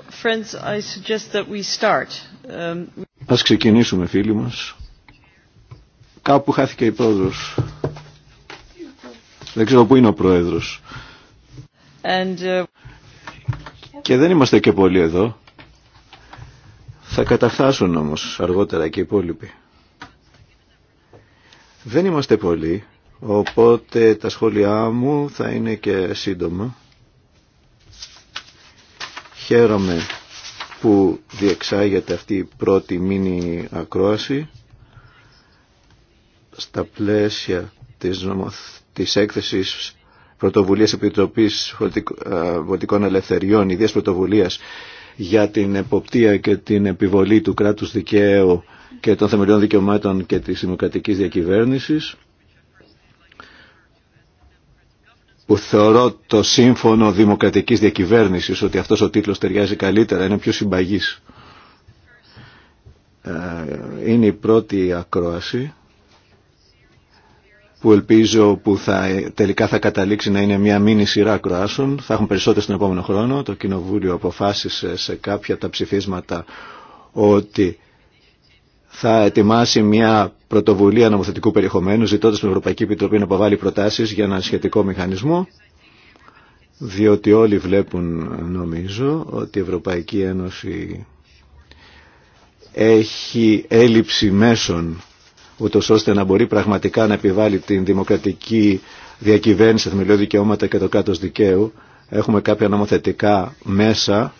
Um, Ας ξεκινήσουμε φίλοι μας. Κάπου χάθηκε η πρόεδρος. Δεν ξέρω πού είναι ο πρόεδρος. Uh, και δεν είμαστε και πολλοί εδώ. Θα καταφθάσουν όμως αργότερα και οι υπόλοιποι. Δεν είμαστε πολλοί, οπότε τα σχόλιά μου θα είναι και σύντομα. Χαίρομαι που διεξάγεται αυτή η πρώτη μήνυ ακρόαση στα πλαίσια της, νομοθ... της έκθεσης πρωτοβουλίας Επιτροπής ε, Βολτικών Ελευθεριών, ιδίας πρωτοβουλίας για την εποπτεία και την επιβολή του κράτους δικαίου και των θεμελιών δικαιωμάτων και της δημοκρατικής διακυβέρνησης. που θεωρώ το σύμφωνο δημοκρατικής διακυβέρνησης ότι αυτός ο τίτλος ταιριάζει καλύτερα, είναι πιο συμπαγής. Ε, είναι η πρώτη ακρόαση που ελπίζω που θα, τελικά θα καταλήξει να είναι μια μήνυ σειρά ακροάσεων. Θα έχουν περισσότερες τον επόμενο χρόνο. Το Κοινοβούλιο αποφάσισε σε κάποια τα ψηφίσματα ότι θα ετοιμάσει μια πρωτοβουλία νομοθετικού περιεχομένου ζητώντας την Ευρωπαϊκή Επιτροπή να αποβάλει προτάσεις για ένα σχετικό μηχανισμό διότι όλοι βλέπουν νομίζω ότι η Ευρωπαϊκή Ένωση έχει έλλειψη μέσων ούτω ώστε να μπορεί πραγματικά να επιβάλλει την δημοκρατική διακυβέρνηση, θεμελιώδη δικαιώματα και το κράτο δικαίου. Έχουμε κάποια νομοθετικά μέσα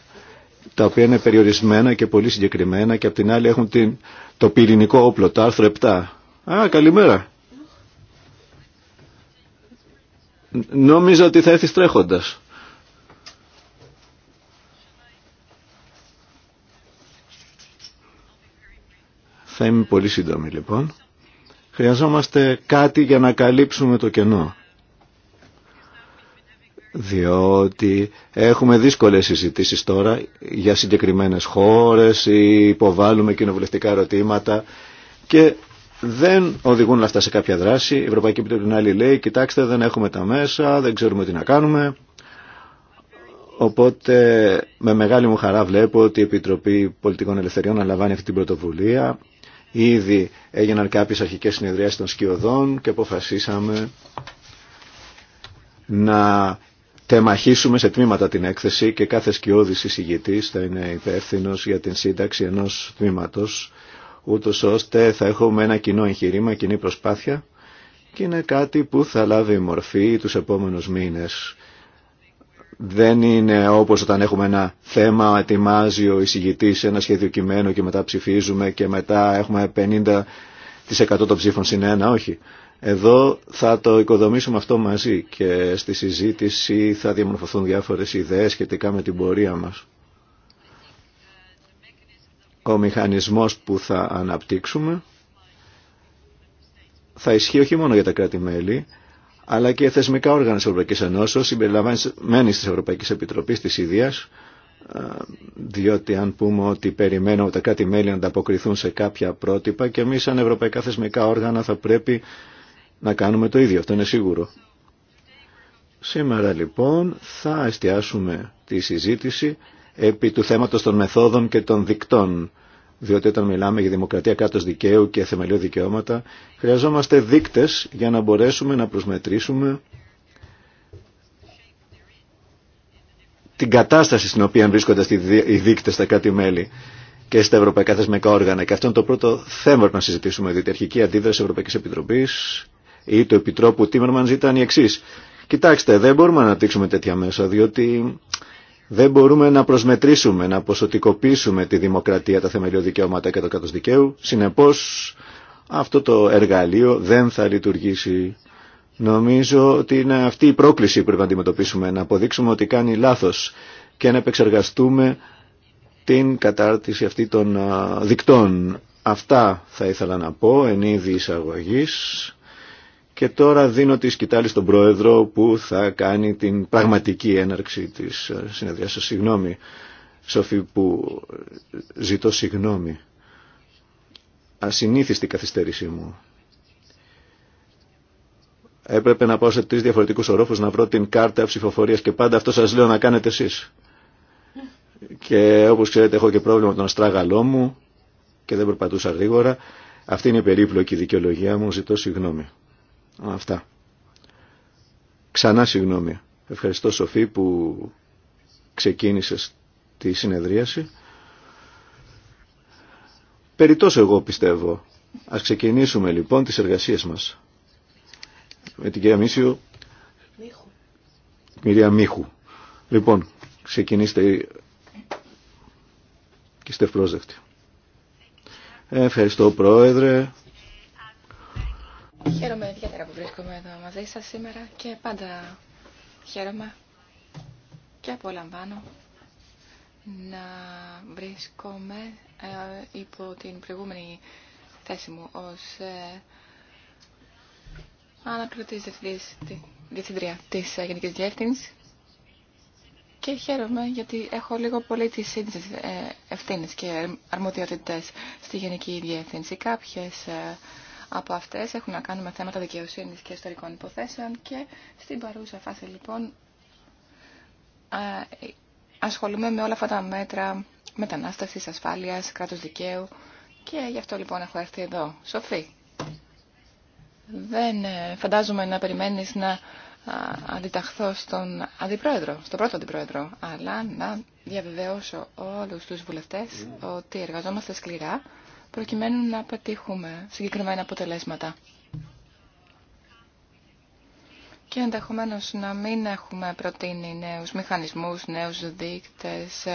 τα οποία είναι περιορισμένα και πολύ συγκεκριμένα και απ' την άλλη έχουν την, το πυρηνικό όπλο, το άρθρο 7. Α, καλημέρα. Νόμιζα ότι θα έρθεις τρέχοντας. Θα είμαι πολύ σύντομη λοιπόν. Χρειαζόμαστε κάτι για να καλύψουμε το κενό διότι έχουμε δύσκολες συζητήσεις τώρα για συγκεκριμένες χώρες ή υποβάλλουμε κοινοβουλευτικά ερωτήματα και δεν οδηγούν αυτά σε κάποια δράση. Η Ευρωπαϊκή Επιτροπή άλλη λέει, κοιτάξτε δεν έχουμε τα μέσα, δεν ξέρουμε τι να κάνουμε. Οπότε με μεγάλη μου χαρά βλέπω ότι η Επιτροπή Πολιτικών Ελευθεριών αναλαμβάνει αυτή την πρωτοβουλία. Ήδη έγιναν κάποιες αρχικές συνεδριάσεις των σκιωδών και αποφασίσαμε να τεμαχίσουμε σε τμήματα την έκθεση και κάθε σκιώδης εισηγητής θα είναι υπεύθυνο για την σύνταξη ενός τμήματος ούτως ώστε θα έχουμε ένα κοινό εγχειρήμα, κοινή προσπάθεια και είναι κάτι που θα λάβει μορφή τους επόμενους μήνες. Δεν είναι όπως όταν έχουμε ένα θέμα, ετοιμάζει ο εισηγητής ένα σχέδιο κειμένο και μετά ψηφίζουμε και μετά έχουμε 50% των ψήφων συνένα, όχι. Εδώ θα το οικοδομήσουμε αυτό μαζί και στη συζήτηση θα διαμορφωθούν διάφορες ιδέες σχετικά με την πορεία μας. Ο μηχανισμός που θα αναπτύξουμε θα ισχύει όχι μόνο για τα κράτη-μέλη, αλλά και θεσμικά όργανα της Ευρωπαϊκής Ενώσεως, συμπεριλαμβάνεις της Ευρωπαϊκής Επιτροπής της Ιδίας, ε, διότι αν πούμε ότι περιμένουμε τα κράτη-μέλη να ανταποκριθούν σε κάποια πρότυπα και εμείς σαν ευρωπαϊκά θεσμικά όργανα θα πρέπει να κάνουμε το ίδιο, αυτό είναι σίγουρο. Σήμερα λοιπόν θα εστιάσουμε τη συζήτηση επί του θέματος των μεθόδων και των δικτών. Διότι όταν μιλάμε για δημοκρατία κάτω δικαίου και θεμελιώδη δικαιώματα, χρειαζόμαστε δείκτες για να μπορέσουμε να προσμετρήσουμε την κατάσταση στην οποία βρίσκονται οι δείκτες στα κάτι μέλη και στα ευρωπαϊκά θεσμικά όργανα. Και αυτό είναι το πρώτο θέμα που να συζητήσουμε, διότι η αρχική αντίδραση Ευρωπαϊκής Επιτροπής ή του Επιτρόπου Τίμερμαν ήταν η εξή. Κοιτάξτε, δεν μπορούμε να αναπτύξουμε τέτοια μέσα, διότι δεν μπορούμε να προσμετρήσουμε, να ποσοτικοποιήσουμε τη δημοκρατία, τα θεμελιώδη δικαιώματα και το κράτο δικαίου. Συνεπώ, αυτό το εργαλείο δεν θα λειτουργήσει. Νομίζω ότι είναι αυτή η πρόκληση που πρέπει να αντιμετωπίσουμε, να αποδείξουμε ότι κάνει λάθο και να επεξεργαστούμε την κατάρτιση αυτή των δικτών. Αυτά θα ήθελα να πω εν είδη εισαγωγής. Και τώρα δίνω τη σκητάλη στον Πρόεδρο που θα κάνει την πραγματική έναρξη της ε, συνεδρίας σας. Συγγνώμη, Σοφή, που ζητώ συγγνώμη. Ασυνήθιστη καθυστέρησή μου. Έπρεπε να πάω σε τρεις διαφορετικούς ορόφους να βρω την κάρτα ψηφοφορίας και πάντα αυτό σας λέω να κάνετε εσείς. Και όπως ξέρετε έχω και πρόβλημα με τον αστράγαλό μου και δεν περπατούσα γρήγορα. Αυτή είναι η περίπλοκη δικαιολογία μου, ζητώ συγγνώμη. Αυτά. Ξανά συγγνώμη. Ευχαριστώ Σοφή που ξεκίνησες τη συνεδρίαση. Περιτός εγώ πιστεύω. Ας ξεκινήσουμε λοιπόν τις εργασίες μας. Με την κυρία Μίσιο. Μίχου. Μίχου. Λοιπόν, ξεκινήστε και είστε ευπρόσδεκτοι. Ε, ευχαριστώ Πρόεδρε. Χαίρομαι ιδιαίτερα που βρίσκομαι εδώ μαζί σας σήμερα και πάντα χαίρομαι και απολαμβάνω να βρίσκομαι ε, υπό την προηγούμενη θέση μου ως ε, ανακριτής διευθυντρία της ε, Γενικής Διεύθυνσης και χαίρομαι γιατί έχω λίγο πολύ τις ίδιες ε, ευθύνες και αρμοδιότητες στη Γενική Διεύθυνση. Κάποιες από αυτές έχουν να κάνουν με θέματα δικαιοσύνης και ιστορικών υποθέσεων και στην παρούσα φάση λοιπόν ασχολούμαι με όλα αυτά τα μέτρα μετανάσταση, ασφάλειας, κράτος δικαίου και γι' αυτό λοιπόν έχω έρθει εδώ. Σοφή, δεν ε, φαντάζομαι να περιμένεις να αντιταχθώ στον αντιπρόεδρο, στον πρώτο αντιπρόεδρο, αλλά να διαβεβαιώσω όλους τους βουλευτές mm. ότι εργαζόμαστε σκληρά προκειμένου να πετύχουμε συγκεκριμένα αποτελέσματα. Και ενδεχομένω να μην έχουμε προτείνει νέους μηχανισμούς, νέους δείκτες,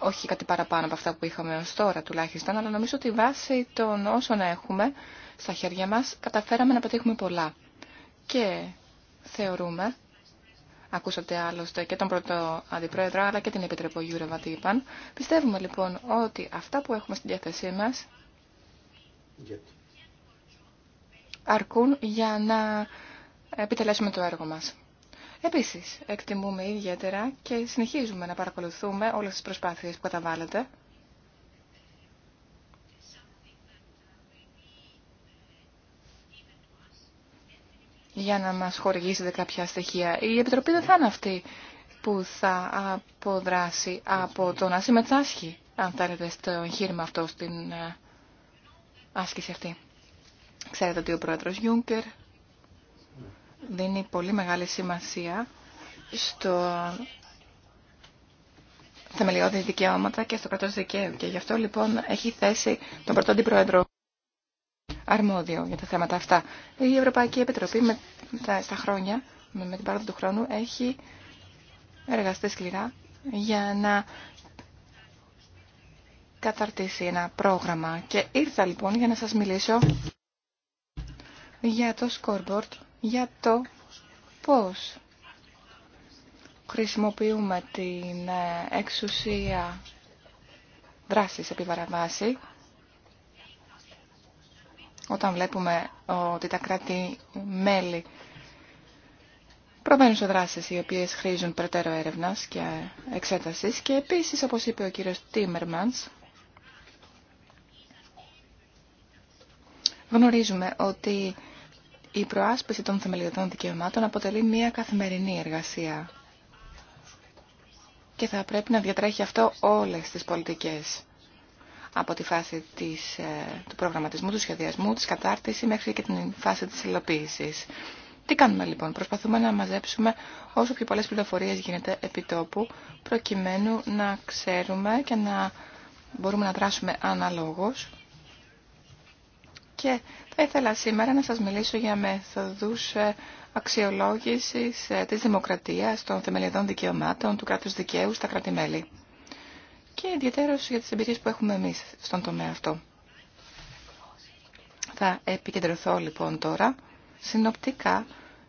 όχι κάτι παραπάνω από αυτά που είχαμε ως τώρα τουλάχιστον, αλλά νομίζω ότι βάσει των όσων έχουμε στα χέρια μας καταφέραμε να πετύχουμε πολλά. Και θεωρούμε Ακούσατε άλλωστε και τον πρώτο αντιπρόεδρο αλλά και την επιτρεπό Γιούρεβα τι είπαν. Πιστεύουμε λοιπόν ότι αυτά που έχουμε στη διάθεσή μας αρκούν για να επιτελέσουμε το έργο μας. Επίσης, εκτιμούμε ιδιαίτερα και συνεχίζουμε να παρακολουθούμε όλες τις προσπάθειες που καταβάλλετε για να μας χορηγήσετε κάποια στοιχεία. Η Επιτροπή δεν θα είναι αυτή που θα αποδράσει από το να συμμετάσχει, αν θέλετε, στο εγχείρημα αυτό, στην ε, άσκηση αυτή. Ξέρετε ότι ο πρόεδρος Γιούγκερ δίνει πολύ μεγάλη σημασία στο θεμελιώδη δικαιώματα και στο κρατός δικαίου. Και γι' αυτό λοιπόν έχει θέσει τον πρώτο Πρόεδρο αρμόδιο για τα θέματα αυτά. Η Ευρωπαϊκή Επιτροπή με τα, στα χρόνια, με, με την παράδοση του χρόνου, έχει εργαστεί σκληρά για να καταρτήσει ένα πρόγραμμα. Και ήρθα λοιπόν για να σας μιλήσω για το scoreboard, για το πώς χρησιμοποιούμε την ε, εξουσία δράσης επί όταν βλέπουμε ε, ότι τα κράτη-μέλη προβαίνουν σε δράσεις οι οποίες χρήζουν περαιτέρω έρευνας και εξέτασης και επίσης, όπως είπε ο κύριος Τίμερμανς, γνωρίζουμε ότι η προάσπιση των θεμελιωδών δικαιωμάτων αποτελεί μια καθημερινή εργασία και θα πρέπει να διατρέχει αυτό όλες τις πολιτικές από τη φάση της, ε, του προγραμματισμού, του σχεδιασμού, της κατάρτισης μέχρι και την φάση της υλοποίησης. Τι κάνουμε λοιπόν, προσπαθούμε να μαζέψουμε όσο πιο πολλές πληροφορίες γίνεται επί τόπου, προκειμένου να ξέρουμε και να μπορούμε να δράσουμε αναλόγως. Και θα ήθελα σήμερα να σας μιλήσω για μεθοδούς ε, αξιολόγησης ε, της δημοκρατίας, των θεμελιωδών δικαιωμάτων, του κράτους δικαίου στα κρατη και ιδιαίτερα για τις εμπειρίες που έχουμε εμείς στον τομέα αυτό. Θα επικεντρωθώ λοιπόν τώρα συνοπτικά,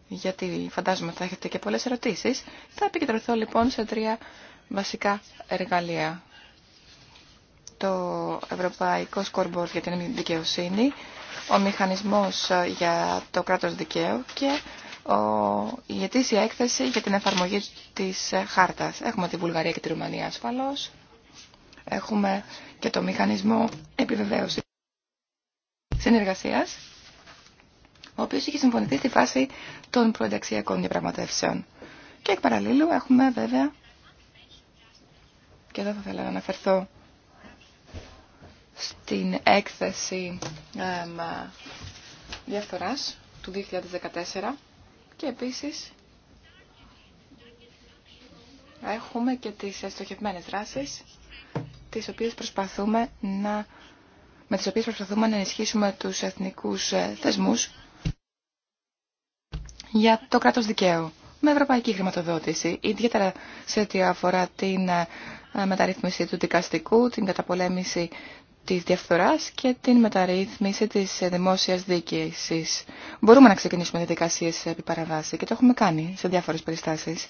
γιατί φαντάζομαι ότι θα έχετε και πολλές ερωτήσεις, θα επικεντρωθώ λοιπόν σε τρία βασικά εργαλεία. Το Ευρωπαϊκό Σκορμπορ για την Δικαιοσύνη, ο Μηχανισμός για το Κράτος Δικαίου και ο, η ετήσια έκθεση για την εφαρμογή της χάρτας. Έχουμε τη Βουλγαρία και τη Ρουμανία ασφαλώς. Έχουμε και το μηχανισμό επιβεβαίωση συνεργασίας, ο οποίο είχε συμφωνηθεί στη φάση των προενταξιακών διαπραγματεύσεων. Και εκ έχουμε βέβαια, και εδώ θα ήθελα να αναφερθώ στην έκθεση εμ, διαφθοράς του 2014 και επίσης έχουμε και τις στοχευμένες δράσεις τις οποίες προσπαθούμε να, με τις οποίες προσπαθούμε να ενισχύσουμε τους εθνικούς ε, θεσμούς για το κράτος δικαίου με ευρωπαϊκή χρηματοδότηση, ιδιαίτερα σε ό,τι αφορά την ε, μεταρρύθμιση του δικαστικού, την καταπολέμηση της διαφθοράς και την μεταρρύθμιση της ε, δημόσιας διοίκησης. Μπορούμε να ξεκινήσουμε διαδικασίες επί παραβάση και το έχουμε κάνει σε διάφορες περιστάσεις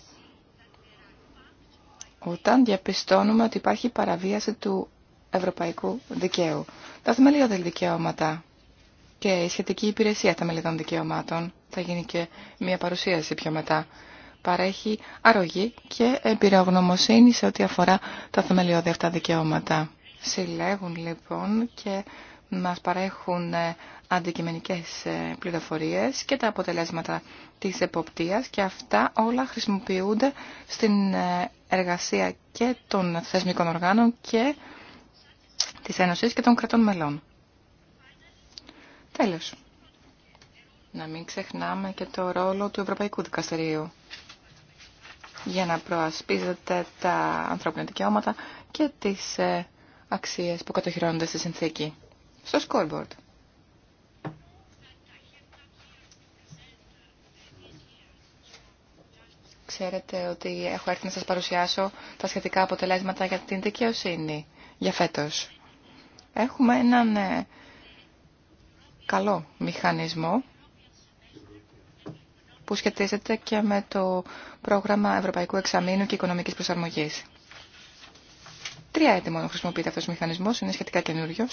όταν διαπιστώνουμε ότι υπάρχει παραβίαση του ευρωπαϊκού δικαίου. Τα θεμελιώδη δικαιώματα και η σχετική υπηρεσία θεμελιωδών δικαιωμάτων θα γίνει και μια παρουσίαση πιο μετά. Παρέχει αρρωγή και εμπειρογνωμοσύνη σε ό,τι αφορά τα θεμελιώδη αυτά δικαιώματα. Συλλέγουν λοιπόν και μας παρέχουν ε, αντικειμενικές ε, πληροφορίες και τα αποτελέσματα της εποπτείας και αυτά όλα χρησιμοποιούνται στην ε, εργασία και των θεσμικών οργάνων και της Ένωσης και των κρατών μελών. Τέλος. Να μην ξεχνάμε και το ρόλο του Ευρωπαϊκού Δικαστηρίου για να προασπίζεται τα ανθρώπινα δικαιώματα και τις αξίες που κατοχυρώνονται στη συνθήκη στο scoreboard. Ξέρετε ότι έχω έρθει να σας παρουσιάσω τα σχετικά αποτελέσματα για την δικαιοσύνη για φέτος. Έχουμε έναν ε, καλό μηχανισμό που σχετίζεται και με το πρόγραμμα Ευρωπαϊκού Εξαμήνου και Οικονομικής Προσαρμογής. Τρία έτη μόνο χρησιμοποιείται αυτός ο μηχανισμός, είναι σχετικά καινούριο.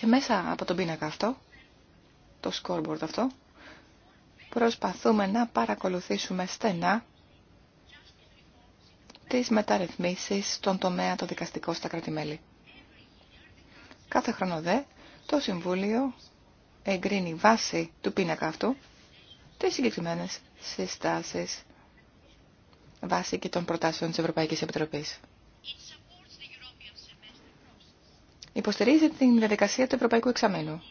Και μέσα από τον πίνακα αυτό, το scoreboard αυτό, προσπαθούμε να παρακολουθήσουμε στενά τις μεταρρυθμίσεις στον τομέα το δικαστικό στα κράτη-μέλη. Κάθε χρόνο δε, το Συμβούλιο εγκρίνει βάση του πίνακα αυτού τις συγκεκριμένες συστάσεις βάση και των προτάσεων της Ευρωπαϊκής Επιτροπής. υποστηρίζει την διαδικασία του Ευρωπαϊκού Εξαμένου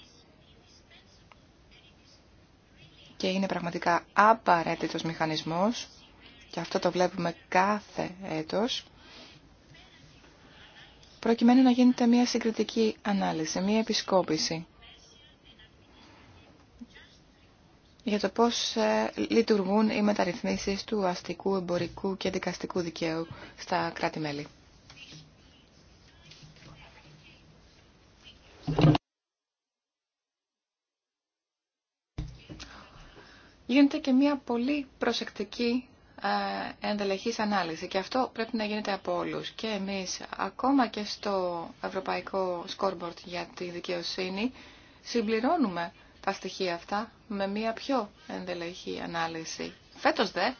Και είναι πραγματικά απαραίτητος μηχανισμός, και αυτό το βλέπουμε κάθε έτος, προκειμένου να γίνεται μια συγκριτική ανάλυση, μια επισκόπηση για το πώς ε, λειτουργούν οι μεταρρυθμίσεις του αστικού, εμπορικού και δικαστικού δικαίου στα κράτη-μέλη. Γίνεται και μια πολύ προσεκτική ε, ενδελεχής ανάλυση και αυτό πρέπει να γίνεται από όλους και εμείς ακόμα και στο Ευρωπαϊκό Scoreboard για τη δικαιοσύνη συμπληρώνουμε τα στοιχεία αυτά με μια πιο ενδελεχή ανάλυση. Φέτος δε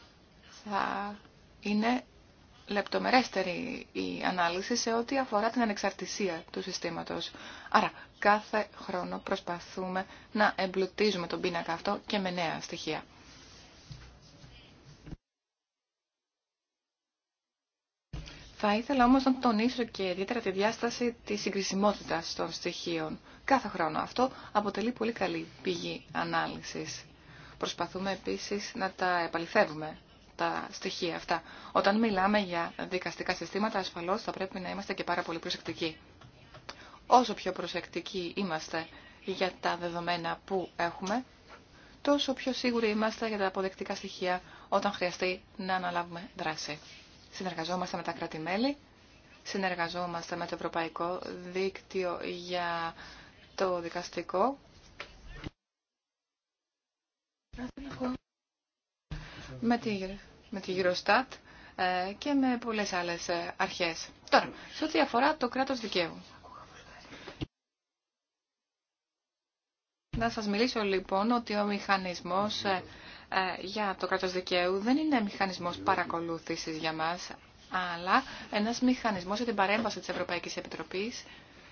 θα είναι λεπτομερέστερη η ανάλυση σε ό,τι αφορά την ανεξαρτησία του συστήματος. Άρα κάθε χρόνο προσπαθούμε να εμπλουτίζουμε τον πίνακα αυτό και με νέα στοιχεία. Θα ήθελα όμως να τονίσω και ιδιαίτερα τη διάσταση της συγκρισιμότητας των στοιχείων. Κάθε χρόνο αυτό αποτελεί πολύ καλή πηγή ανάλυσης. Προσπαθούμε επίσης να τα επαληθεύουμε τα στοιχεία αυτά. Όταν μιλάμε για δικαστικά συστήματα, ασφαλώς θα πρέπει να είμαστε και πάρα πολύ προσεκτικοί. Όσο πιο προσεκτικοί είμαστε για τα δεδομένα που έχουμε, τόσο πιο σίγουροι είμαστε για τα αποδεκτικά στοιχεία όταν χρειαστεί να αναλάβουμε δράση. Συνεργαζόμαστε με τα κράτη-μέλη, συνεργαζόμαστε με το Ευρωπαϊκό Δίκτυο για το δικαστικό. Με τη με τη Eurostat ε, και με πολλές άλλες ε, αρχές. Τώρα, σε ό,τι αφορά το κράτος δικαίου. Να σας μιλήσω λοιπόν ότι ο μηχανισμός ε, για το κράτος δικαίου δεν είναι μηχανισμός παρακολούθησης για μας, αλλά ένας μηχανισμός για την παρέμβαση της Ευρωπαϊκής Επιτροπής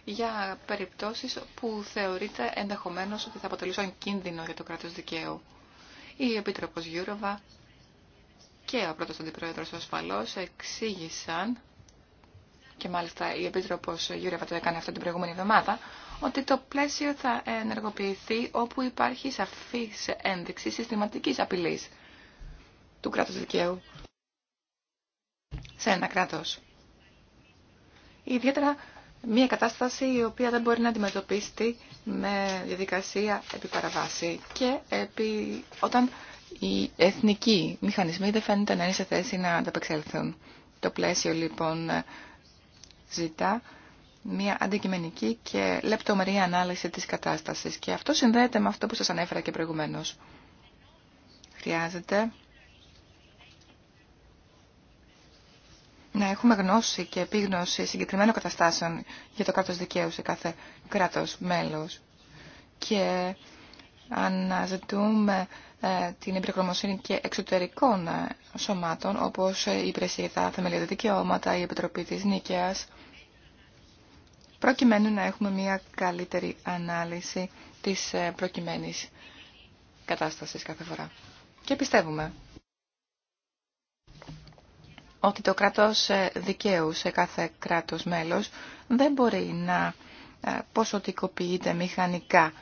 για περιπτώσεις που θεωρείται ενδεχομένως ότι θα αποτελούσαν κίνδυνο για το κράτος δικαίου. Η Επίτροπος Γιούροβα και ο πρώτος αντιπρόεδρος ασφαλώς εξήγησαν και μάλιστα η Επίτροπος Γιούρεβα το έκανε αυτό την προηγούμενη εβδομάδα, ότι το πλαίσιο θα ενεργοποιηθεί όπου υπάρχει σαφής ένδειξη συστηματικής απειλής του κράτους δικαίου σε ένα κράτος. Ιδιαίτερα μια κατάσταση η οποία δεν μπορεί να αντιμετωπίσει με διαδικασία επιπαραβάση και επί... όταν οι εθνικοί μηχανισμοί δεν φαίνεται να είναι σε θέση να ανταπεξέλθουν. Το πλαίσιο λοιπόν ζητά μια αντικειμενική και λεπτομερή ανάλυση της κατάστασης και αυτό συνδέεται με αυτό που σας ανέφερα και προηγουμένως. Χρειάζεται να έχουμε γνώση και επίγνωση συγκεκριμένων καταστάσεων για το κράτος δικαίου σε κάθε κράτος μέλος και αναζητούμε ε, την εμπειρογνωμοσύνη και εξωτερικών ε, σωμάτων, όπως η Υπηρεσία τα Δικαιώματα, η Επιτροπή της Νίκαιας, προκειμένου να έχουμε μια καλύτερη ανάλυση της ε, προκειμένης κατάστασης κάθε φορά. Και πιστεύουμε ότι το κράτος δικαίου σε κάθε κράτος μέλος δεν μπορεί να ποσοτικοποιείται μηχανικά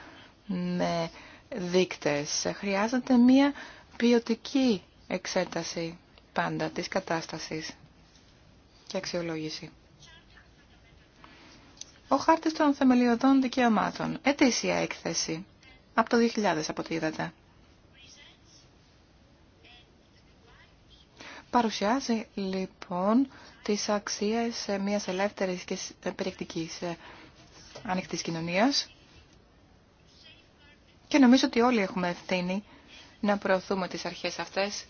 με δείκτες. Χρειάζεται μία ποιοτική εξέταση πάντα της κατάστασης και αξιολόγηση. Ο χάρτης των θεμελιωδών δικαιωμάτων. Ετήσια έκθεση. Από το 2000 από ό,τι είδατε. Παρουσιάζει λοιπόν τις αξίες μιας ελεύθερης και περιεκτικής ε, ανοιχτής κοινωνίας και νομίζω ότι όλοι έχουμε ευθύνη να προωθούμε τις αρχές αυτές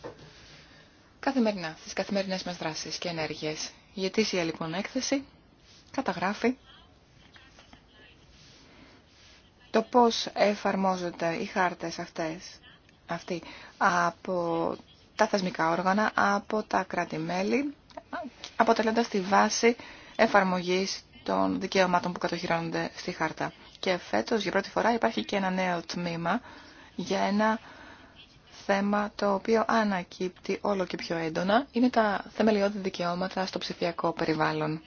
καθημερινά, στις καθημερινές μας δράσεις και ενέργειες. Η αιτήσια, λοιπόν έκθεση καταγράφει το πώς εφαρμόζονται οι χάρτες αυτές, αυτοί, από τα θεσμικά όργανα, από τα κράτη-μέλη, αποτελώντας τη βάση εφαρμογής των δικαιωμάτων που κατοχυρώνονται στη χάρτα και φέτος για πρώτη φορά υπάρχει και ένα νέο τμήμα για ένα θέμα το οποίο ανακύπτει όλο και πιο έντονα είναι τα θεμελιώδη δικαιώματα στο ψηφιακό περιβάλλον.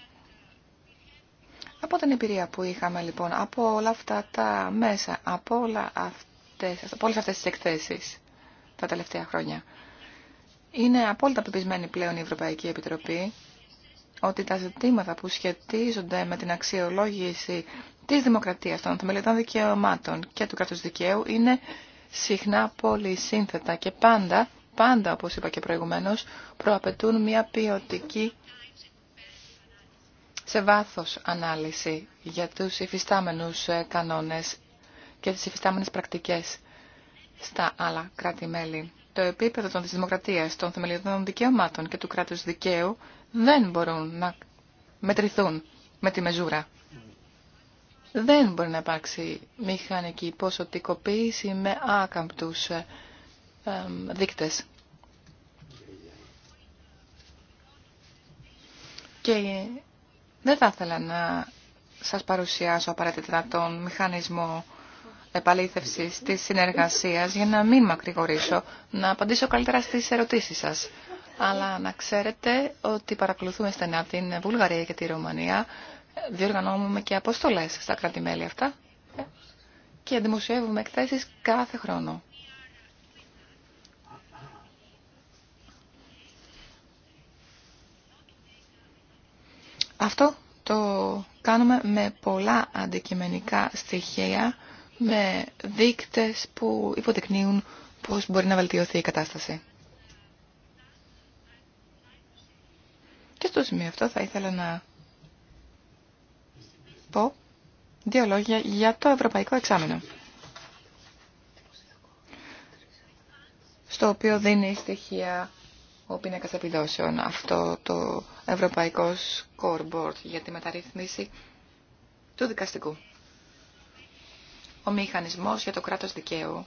Από την εμπειρία που είχαμε λοιπόν από όλα αυτά τα μέσα, από, όλα αυτές, από όλες αυτές τις εκθέσεις τα τελευταία χρόνια, είναι απόλυτα πεπισμένη πλέον η Ευρωπαϊκή Επιτροπή ότι τα ζητήματα που σχετίζονται με την αξιολόγηση της δημοκρατίας των θεμελιωτών δικαιωμάτων και του κράτους δικαίου είναι συχνά πολύ σύνθετα και πάντα, πάντα όπως είπα και προηγουμένως, προαπαιτούν μια ποιοτική σε βάθος ανάλυση για τους υφιστάμενους ε, κανόνες και τις υφιστάμενες πρακτικές στα άλλα κράτη-μέλη το επίπεδο των της των θεμελιωδών δικαιωμάτων και του κράτους δικαίου δεν μπορούν να μετρηθούν με τη μεζούρα. Δεν μπορεί να υπάρξει μηχανική ποσοτικοποίηση με άκαμπτους ε, Και δεν θα ήθελα να σας παρουσιάσω απαραίτητα τον μηχανισμό επαλήθευσης της συνεργασίας για να μην μακρηγορήσω, να απαντήσω καλύτερα στις ερωτήσεις σας. Αλλά να ξέρετε ότι παρακολουθούμε στενά την Βουλγαρία και τη Ρουμανία. Διοργανώνουμε και αποστολές στα κρατη αυτά και δημοσιεύουμε εκθέσει κάθε χρόνο. Αυτό το κάνουμε με πολλά αντικειμενικά στοιχεία με δείκτες που υποδεικνύουν πώς μπορεί να βελτιωθεί η κατάσταση. Και στο σημείο αυτό θα ήθελα να πω δύο λόγια για το Ευρωπαϊκό Εξάμεινο. Στο οποίο δίνει στοιχεία ο πίνακας επιδόσεων αυτό το Ευρωπαϊκό Scoreboard για τη μεταρρύθμιση του δικαστικού ο μηχανισμός για το κράτος δικαίου,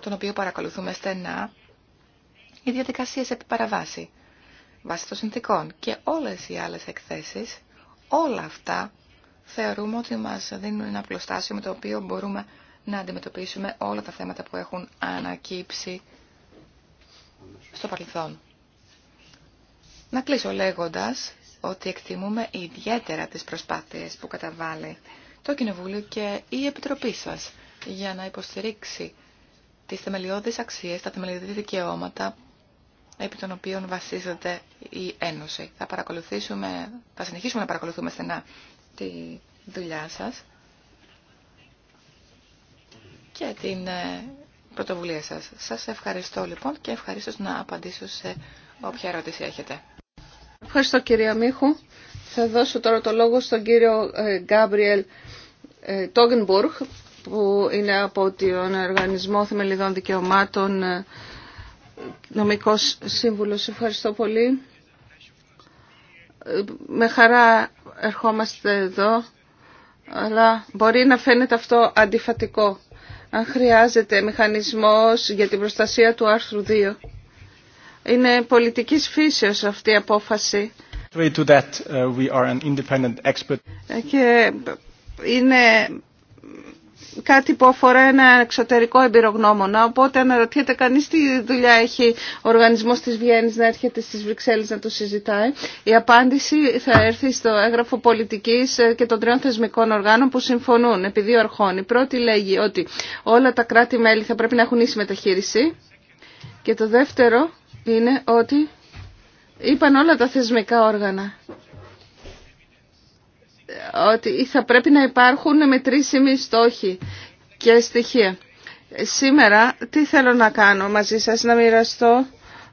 τον οποίο παρακολουθούμε στενά, οι διαδικασίες επί παραβάση, βάσει των συνθήκων και όλες οι άλλες εκθέσεις, όλα αυτά θεωρούμε ότι μας δίνουν ένα πλωστάσιο με το οποίο μπορούμε να αντιμετωπίσουμε όλα τα θέματα που έχουν ανακύψει στο παρελθόν. Να κλείσω λέγοντας ότι εκτιμούμε ιδιαίτερα τις προσπάθειες που καταβάλει το Κοινοβούλιο και η Επιτροπή σας για να υποστηρίξει τις θεμελιώδεις αξίες, τα θεμελιώδη δικαιώματα επί των οποίων βασίζεται η Ένωση. Θα, παρακολουθήσουμε, θα συνεχίσουμε να παρακολουθούμε στενά τη δουλειά σας και την ε, πρωτοβουλία σας. Σας ευχαριστώ λοιπόν και ευχαριστώ να απαντήσω σε όποια ερώτηση έχετε. Ευχαριστώ κυρία Μίχου. Θα δώσω τώρα το λόγο στον κύριο ε, Γκάμπριελ ε, Τόγενμπουργκ, που είναι από τον Οργανισμό Θεμελιδών Δικαιωμάτων ε, νομικός σύμβουλος. Ευχαριστώ πολύ. Με χαρά ερχόμαστε εδώ, αλλά μπορεί να φαίνεται αυτό αντιφατικό. Αν χρειάζεται μηχανισμός για την προστασία του άρθρου 2. Είναι πολιτικής φύσεως αυτή η απόφαση Uh, ε, και είναι κάτι που αφορά ένα εξωτερικό εμπειρογνώμονα, οπότε αναρωτιέται κανείς τι δουλειά έχει ο οργανισμός της Βιέννης να έρχεται στις Βρυξέλλες να το συζητάει. Η απάντηση θα έρθει στο έγγραφο πολιτικής ε, και των τριών θεσμικών οργάνων που συμφωνούν επί δύο αρχών. Η πρώτη λέγει ότι όλα τα κράτη-μέλη θα πρέπει να έχουν ίση μεταχείριση και το δεύτερο είναι ότι είπαν όλα τα θεσμικά όργανα ότι θα πρέπει να υπάρχουν μετρήσιμοι στόχοι και στοιχεία. Σήμερα τι θέλω να κάνω μαζί σας, να μοιραστώ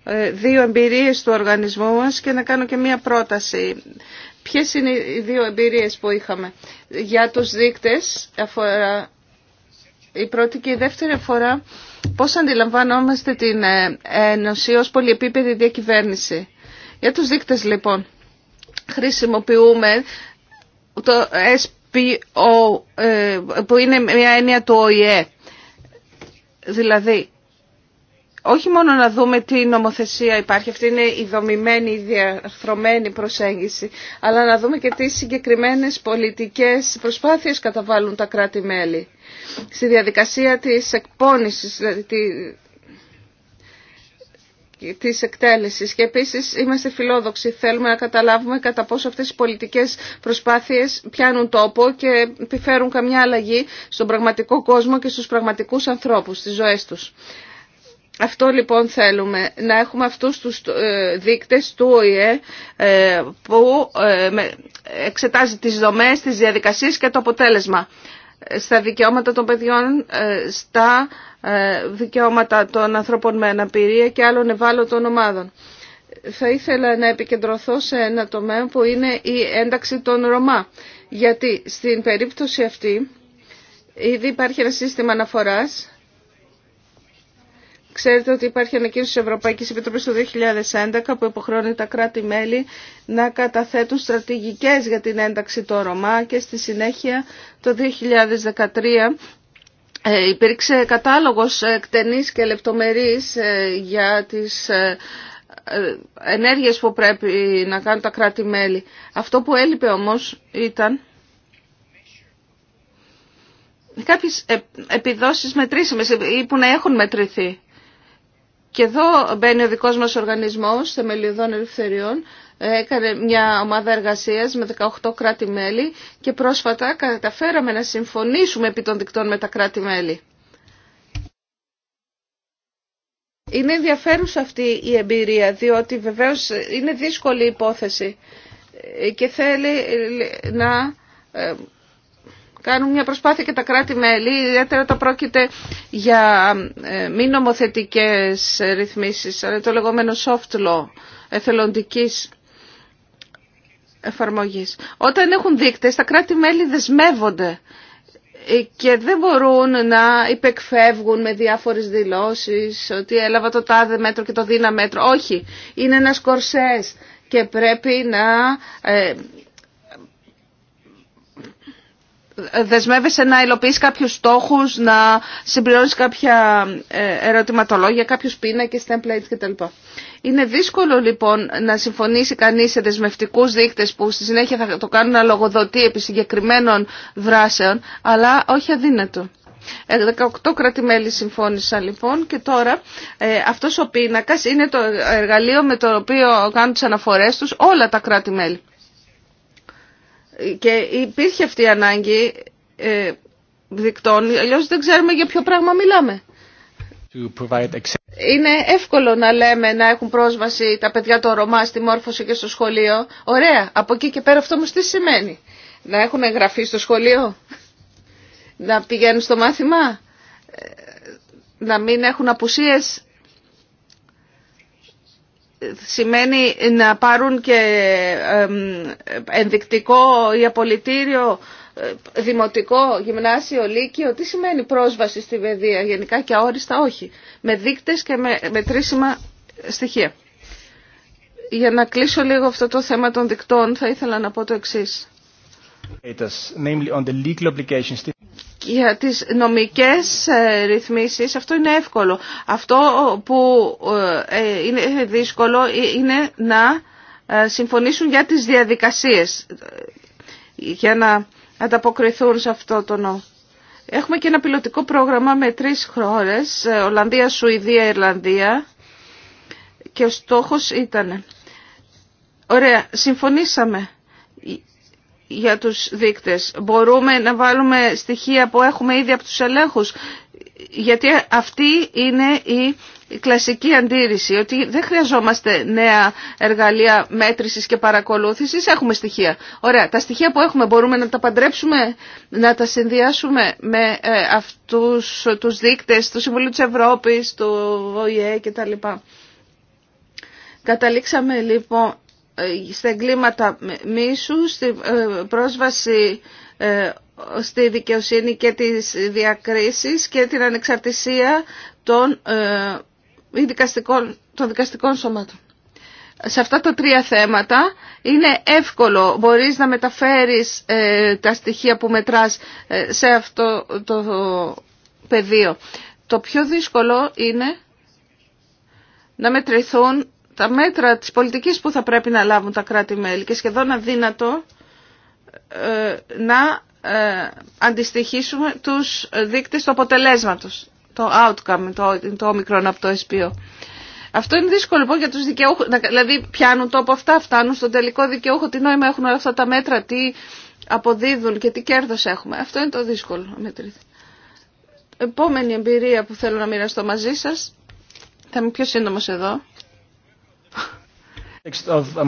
ε, δύο εμπειρίες του οργανισμού μας και να κάνω και μία πρόταση. Ποιες είναι οι δύο εμπειρίες που είχαμε. Για τους δείκτες, αφορά η πρώτη και η δεύτερη αφορά πώς αντιλαμβανόμαστε την ε, Ένωση ως πολυεπίπεδη διακυβέρνηση. Για τους δείκτες λοιπόν χρησιμοποιούμε το SPO ε, που είναι μια έννοια του ΟΗΕ. Δηλαδή όχι μόνο να δούμε τι νομοθεσία υπάρχει, αυτή είναι η δομημένη, η διαρθρωμένη προσέγγιση, αλλά να δούμε και τι συγκεκριμένες πολιτικές προσπάθειες καταβάλουν τα κράτη-μέλη. Στη διαδικασία της εκπόνησης, δηλαδή της εκτέλεσης και επίσης είμαστε φιλόδοξοι θέλουμε να καταλάβουμε κατά πόσο αυτές οι πολιτικές προσπάθειες πιάνουν τόπο και επιφέρουν καμιά αλλαγή στον πραγματικό κόσμο και στους πραγματικούς ανθρώπους, στις ζωές τους. Αυτό λοιπόν θέλουμε, να έχουμε αυτούς τους ε, δείκτες του ΟΗΕ ε, που ε, εξετάζει τις δομές, τις διαδικασίες και το αποτέλεσμα στα δικαιώματα των παιδιών, ε, στα ε, δικαιώματα των ανθρώπων με αναπηρία και άλλων ευάλωτων ομάδων. Θα ήθελα να επικεντρωθώ σε ένα τομέα που είναι η ένταξη των Ρωμά. Γιατί στην περίπτωση αυτή ήδη υπάρχει ένα σύστημα αναφοράς Ξέρετε ότι υπάρχει ανακοίνωση της Ευρωπαϊκής Επιτροπής το 2011 που υποχρεώνει τα κράτη-μέλη να καταθέτουν στρατηγικές για την ένταξη των Ρωμά και στη συνέχεια το 2013 ε, υπήρξε κατάλογος ε, εκτενής και λεπτομερής ε, για τις ενέργειες που πρέπει να κάνουν τα κράτη-μέλη. Αυτό που έλειπε όμως ήταν κάποιες επιδόσεις μετρήσιμες ή που να έχουν μετρηθεί. Και εδώ μπαίνει ο δικός μας οργανισμός θεμελιωδών ελευθεριών, έκανε μια ομάδα εργασίας με 18 κράτη-μέλη και πρόσφατα καταφέραμε να συμφωνήσουμε επί των δικτών με τα κράτη-μέλη. Είναι ενδιαφέρουσα αυτή η εμπειρία, διότι βεβαίως είναι δύσκολη η υπόθεση και θέλει να ε, κάνουν μια προσπάθεια και τα κράτη-μέλη, ιδιαίτερα τα πρόκειται για ε, μη νομοθετικές ρυθμίσεις, αλλά το λεγόμενο soft law, εθελοντικής εφαρμογής. Όταν έχουν δείκτες, τα κράτη-μέλη δεσμεύονται και δεν μπορούν να υπεκφεύγουν με διάφορες δηλώσεις ότι έλαβα το τάδε μέτρο και το δίνα μέτρο. Όχι, είναι ένας κορσές και πρέπει να ε, δεσμεύεσαι να υλοποιείς κάποιους στόχους, να συμπληρώνεις κάποια ε, ερωτηματολόγια, κάποιους πίνακες, templates κτλ. Είναι δύσκολο λοιπόν να συμφωνήσει κανείς σε δεσμευτικούς δείκτες που στη συνέχεια θα το κάνουν να λογοδοτεί επί συγκεκριμένων δράσεων, αλλά όχι αδύνατο. 18 ε, κράτη-μέλη συμφώνησαν λοιπόν και τώρα ε, αυτός ο πίνακας είναι το εργαλείο με το οποίο κάνουν τις αναφορές τους όλα τα κράτη-μέλη. Και υπήρχε αυτή η ανάγκη ε, δικτών, αλλιώς δεν ξέρουμε για ποιο πράγμα μιλάμε. Είναι εύκολο να λέμε να έχουν πρόσβαση τα παιδιά των Ρωμά στη μόρφωση και στο σχολείο. Ωραία. Από εκεί και πέρα αυτό μου τι σημαίνει. Να έχουν εγγραφεί στο σχολείο. Να πηγαίνουν στο μάθημα. Ε, να μην έχουν απουσίες σημαίνει να πάρουν και ενδεικτικό ή απολυτήριο ε, δημοτικό, γυμνάσιο, λύκειο. Τι σημαίνει πρόσβαση στη παιδεία γενικά και αόριστα όχι. Με δείκτες και με μετρήσιμα στοιχεία. Για να κλείσω λίγο αυτό το θέμα των δικτών θα ήθελα να πω το εξής για τις νομικές ε, ρυθμίσεις αυτό είναι εύκολο. Αυτό που ε, ε, είναι δύσκολο είναι να συμφωνήσουν για τις διαδικασίες για να ανταποκριθούν σε αυτό το νόμο. Έχουμε και ένα πιλωτικό πρόγραμμα με τρεις χώρες, Ολλανδία, Σουηδία, Ιρλανδία και ο στόχος ήταν. Ωραία, συμφωνήσαμε για τους δείκτες. Μπορούμε να βάλουμε στοιχεία που έχουμε ήδη από τους ελέγχους. Γιατί αυτή είναι η κλασική αντίρρηση, ότι δεν χρειαζόμαστε νέα εργαλεία μέτρησης και παρακολούθησης, έχουμε στοιχεία. Ωραία, τα στοιχεία που έχουμε μπορούμε να τα παντρέψουμε, να τα συνδυάσουμε με ε, αυτούς τους δείκτες του Συμβουλίου της Ευρώπης, του ΟΗΕ κτλ. Καταλήξαμε λοιπόν ε, στα εγκλήματα μίσου, στη ε, πρόσβαση ε, στη δικαιοσύνη και τις διακρίσεις και την ανεξαρτησία των, δικαστικών, των δικαστικών σωμάτων. Σε αυτά τα τρία θέματα είναι εύκολο, μπορείς να μεταφέρεις τα στοιχεία που μετράς σε αυτό το πεδίο. Το πιο δύσκολο είναι να μετρηθούν τα μέτρα της πολιτικής που θα πρέπει να λάβουν τα κράτη-μέλη και σχεδόν αδύνατο ε, να ε, αντιστοιχίσουμε τους δείκτες του αποτελέσματος, το outcome, το, το όμικρον από το SPO. Αυτό είναι δύσκολο λοιπόν για τους δικαιούχους, δηλαδή πιάνουν τόπο αυτά, φτάνουν στον τελικό δικαιούχο, τι νόημα έχουν όλα αυτά τα μέτρα, τι αποδίδουν και τι κέρδος έχουμε. Αυτό είναι το δύσκολο Επόμενη εμπειρία που θέλω να μοιραστώ μαζί σας, θα είμαι πιο σύντομος εδώ, Uh,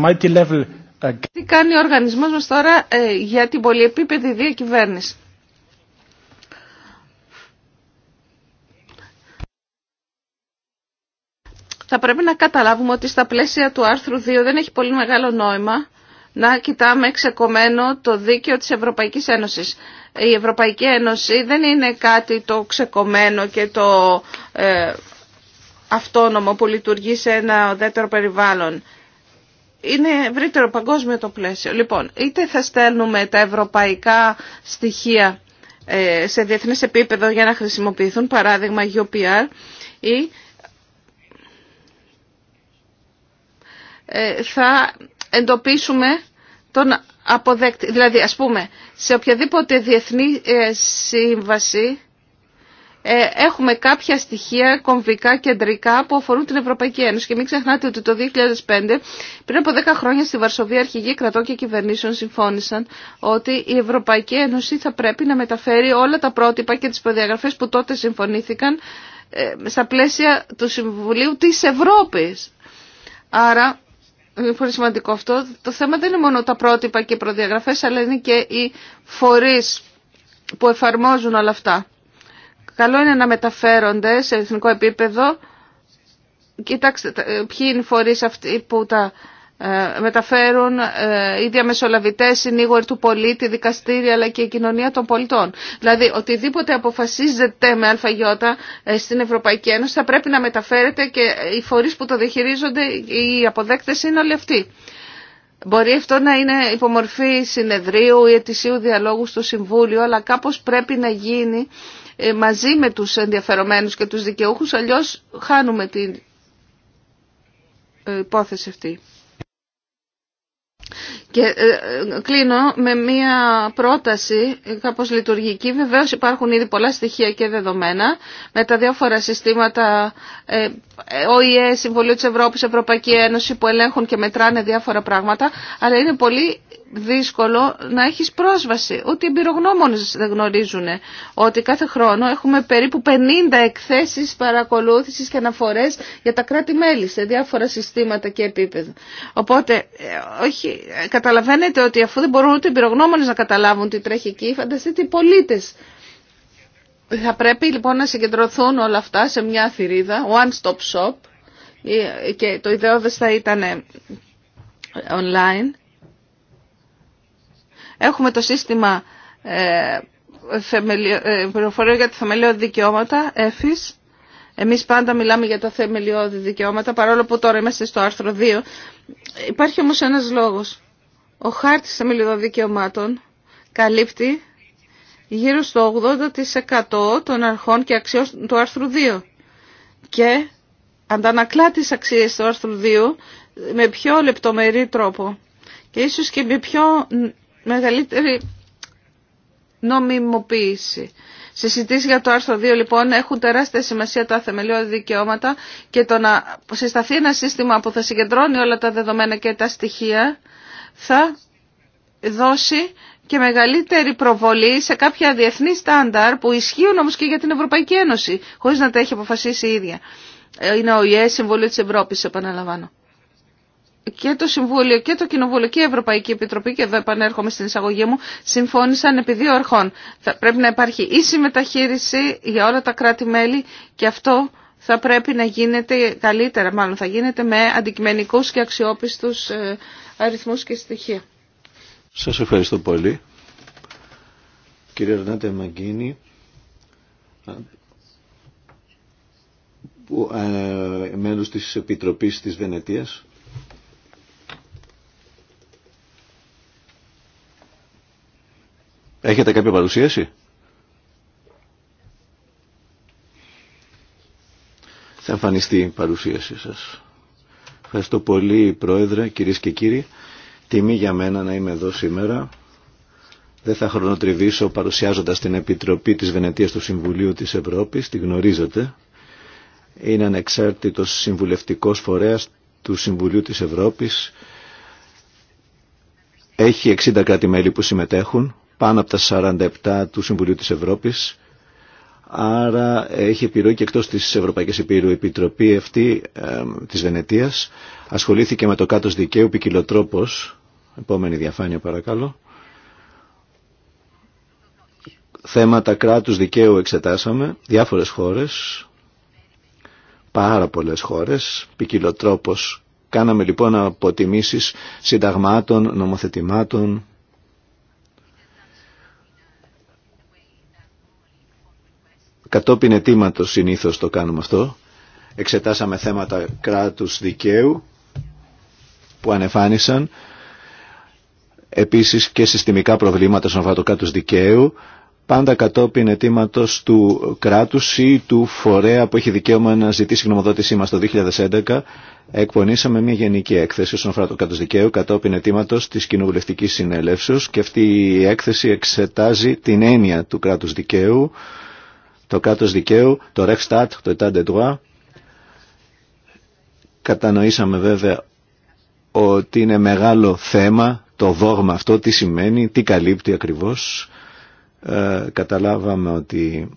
Τι κάνει ο οργανισμός μας τώρα ε, για την πολυεπίπεδη διακυβέρνηση. θα πρέπει να καταλάβουμε ότι στα πλαίσια του άρθρου 2 δεν έχει πολύ μεγάλο νόημα να κοιτάμε ξεκομμένο το δίκαιο της Ευρωπαϊκής Ένωσης. Η Ευρωπαϊκή Ένωση δεν είναι κάτι το ξεκομμένο και το ε, αυτόνομο που λειτουργεί σε ένα οδέτερο περιβάλλον είναι ευρύτερο παγκόσμιο το πλαίσιο. Λοιπόν, είτε θα στέλνουμε τα ευρωπαϊκά στοιχεία ε, σε διεθνές επίπεδο για να χρησιμοποιηθούν, παράδειγμα UPR, ή ε, θα εντοπίσουμε τον αποδέκτη. Δηλαδή, ας πούμε, σε οποιαδήποτε διεθνή ε, σύμβαση ε, έχουμε κάποια στοιχεία κομβικά, κεντρικά που αφορούν την Ευρωπαϊκή Ένωση. Και μην ξεχνάτε ότι το 2005, πριν από 10 χρόνια στη Βαρσοβία, αρχηγοί κρατών και κυβερνήσεων συμφώνησαν ότι η Ευρωπαϊκή Ένωση θα πρέπει να μεταφέρει όλα τα πρότυπα και τι προδιαγραφέ που τότε συμφωνήθηκαν ε, στα πλαίσια του Συμβουλίου τη Ευρώπη. Άρα, είναι πολύ σημαντικό αυτό, το θέμα δεν είναι μόνο τα πρότυπα και οι προδιαγραφέ, αλλά είναι και οι φορεί που εφαρμόζουν όλα αυτά. Καλό είναι να μεταφέρονται σε εθνικό επίπεδο. Κοιτάξτε ε, ποιοι είναι οι φορείς αυτοί που τα ε, μεταφέρουν ε, οι διαμεσολαβητές, συνήγοροι του πολίτη, δικαστήρια αλλά και η κοινωνία των πολιτών. Δηλαδή οτιδήποτε αποφασίζεται με αλφαγιώτα στην Ευρωπαϊκή Ένωση θα πρέπει να μεταφέρεται και οι φορείς που το διαχειρίζονται, οι αποδέκτες είναι όλοι αυτοί. Μπορεί αυτό να είναι υπομορφή συνεδρίου ή ετησίου διαλόγου στο Συμβούλιο, αλλά κάπως πρέπει να γίνει ε, μαζί με τους ενδιαφερομένους και τους δικαιούχους, αλλιώς χάνουμε την ε, υπόθεση αυτή. Και ε, κλείνω με μία πρόταση κάπως λειτουργική. Βεβαίως υπάρχουν ήδη πολλά στοιχεία και δεδομένα με τα διάφορα συστήματα ΟΗΕ, Συμβολίο της Ευρώπης, Ευρωπαϊκή Ένωση που ελέγχουν και μετράνε διάφορα πράγματα, αλλά είναι πολύ δύσκολο να έχεις πρόσβαση. Ούτε οι εμπειρογνώμονες δεν γνωρίζουν ότι κάθε χρόνο έχουμε περίπου 50 εκθέσεις παρακολούθησης και αναφορές για τα κράτη-μέλη σε διάφορα συστήματα και επίπεδα. Οπότε, ε, όχι, καταλαβαίνετε ότι αφού δεν μπορούν ούτε οι εμπειρογνώμονες να καταλάβουν τι τρέχει εκεί, φανταστείτε οι πολίτες θα πρέπει λοιπόν να συγκεντρωθούν όλα αυτά σε μια θηρίδα, one-stop shop ε, και το ιδεώδες θα ήταν online. Έχουμε το σύστημα ε, ε για τα θεμελιώδη δικαιώματα, ΕΦΙΣ. Εμείς πάντα μιλάμε για τα θεμελιώδη δικαιώματα, παρόλο που τώρα είμαστε στο άρθρο 2. Υπάρχει όμως ένας λόγος. Ο χάρτης θεμελιώδη δικαιωμάτων καλύπτει γύρω στο 80% των αρχών και αξιών του άρθρου 2 και αντανακλά τις αξίες του άρθρου 2 με πιο λεπτομερή τρόπο και ίσως και με πιο μεγαλύτερη νομιμοποίηση. Σε συζητήσει για το άρθρο 2 λοιπόν έχουν τεράστια σημασία τα θεμελιώδη δικαιώματα και το να συσταθεί ένα σύστημα που θα συγκεντρώνει όλα τα δεδομένα και τα στοιχεία θα δώσει και μεγαλύτερη προβολή σε κάποια διεθνή στάνταρ που ισχύουν όμως και για την Ευρωπαϊκή Ένωση, χωρίς να τα έχει αποφασίσει η ίδια. Ε, είναι ο ΙΕ, Συμβούλιο της Ευρώπης, επαναλαμβάνω. Και το Συμβούλιο και το Κοινοβούλιο και η Ευρωπαϊκή Επιτροπή, και εδώ επανέρχομαι στην εισαγωγή μου, συμφώνησαν επί δύο αρχών. Θα πρέπει να υπάρχει ίση μεταχείριση για όλα τα κράτη-μέλη και αυτό θα πρέπει να γίνεται καλύτερα, μάλλον θα γίνεται με αντικειμενικούς και αξιόπιστους ε, αριθμούς και στοιχεία. Σας ευχαριστώ πολύ. Κύριε Ρνάτε Μαγκίνη, που, ε, μέλος της Επιτροπής της Βενετίας. Έχετε κάποια παρουσίαση? Θα εμφανιστεί η παρουσίαση σας. Ευχαριστώ πολύ, Πρόεδρε, κυρίες και κύριοι. Τιμή για μένα να είμαι εδώ σήμερα. Δεν θα χρονοτριβήσω παρουσιάζοντας την Επιτροπή της Βενετίας του Συμβουλίου της Ευρώπης, τη γνωρίζετε. Είναι ανεξάρτητος συμβουλευτικός φορέας του Συμβουλίου της Ευρώπης. Έχει 60 κράτη-μέλη που συμμετέχουν, πάνω από τα 47 του Συμβουλίου της Ευρώπης. Άρα έχει επιρροή και εκτός της Ευρωπαϊκής Επίρου. Η Επιτροπή αυτή ε, της Βενετίας ασχολήθηκε με το κάτω δικαίου ποικιλοτρόπος Επόμενη διαφάνεια παρακαλώ. Θέματα κράτους δικαίου εξετάσαμε, διάφορες χώρες, πάρα πολλές χώρες, ποικιλοτρόπως. Κάναμε λοιπόν αποτιμήσεις συνταγμάτων, νομοθετημάτων, κατόπιν αιτήματο συνήθως το κάνουμε αυτό. Εξετάσαμε θέματα κράτους δικαίου που ανεφάνισαν επίσης και συστημικά προβλήματα στον αφορά το δικαίου, πάντα κατόπιν αιτήματο του κράτους ή του φορέα που έχει δικαίωμα να ζητήσει γνωμοδότησή μας. Το 2011 εκπονήσαμε μια γενική έκθεση στον αφορά το δικαίου κατόπιν αιτήματο της Κοινοβουλευτικής Συνέλευσης και αυτή η έκθεση εξετάζει την έννοια του κράτους δικαίου, το κράτος δικαίου, το Rechtsstaat, το État de droit. Κατανοήσαμε βέβαια ότι είναι μεγάλο θέμα το δόγμα αυτό τι σημαίνει, τι καλύπτει ακριβώς. Ε, καταλάβαμε ότι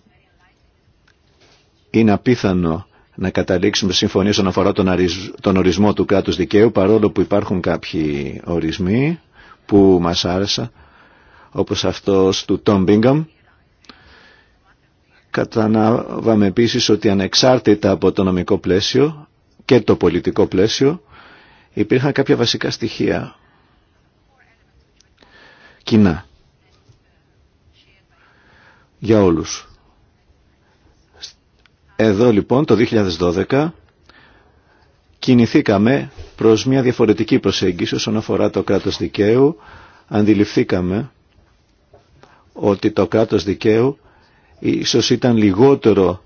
είναι απίθανο να καταλήξουμε συμφωνία όσον αφορά τον, ορισμό του κράτους δικαίου παρόλο που υπάρχουν κάποιοι ορισμοί που μας άρεσαν όπως αυτός του Τόμ Μπίγκαμ. Καταλάβαμε επίσης ότι ανεξάρτητα από το νομικό πλαίσιο και το πολιτικό πλαίσιο υπήρχαν κάποια βασικά στοιχεία κοινά για όλους. Εδώ λοιπόν το 2012 κινηθήκαμε προς μια διαφορετική προσέγγιση όσον αφορά το κράτος δικαίου. Αντιληφθήκαμε ότι το κράτος δικαίου ίσως ήταν λιγότερο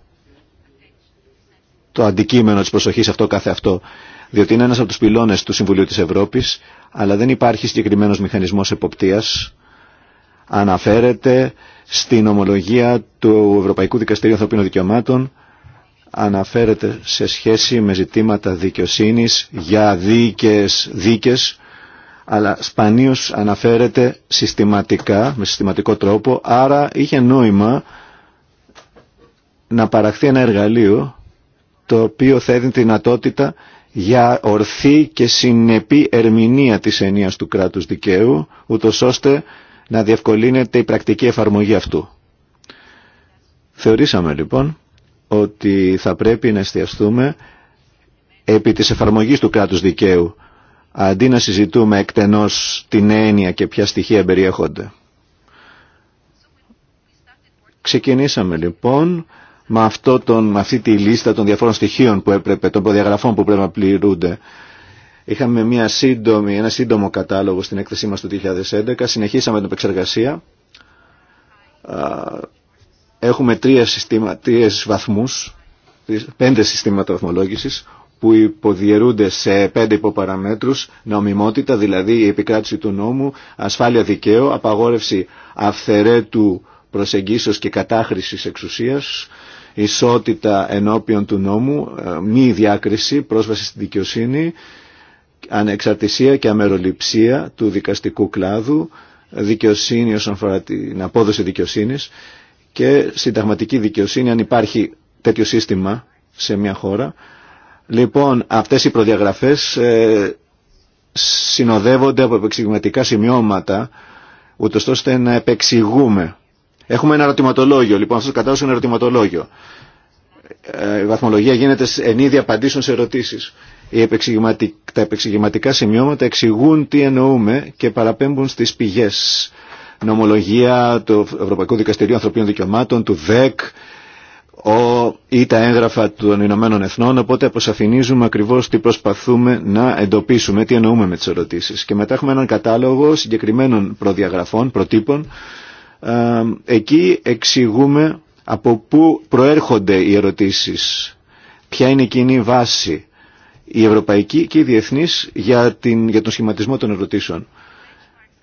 το αντικείμενο της προσοχής αυτό κάθε αυτό διότι είναι ένας από τους πυλώνες του Συμβουλίου της Ευρώπης, αλλά δεν υπάρχει συγκεκριμένος μηχανισμός εποπτείας. Αναφέρεται στην ομολογία του Ευρωπαϊκού Δικαστηρίου Ανθρωπίνων Δικαιωμάτων, αναφέρεται σε σχέση με ζητήματα δικαιοσύνης για δίκες, δίκες αλλά σπανίως αναφέρεται συστηματικά, με συστηματικό τρόπο, άρα είχε νόημα να παραχθεί ένα εργαλείο το οποίο θα έδινε τη δυνατότητα για ορθή και συνεπή ερμηνεία της ενίας του κράτους δικαίου, ούτως ώστε να διευκολύνεται η πρακτική εφαρμογή αυτού. Θεωρήσαμε λοιπόν ότι θα πρέπει να εστιαστούμε επί της εφαρμογής του κράτους δικαίου, αντί να συζητούμε εκτενώς την έννοια και ποια στοιχεία περιέχονται. Ξεκινήσαμε λοιπόν με, αυτό τον, αυτή τη λίστα των διαφόρων στοιχείων που έπρεπε, των προδιαγραφών που πρέπει να πληρούνται. Είχαμε μια σύντομη, ένα σύντομο κατάλογο στην έκθεσή μας το 2011, συνεχίσαμε την επεξεργασία. Έχουμε τρία συστήμα, τρίες βαθμούς, πέντε συστήματα βαθμολόγησης που υποδιαιρούνται σε πέντε υποπαραμέτρους, νομιμότητα, δηλαδή η επικράτηση του νόμου, ασφάλεια δικαίου, απαγόρευση αυθερέτου προσεγγίσεως και κατάχρησης εξουσίας, ισότητα ενώπιον του νόμου, ε, μη διάκριση, πρόσβαση στη δικαιοσύνη, ανεξαρτησία και αμεροληψία του δικαστικού κλάδου, δικαιοσύνη όσον αφορά την απόδοση δικαιοσύνης και συνταγματική δικαιοσύνη αν υπάρχει τέτοιο σύστημα σε μια χώρα. Λοιπόν, αυτές οι προδιαγραφές ε, συνοδεύονται από επεξηγηματικά σημειώματα ούτως ώστε να επεξηγούμε Έχουμε ένα ερωτηματολόγιο, λοιπόν, αυτό κατάλαβε ένα ερωτηματολόγιο. Ε, η βαθμολογία γίνεται εν είδη απαντήσεων σε ερωτήσει. Τα επεξηγηματικά σημειώματα εξηγούν τι εννοούμε και παραπέμπουν στι πηγέ. Νομολογία του Ευρωπαϊκού Δικαστηρίου Ανθρωπίνων Δικαιωμάτων, του ΔΕΚ ο, ή τα έγγραφα των Ηνωμένων Εθνών. Οπότε αποσαφηνίζουμε ακριβώ τι προσπαθούμε να εντοπίσουμε, τι εννοούμε με τι ερωτήσει. Και μετά έχουμε έναν κατάλογο συγκεκριμένων προδιαγραφών, προτύπων εκεί εξηγούμε από πού προέρχονται οι ερωτήσεις, ποια είναι η κοινή βάση, η ευρωπαϊκή και η διεθνής για, την, για τον σχηματισμό των ερωτήσεων.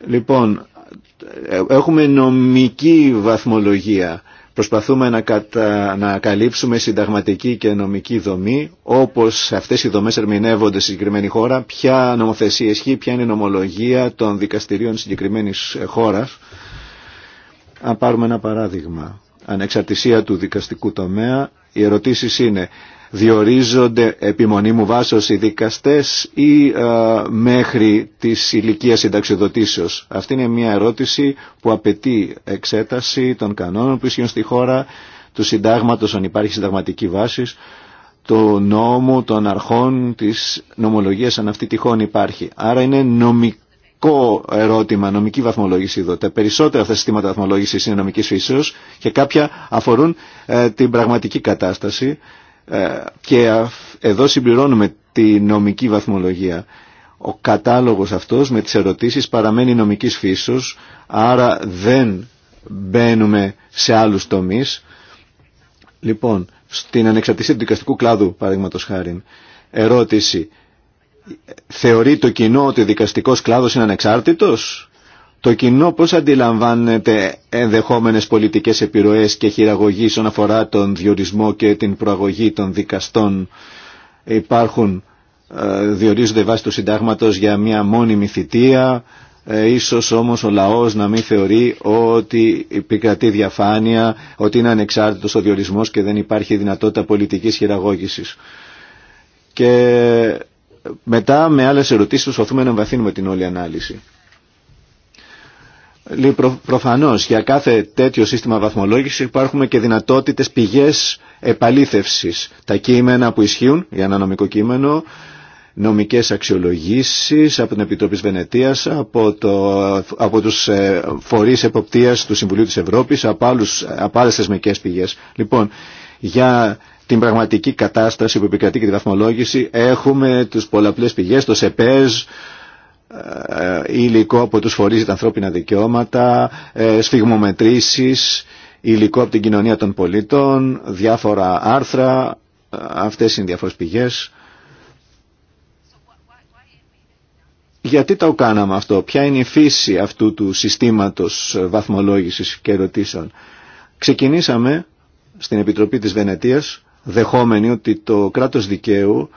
Λοιπόν, ε, έχουμε νομική βαθμολογία. Προσπαθούμε να, να καλύψουμε συνταγματική και νομική δομή, όπως αυτές οι δομές ερμηνεύονται στη συγκεκριμένη χώρα, ποια νομοθεσία ισχύει, ποια είναι η νομολογία των δικαστηρίων συγκεκριμένης ε, χώρας. Αν πάρουμε ένα παράδειγμα, ανεξαρτησία του δικαστικού τομέα, οι ερωτήσεις είναι διορίζονται επιμονή μου βάσος οι δικαστές ή μέχρι της ηλικίας συνταξιοδοτήσεως. Αυτή είναι μια ερώτηση που απαιτεί εξέταση των κανόνων που ισχύουν στη χώρα, του συντάγματος αν υπάρχει συνταγματική βάση, του νόμου, των αρχών, της νομολογίας αν αυτή τυχόν υπάρχει. Άρα είναι νομική νομικό ερώτημα, νομική βαθμολόγηση εδώ. Τα περισσότερα αυτά συστήματα βαθμολόγηση είναι νομική φύσεω και κάποια αφορούν ε, την πραγματική κατάσταση ε, και εδώ συμπληρώνουμε τη νομική βαθμολογία. Ο κατάλογος αυτός με τις ερωτήσεις παραμένει νομικής φύσεως, άρα δεν μπαίνουμε σε άλλους τομείς. Λοιπόν, στην ανεξαρτησία του δικαστικού κλάδου, παραδείγματο χάρη, ερώτηση θεωρεί το κοινό ότι ο δικαστικός κλάδος είναι ανεξάρτητος. Το κοινό πώς αντιλαμβάνεται ενδεχόμενες πολιτικές επιρροές και χειραγωγή όσον αφορά τον διορισμό και την προαγωγή των δικαστών υπάρχουν ε, διορίζονται βάσει του συντάγματος για μια μόνιμη θητεία ε, ίσως όμως ο λαός να μην θεωρεί ότι επικρατεί διαφάνεια, ότι είναι ανεξάρτητος ο διορισμός και δεν υπάρχει δυνατότητα πολιτικής χειραγώγησης. Και μετά με άλλες ερωτήσεις προσπαθούμε να εμβαθύνουμε την όλη ανάλυση. Προ, προφανώς για κάθε τέτοιο σύστημα βαθμολόγησης υπάρχουν και δυνατότητες πηγές επαλήθευσης. Τα κείμενα που ισχύουν για ένα νομικό κείμενο, νομικές αξιολογήσεις από την Επιτροπή Βενετίας, από, το, από τους ε, φορείς εποπτείας του Συμβουλίου της Ευρώπης, από, άλλους, από άλλες πηγές. Λοιπόν, για την πραγματική κατάσταση που επικρατεί και τη βαθμολόγηση. Έχουμε τους πολλαπλές πηγές, το ΣΕΠΕΖ, ε, υλικό από τους φορείς τα ανθρώπινα δικαιώματα, ε, σφιγμομετρήσεις, υλικό από την κοινωνία των πολιτών, διάφορα άρθρα, ε, αυτές είναι διάφορες πηγές. Γιατί το κάναμε αυτό, ποια είναι η φύση αυτού του συστήματος βαθμολόγησης και ερωτήσεων. Ξεκινήσαμε στην Επιτροπή της Βενετίας δεχόμενοι ότι το κράτος δικαίου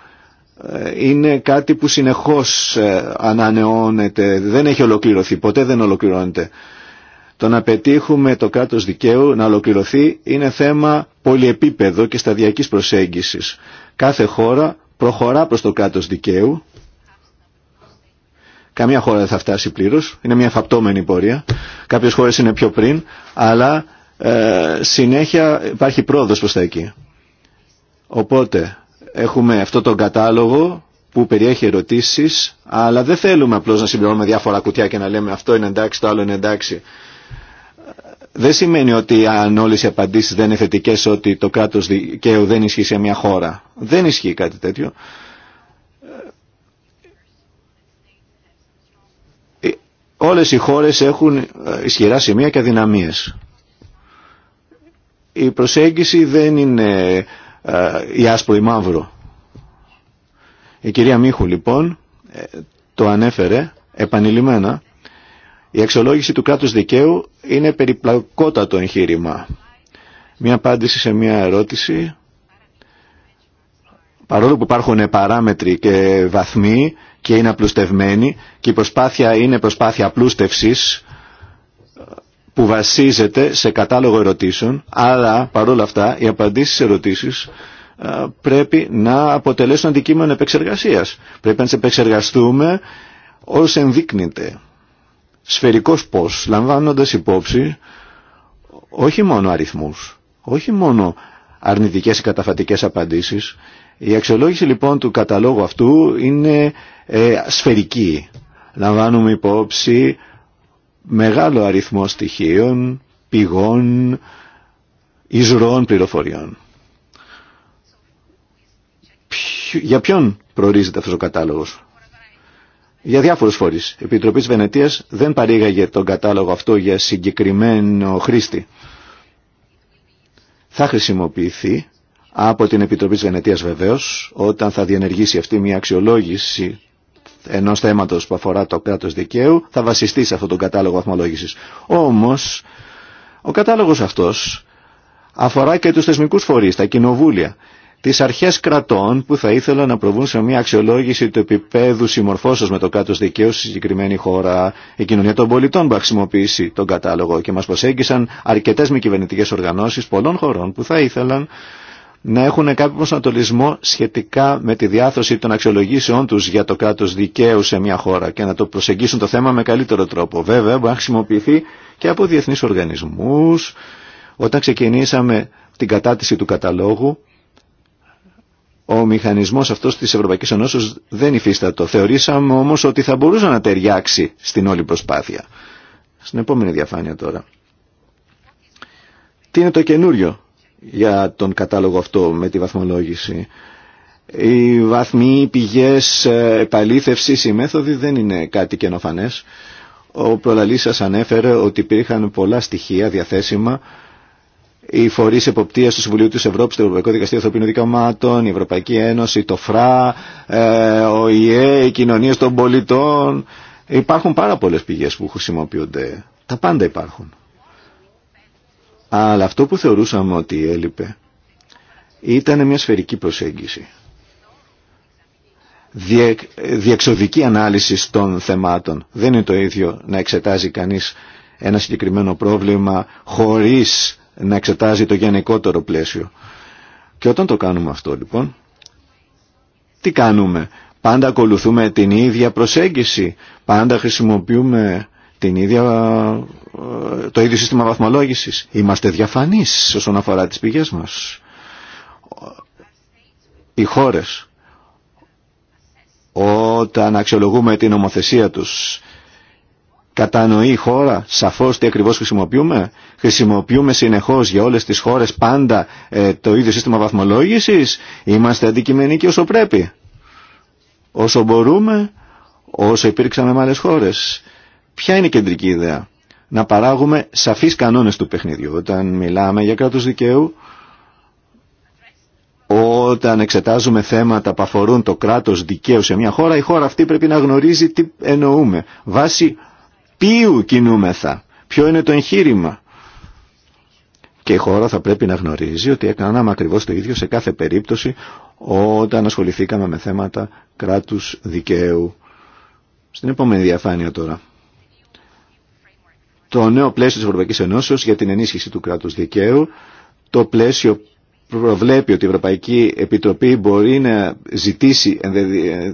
ε, είναι κάτι που συνεχώς ε, ανανεώνεται, δεν έχει ολοκληρωθεί, ποτέ δεν ολοκληρώνεται. Το να πετύχουμε το κράτος δικαίου να ολοκληρωθεί είναι θέμα πολυεπίπεδο και σταδιακής προσέγγισης. Κάθε χώρα προχωρά προς το κράτος δικαίου. Καμία χώρα δεν θα φτάσει πλήρως, είναι μια εφαπτώμενη πορεία. Κάποιες χώρες είναι πιο πριν, αλλά ε, συνέχεια υπάρχει πρόοδος προς τα εκεί. Οπότε έχουμε αυτό τον κατάλογο που περιέχει ερωτήσεις, αλλά δεν θέλουμε απλώς να συμπληρώνουμε διάφορα κουτιά και να λέμε αυτό είναι εντάξει, το άλλο είναι εντάξει. Δεν σημαίνει ότι αν όλες οι απαντήσεις δεν είναι θετικές ότι το κράτος δικαίου δεν ισχύει σε μια χώρα. Δεν ισχύει κάτι τέτοιο. Ε, όλες οι χώρες έχουν ε, ισχυρά σημεία και αδυναμίες. Η προσέγγιση δεν είναι ή ε, άσπρο ή μαύρο. Η κυρία Μίχου λοιπόν ε, το ανέφερε επανειλημμένα. Η αξιολόγηση του κράτους δικαίου είναι περιπλακότατο εγχείρημα. Μία απάντηση σε μία ερώτηση. Παρόλο που υπάρχουν παράμετροι και βαθμοί και είναι απλουστευμένοι και η προσπάθεια είναι προσπάθεια απλούστευσης που βασίζεται σε κατάλογο ερωτήσεων, αλλά παρόλα αυτά οι απαντήσεις σε ε, πρέπει να αποτελέσουν αντικείμενο επεξεργασίας. Πρέπει να τις επεξεργαστούμε όσο ενδείκνυται. Σφαιρικός πώς, λαμβάνοντας υπόψη όχι μόνο αριθμούς, όχι μόνο αρνητικές ή καταφατικές απαντήσεις. Η αξιολόγηση λοιπόν του καταλόγου αυτού είναι ε, σφαιρική. Λαμβάνουμε υπόψη μεγάλο αριθμό στοιχείων, πηγών, ισροών πληροφοριών. Για ποιον προορίζεται αυτός ο κατάλογος. Για διάφορους φορείς. Η Επιτροπή της Βενετίας δεν παρήγαγε τον κατάλογο αυτό για συγκεκριμένο χρήστη. Θα χρησιμοποιηθεί από την Επιτροπή της Βενετίας βεβαίως όταν θα διενεργήσει αυτή μια αξιολόγηση ενός θέματος που αφορά το κράτος δικαίου θα βασιστεί σε αυτόν τον κατάλογο βαθμολόγησης. Όμως, ο κατάλογος αυτός αφορά και τους θεσμικούς φορείς, τα κοινοβούλια, τις αρχές κρατών που θα ήθελαν να προβούν σε μια αξιολόγηση του επίπεδου συμμορφώσεως με το κράτο δικαίου στη συγκεκριμένη χώρα, η κοινωνία των πολιτών που θα χρησιμοποιήσει τον κατάλογο και μας προσέγγισαν αρκετές μη κυβερνητικέ οργανώσεις πολλών χωρών που θα ήθελαν να έχουν κάποιο προσανατολισμό σχετικά με τη διάθρωση των αξιολογήσεών τους για το κράτος δικαίου σε μια χώρα και να το προσεγγίσουν το θέμα με καλύτερο τρόπο. Βέβαια, μπορεί να χρησιμοποιηθεί και από διεθνείς οργανισμούς. Όταν ξεκινήσαμε την κατάτηση του καταλόγου, ο μηχανισμός αυτός της Ευρωπαϊκής Ενώσεως δεν υφίστατο. Θεωρήσαμε όμως ότι θα μπορούσε να ταιριάξει στην όλη προσπάθεια. Στην επόμενη διαφάνεια τώρα. Τι είναι το καινούριο για τον κατάλογο αυτό με τη βαθμολόγηση. Οι βαθμοί, οι πηγές ε, επαλήθευσης, οι μέθοδοι δεν είναι κάτι καινοφανές. Ο προλαλής σας ανέφερε ότι υπήρχαν πολλά στοιχεία διαθέσιμα οι φορεί εποπτείας του Συμβουλίου τη Ευρώπη, το Ευρωπαϊκό Δικαστήριο Ανθρωπίνων Δικαιωμάτων, η Ευρωπαϊκή Ένωση, το ΦΡΑ, ε, ο ΙΕ, οι κοινωνίε των πολιτών. Υπάρχουν πάρα πολλέ πηγέ που χρησιμοποιούνται. Τα πάντα υπάρχουν. Αλλά αυτό που θεωρούσαμε ότι έλειπε ήταν μια σφαιρική προσέγγιση. διεξοδική ανάλυση των θεμάτων. Δεν είναι το ίδιο να εξετάζει κανείς ένα συγκεκριμένο πρόβλημα χωρίς να εξετάζει το γενικότερο πλαίσιο. Και όταν το κάνουμε αυτό λοιπόν, τι κάνουμε. Πάντα ακολουθούμε την ίδια προσέγγιση. Πάντα χρησιμοποιούμε την ε, το ίδιο σύστημα βαθμολόγησης. Είμαστε διαφανείς όσον αφορά τις πηγές μας. Οι χώρες όταν αξιολογούμε την ομοθεσία τους κατανοεί η χώρα σαφώς τι ακριβώς χρησιμοποιούμε. Χρησιμοποιούμε συνεχώς για όλες τις χώρες πάντα ε, το ίδιο σύστημα βαθμολόγησης. Είμαστε αντικειμενικοί όσο πρέπει. Όσο μπορούμε, όσο υπήρξαμε με άλλες χώρες. Ποια είναι η κεντρική ιδέα. Να παράγουμε σαφείς κανόνες του παιχνιδιού. Όταν μιλάμε για κράτος δικαίου, όταν εξετάζουμε θέματα που αφορούν το κράτος δικαίου σε μια χώρα, η χώρα αυτή πρέπει να γνωρίζει τι εννοούμε. Βάσει ποιου κινούμεθα, ποιο είναι το εγχείρημα. Και η χώρα θα πρέπει να γνωρίζει ότι έκαναμε ακριβώς το ίδιο σε κάθε περίπτωση όταν ασχοληθήκαμε με θέματα κράτους δικαίου. Στην επόμενη διαφάνεια τώρα το νέο πλαίσιο της Ευρωπαϊκής Ενώσεως για την ενίσχυση του κράτους δικαίου. Το πλαίσιο προβλέπει ότι η Ευρωπαϊκή Επιτροπή μπορεί να ζητήσει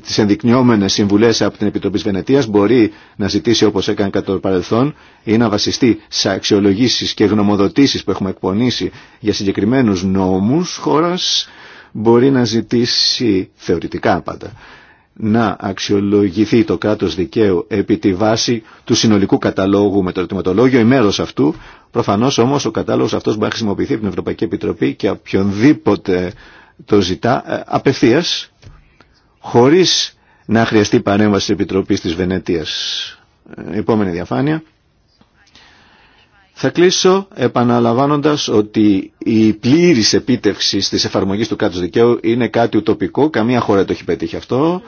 τις ενδεικνυόμενες συμβουλές από την Επιτροπή της Βενετίας, μπορεί να ζητήσει όπως έκανε κατά το παρελθόν ή να βασιστεί σε αξιολογήσεις και γνωμοδοτήσεις που έχουμε εκπονήσει για συγκεκριμένους νόμους χώρας, μπορεί να ζητήσει θεωρητικά πάντα να αξιολογηθεί το κράτος δικαίου επί τη βάση του συνολικού καταλόγου με το ερωτηματολόγιο ή μέρος αυτού. Προφανώς όμως ο κατάλογος αυτός μπορεί να χρησιμοποιηθεί από την Ευρωπαϊκή Επιτροπή και οποιονδήποτε το ζητά ε, απευθείας χωρίς να χρειαστεί παρέμβαση της Επιτροπής της Βενετίας. Ε, επόμενη διαφάνεια. Θα κλείσω επαναλαμβάνοντας ότι η πλήρης επίτευξη τη εφαρμογής του κράτους δικαίου είναι κάτι ουτοπικό, καμία χώρα το έχει πετύχει αυτό.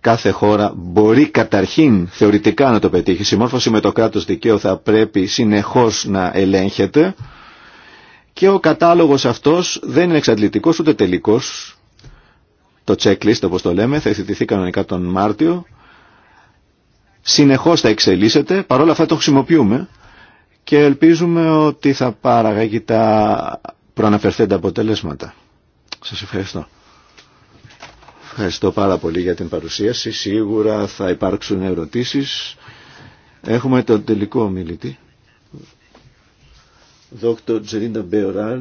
Κάθε χώρα μπορεί καταρχήν θεωρητικά να το πετύχει. Η συμμόρφωση με το κράτος δικαίου θα πρέπει συνεχώς να ελέγχεται και ο κατάλογος αυτός δεν είναι εξαντλητικός ούτε τελικός. Το checklist όπως το λέμε θα εισιτηθεί κανονικά τον Μάρτιο. Συνεχώς θα εξελίσσεται, παρόλα αυτά το χρησιμοποιούμε και ελπίζουμε ότι θα παραγαγεί τα προαναφερθέντα αποτελέσματα. Σας ευχαριστώ. Ευχαριστώ πάρα πολύ για την παρουσίαση. Σίγουρα θα υπάρξουν ερωτήσεις. Έχουμε τον τελικό ομιλητή. Δόκτωρ Τζερίντα Μπεωράλ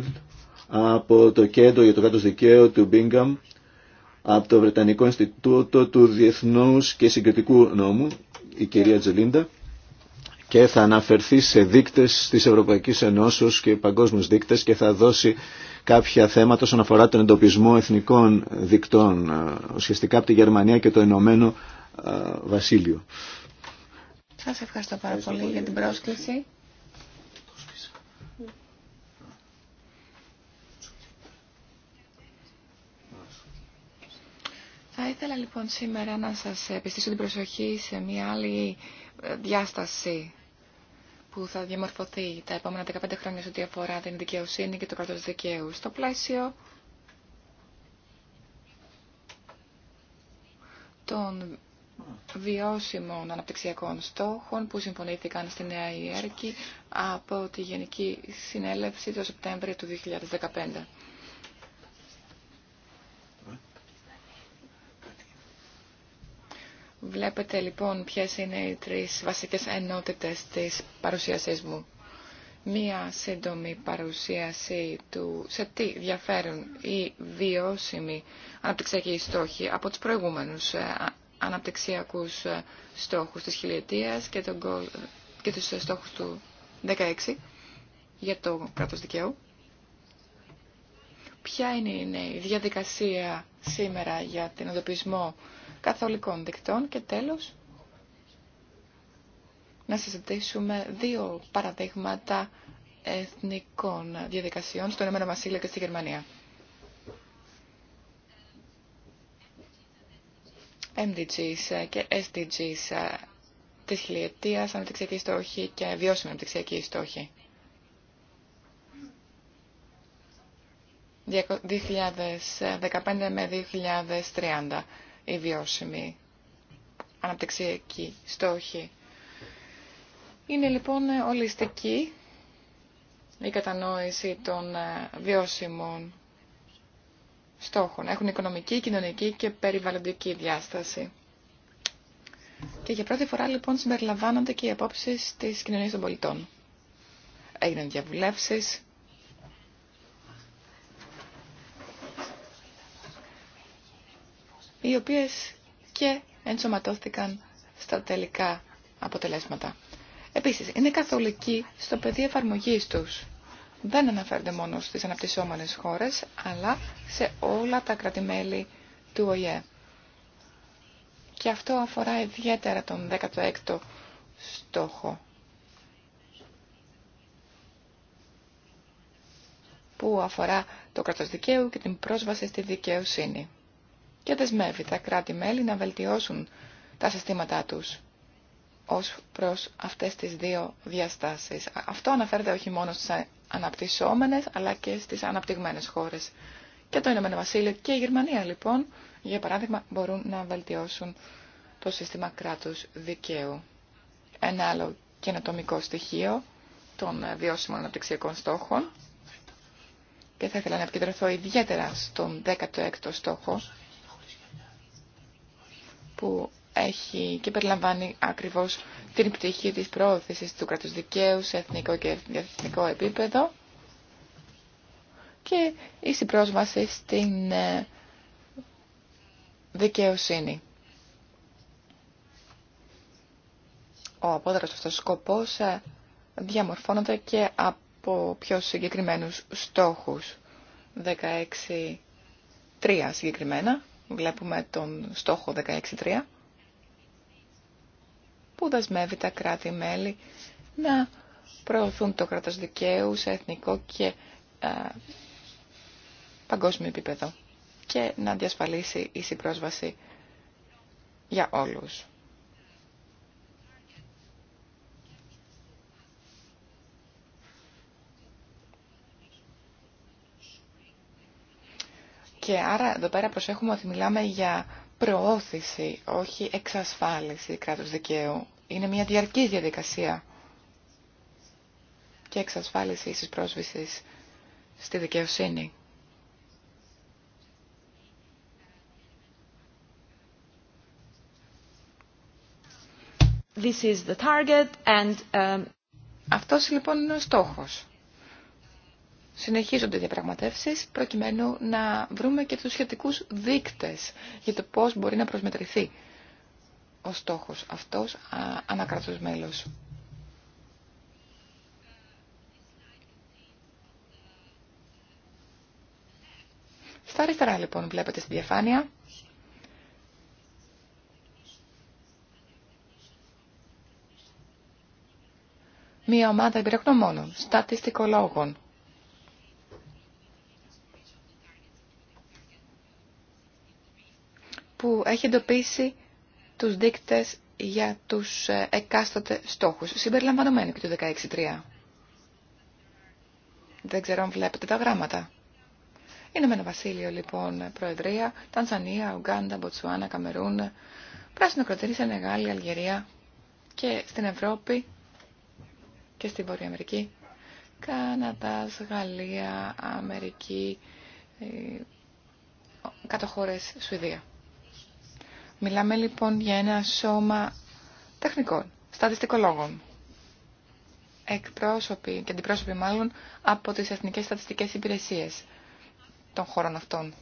από το Κέντρο για το Κράτος Δικαίου του Μπίνγκαμ από το Βρετανικό Ινστιτούτο του Διεθνούς και Συγκριτικού Νόμου, η κυρία Τζελίντα και θα αναφερθεί σε δείκτες της Ευρωπαϊκής Ενώσεως και παγκόσμιους δείκτες και θα δώσει κάποια θέματα όσον αφορά τον εντοπισμό εθνικών δικτών ε, ουσιαστικά από τη Γερμανία και το Ενωμένο ε, Βασίλειο. Σας ευχαριστώ πάρα πολύ, πολύ για την πρόσκληση. Θα ήθελα λοιπόν σήμερα να σας επιστήσω την προσοχή σε μια άλλη ε, διάσταση που θα διαμορφωθεί τα επόμενα 15 χρόνια σε ό,τι αφορά την δικαιοσύνη και το κράτος δικαίου στο πλαίσιο των βιώσιμων αναπτυξιακών στόχων που συμφωνήθηκαν στη Νέα Υέρκη από τη Γενική Συνέλευση το Σεπτέμβριο του 2015. Βλέπετε λοιπόν ποιες είναι οι τρεις βασικές ενότητες της παρουσίασής μου. Μία σύντομη παρουσίαση του σε τι διαφέρουν οι βιώσιμοι αναπτυξιακοί στόχοι από τους προηγούμενους ε, αναπτυξιακούς ε, στόχους της χιλιετίας και, τον, και τους ε, στόχους του 16 για το κράτος δικαίου. Ποια είναι, η διαδικασία σήμερα για την οδοποιησμό καθολικών δικτών και τέλος να συζητήσουμε δύο παραδείγματα εθνικών διαδικασιών στον Ηνωμένο Βασίλειο και στη Γερμανία. MDGs και SDGs της χιλιετίας, αναπτυξιακή στόχη και βιώσιμη αναπτυξιακή στόχη. 2015 με 2030 οι βιώσιμοι αναπτυξιακοί στόχοι. Είναι λοιπόν ολιστική η κατανόηση των ε, βιώσιμων στόχων. Έχουν οικονομική, κοινωνική και περιβαλλοντική διάσταση. Και για πρώτη φορά λοιπόν συμπεριλαμβάνονται και οι απόψει τη κοινωνία των πολιτών. Έγιναν διαβουλεύσεις οι οποίες και ενσωματώθηκαν στα τελικά αποτελέσματα. Επίσης, είναι καθολικοί στο πεδίο εφαρμογή τους. Δεν αναφέρονται μόνο στις αναπτυσσόμενες χώρες, αλλά σε όλα τα κρατημέλη του ΟΗΕ. Και αυτό αφορά ιδιαίτερα τον 16ο στόχο. που αφορά το κράτος και την πρόσβαση στη δικαιοσύνη και δεσμεύει τα κράτη-μέλη να βελτιώσουν τα συστήματά τους ως προς αυτές τις δύο διαστάσεις. Αυτό αναφέρεται όχι μόνο στις αναπτυσσόμενες αλλά και στις αναπτυγμένες χώρες. Και το Ηνωμένο Βασίλειο και η Γερμανία λοιπόν, για παράδειγμα, μπορούν να βελτιώσουν το σύστημα κράτους δικαίου. Ένα άλλο καινοτομικό στοιχείο των ε, βιώσιμων αναπτυξιακών στόχων και θα ήθελα να επικεντρωθώ ιδιαίτερα στον 16ο στόχο που έχει και περιλαμβάνει ακριβώς την πτυχή της πρόθεσης του κρατου δικαίου σε εθνικό και διεθνικό επίπεδο και η συμπρόσβαση στην ε, δικαιοσύνη. Ο απόδραστος αυτός σκοπός ε, διαμορφώνονται και από πιο συγκεκριμένους στόχους. 16-3 συγκεκριμένα Βλέπουμε τον στόχο 16.3 που δεσμεύει τα κράτη-μέλη να προωθούν το κράτος δικαίου σε εθνικό και παγκόσμιο επίπεδο και να διασφαλίσει ίση πρόσβαση για όλους. Και άρα εδώ πέρα προσέχουμε ότι μιλάμε για προώθηση, όχι εξασφάλιση κράτους δικαίου. Είναι μια διαρκής διαδικασία και εξασφάλιση της πρόσβησης στη δικαιοσύνη. This is the target and, um... Αυτός λοιπόν είναι ο στόχος συνεχίζονται οι διαπραγματεύσεις προκειμένου να βρούμε και τους σχετικούς δείκτες για το πώς μπορεί να προσμετρηθεί ο στόχος αυτός ανακράτος μέλος. Στα αριστερά λοιπόν βλέπετε στη διαφάνεια μία ομάδα εμπειρογνωμόνων, στατιστικολόγων, που έχει εντοπίσει τους δείκτες για τους ε, εκάστοτε στόχους, συμπεριλαμβανομένου και του 16.3. Δεν ξέρω αν βλέπετε τα γράμματα. Είναι με βασίλειο λοιπόν Προεδρία, Τανζανία, Ουγγάντα, Μποτσουάνα, Καμερούν, Πράσινο Κροτήρι, Σενεγάλη, Αλγερία και στην Ευρώπη και στην Βόρεια Αμερική. Καναδάς, Γαλλία, Αμερική, ε, κάτω Σουηδία. Μιλάμε λοιπόν για ένα σώμα τεχνικών, στατιστικολόγων. Εκπρόσωποι και αντιπρόσωποι μάλλον από τις Εθνικές Στατιστικές Υπηρεσίες των χώρων αυτών.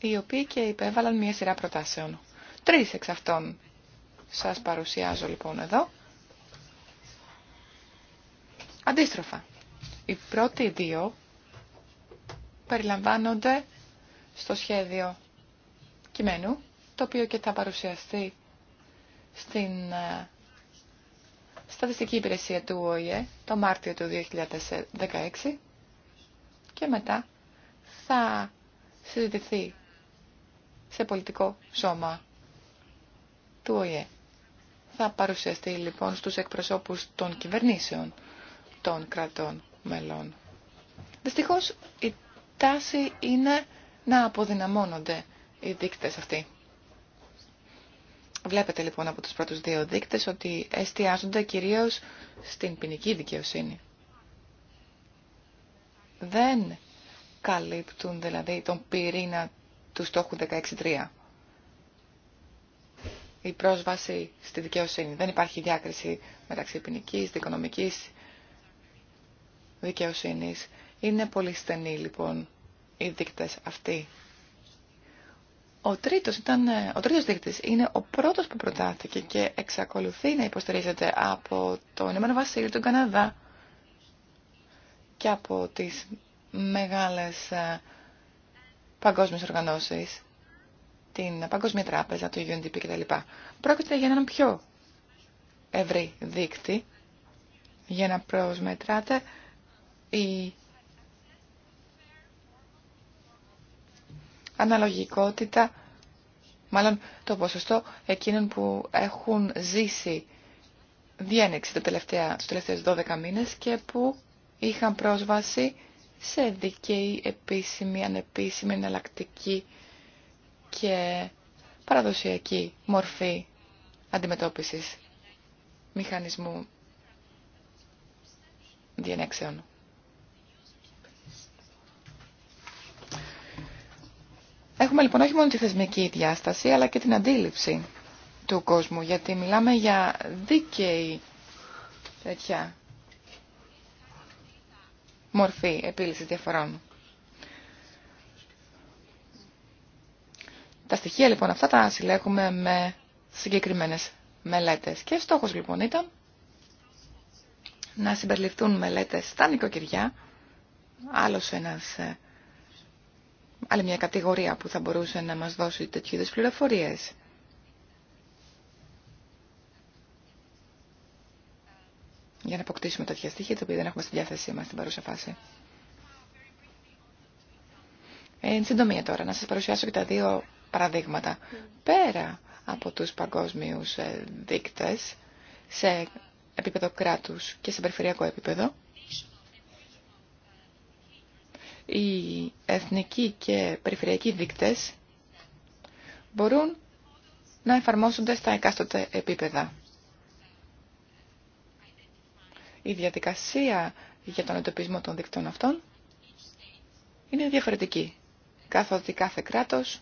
Οι οποίοι και υπέβαλαν μία σειρά προτάσεων. Τρεις εξ αυτών σας παρουσιάζω λοιπόν εδώ. Αντίστροφα, οι πρώτοι δύο περιλαμβάνονται στο σχέδιο κειμένου, το οποίο και θα παρουσιαστεί στην ε, Στατιστική Υπηρεσία του ΟΗΕ το Μάρτιο του 2016 και μετά θα συζητηθεί σε πολιτικό σώμα του ΟΗΕ. Θα παρουσιαστεί λοιπόν στους εκπροσώπους των κυβερνήσεων των κρατών μελών. Δυστυχώς η τάση είναι να αποδυναμώνονται οι δείκτες αυτοί. Βλέπετε λοιπόν από τους πρώτους δύο δείκτες ότι εστιάζονται κυρίως στην ποινική δικαιοσύνη. Δεν καλύπτουν δηλαδή τον πυρήνα του στόχου 16.3. Η πρόσβαση στη δικαιοσύνη. Δεν υπάρχει διάκριση μεταξύ ποινική, δικονομική δικαιοσύνης. Είναι πολύ στενή λοιπόν οι δείκτες αυτοί ο τρίτος, ήταν, ε, ο δείκτης είναι ο πρώτος που προτάθηκε και εξακολουθεί να υποστηρίζεται από το Ηνωμένο Βασίλειο, τον Καναδά και από τις μεγάλες ε, παγκόσμιες οργανώσεις, την Παγκόσμια Τράπεζα, το UNDP κτλ. Πρόκειται για έναν πιο ευρύ δείκτη για να προσμετράτε η αναλογικότητα, μάλλον το ποσοστό εκείνων που έχουν ζήσει διένεξη τα τελευταία, τους τελευταίους 12 μήνες και που είχαν πρόσβαση σε δικαίη, επίσημη, ανεπίσημη, εναλλακτική και παραδοσιακή μορφή αντιμετώπισης μηχανισμού διενέξεων. Έχουμε λοιπόν όχι μόνο τη θεσμική διάσταση, αλλά και την αντίληψη του κόσμου, γιατί μιλάμε για δίκαιη τέτοια μορφή επίλυσης διαφορών. Τα στοιχεία λοιπόν αυτά τα συλλέγουμε με συγκεκριμένες μελέτες. Και στόχος λοιπόν ήταν να συμπεριληφθούν μελέτες στα νοικοκυριά, άλλος ένας ε, άλλη μια κατηγορία που θα μπορούσε να μας δώσει τέτοιου είδους πληροφορίες. Για να αποκτήσουμε τέτοια στοιχεία, τα οποία δεν έχουμε στη διάθεσή μας στην παρούσα φάση. Εν συντομία τώρα, να σας παρουσιάσω και τα δύο παραδείγματα. Πέρα από τους παγκόσμιους ε, δείκτες, σε επίπεδο κράτους και σε περιφερειακό επίπεδο, οι εθνικοί και περιφερειακοί δείκτες μπορούν να εφαρμόσονται στα εκάστοτε επίπεδα. Η διαδικασία για τον εντοπισμό των δικτύων αυτών είναι διαφορετική, καθότι κάθε κράτος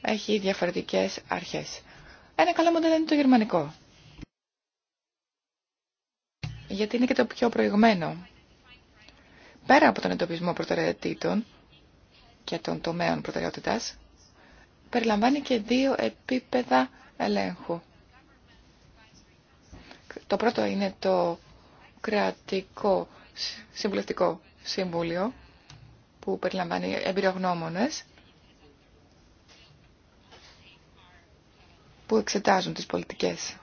έχει διαφορετικές αρχές. Ένα καλό μοντέλο είναι το γερμανικό γιατί είναι και το πιο προηγμένο. Πέρα από τον εντοπισμό προτεραιοτήτων και των τομέων προτεραιότητας, περιλαμβάνει και δύο επίπεδα ελέγχου. Το πρώτο είναι το κρατικό συμβουλευτικό συμβούλιο, που περιλαμβάνει εμπειρογνώμονες, που εξετάζουν τις πολιτικές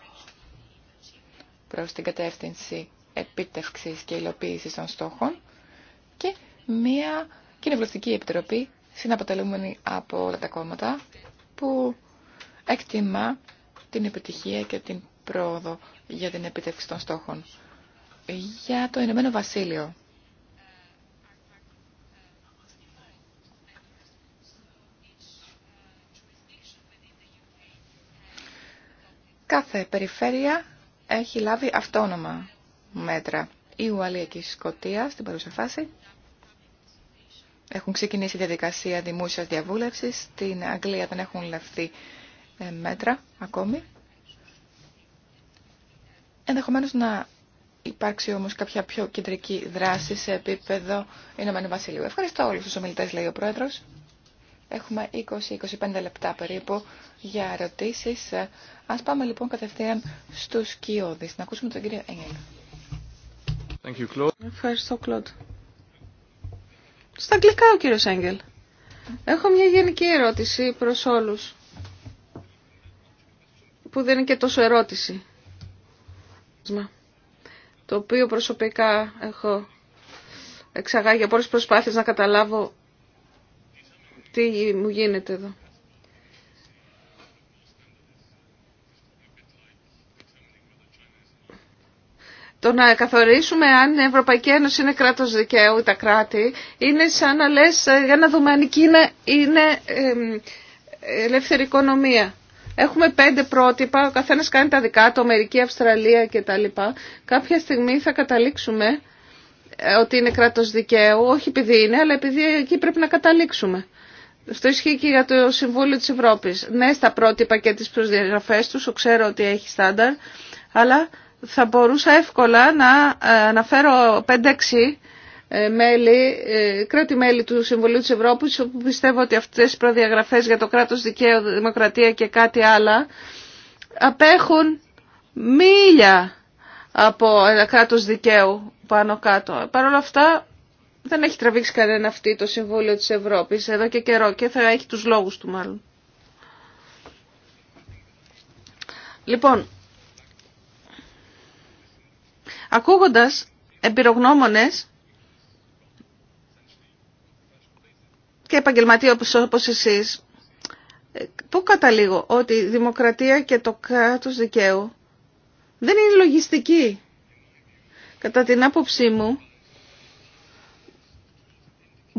προς την κατεύθυνση επίτευξης και υλοποίησης των στόχων και μια κοινοβουλευτική επιτροπή συναποτελούμενη από όλα τα κόμματα που εκτιμά την επιτυχία και την πρόοδο για την επίτευξη των στόχων. Για το Ηνωμένο Βασίλειο. Κάθε περιφέρεια έχει λάβει αυτόνομα μέτρα. Η Ουαλία και η Σκοτία στην παρούσα φάση έχουν ξεκινήσει η διαδικασία δημόσιας διαβούλευσης. Στην Αγγλία δεν έχουν λεφθεί ε, μέτρα ακόμη. Ενδεχομένως να υπάρξει όμως κάποια πιο κεντρική δράση σε επίπεδο Ηνωμένου Βασιλείου. Ευχαριστώ όλους τους ομιλητές, λέει ο Πρόεδρος. Έχουμε 20-25 λεπτά περίπου για ερωτήσεις. Ας πάμε λοιπόν κατευθείαν στους κοιόδης. Να ακούσουμε τον κύριο Έγγελ. Στα αγγλικά ο κύριος Έγγελ. Έχω μια γενική ερώτηση προς όλους. Που δεν είναι και τόσο ερώτηση. Το οποίο προσωπικά έχω εξαγάγει από όλες προσπάθειες να καταλάβω τι μου γίνεται εδώ. το να καθορίσουμε αν η Ευρωπαϊκή Ένωση είναι κράτος δικαίου ή τα κράτη είναι σαν να λες για να δούμε αν η Κίνα είναι ελεύθερη οικονομία. Έχουμε πέντε πρότυπα, ο καθένας κάνει τα δικά του, Αμερική, Αυστραλία κτλ. Κάποια στιγμή θα καταλήξουμε ε, ότι είναι κράτος δικαίου, όχι επειδή είναι, αλλά επειδή εκεί πρέπει να καταλήξουμε. Αυτό ισχύει και για το Συμβούλιο της Ευρώπης. Ναι, στα πρότυπα και τις προσδιαγραφές τους, ξέρω ότι έχει στάνταρ, αλλά θα μπορούσα εύκολα να ε, αναφέρω 5-6 ε, μέλη, ε, κράτη-μέλη του Συμβουλίου της Ευρώπης όπου πιστεύω ότι αυτές οι προδιαγραφές για το κράτος δικαίου, δημοκρατία και κάτι άλλα απέχουν μίλια από ένα κράτος δικαίου πάνω κάτω. Παρ' όλα αυτά δεν έχει τραβήξει κανένα αυτή το Συμβούλιο της Ευρώπης εδώ και καιρό και θα έχει τους λόγους του μάλλον. Λοιπόν, Ακούγοντας εμπειρογνώμονες και επαγγελματίες όπως εσείς, ε, πού καταλήγω ότι η δημοκρατία και το κράτος δικαίου δεν είναι λογιστική. Κατά την άποψή μου,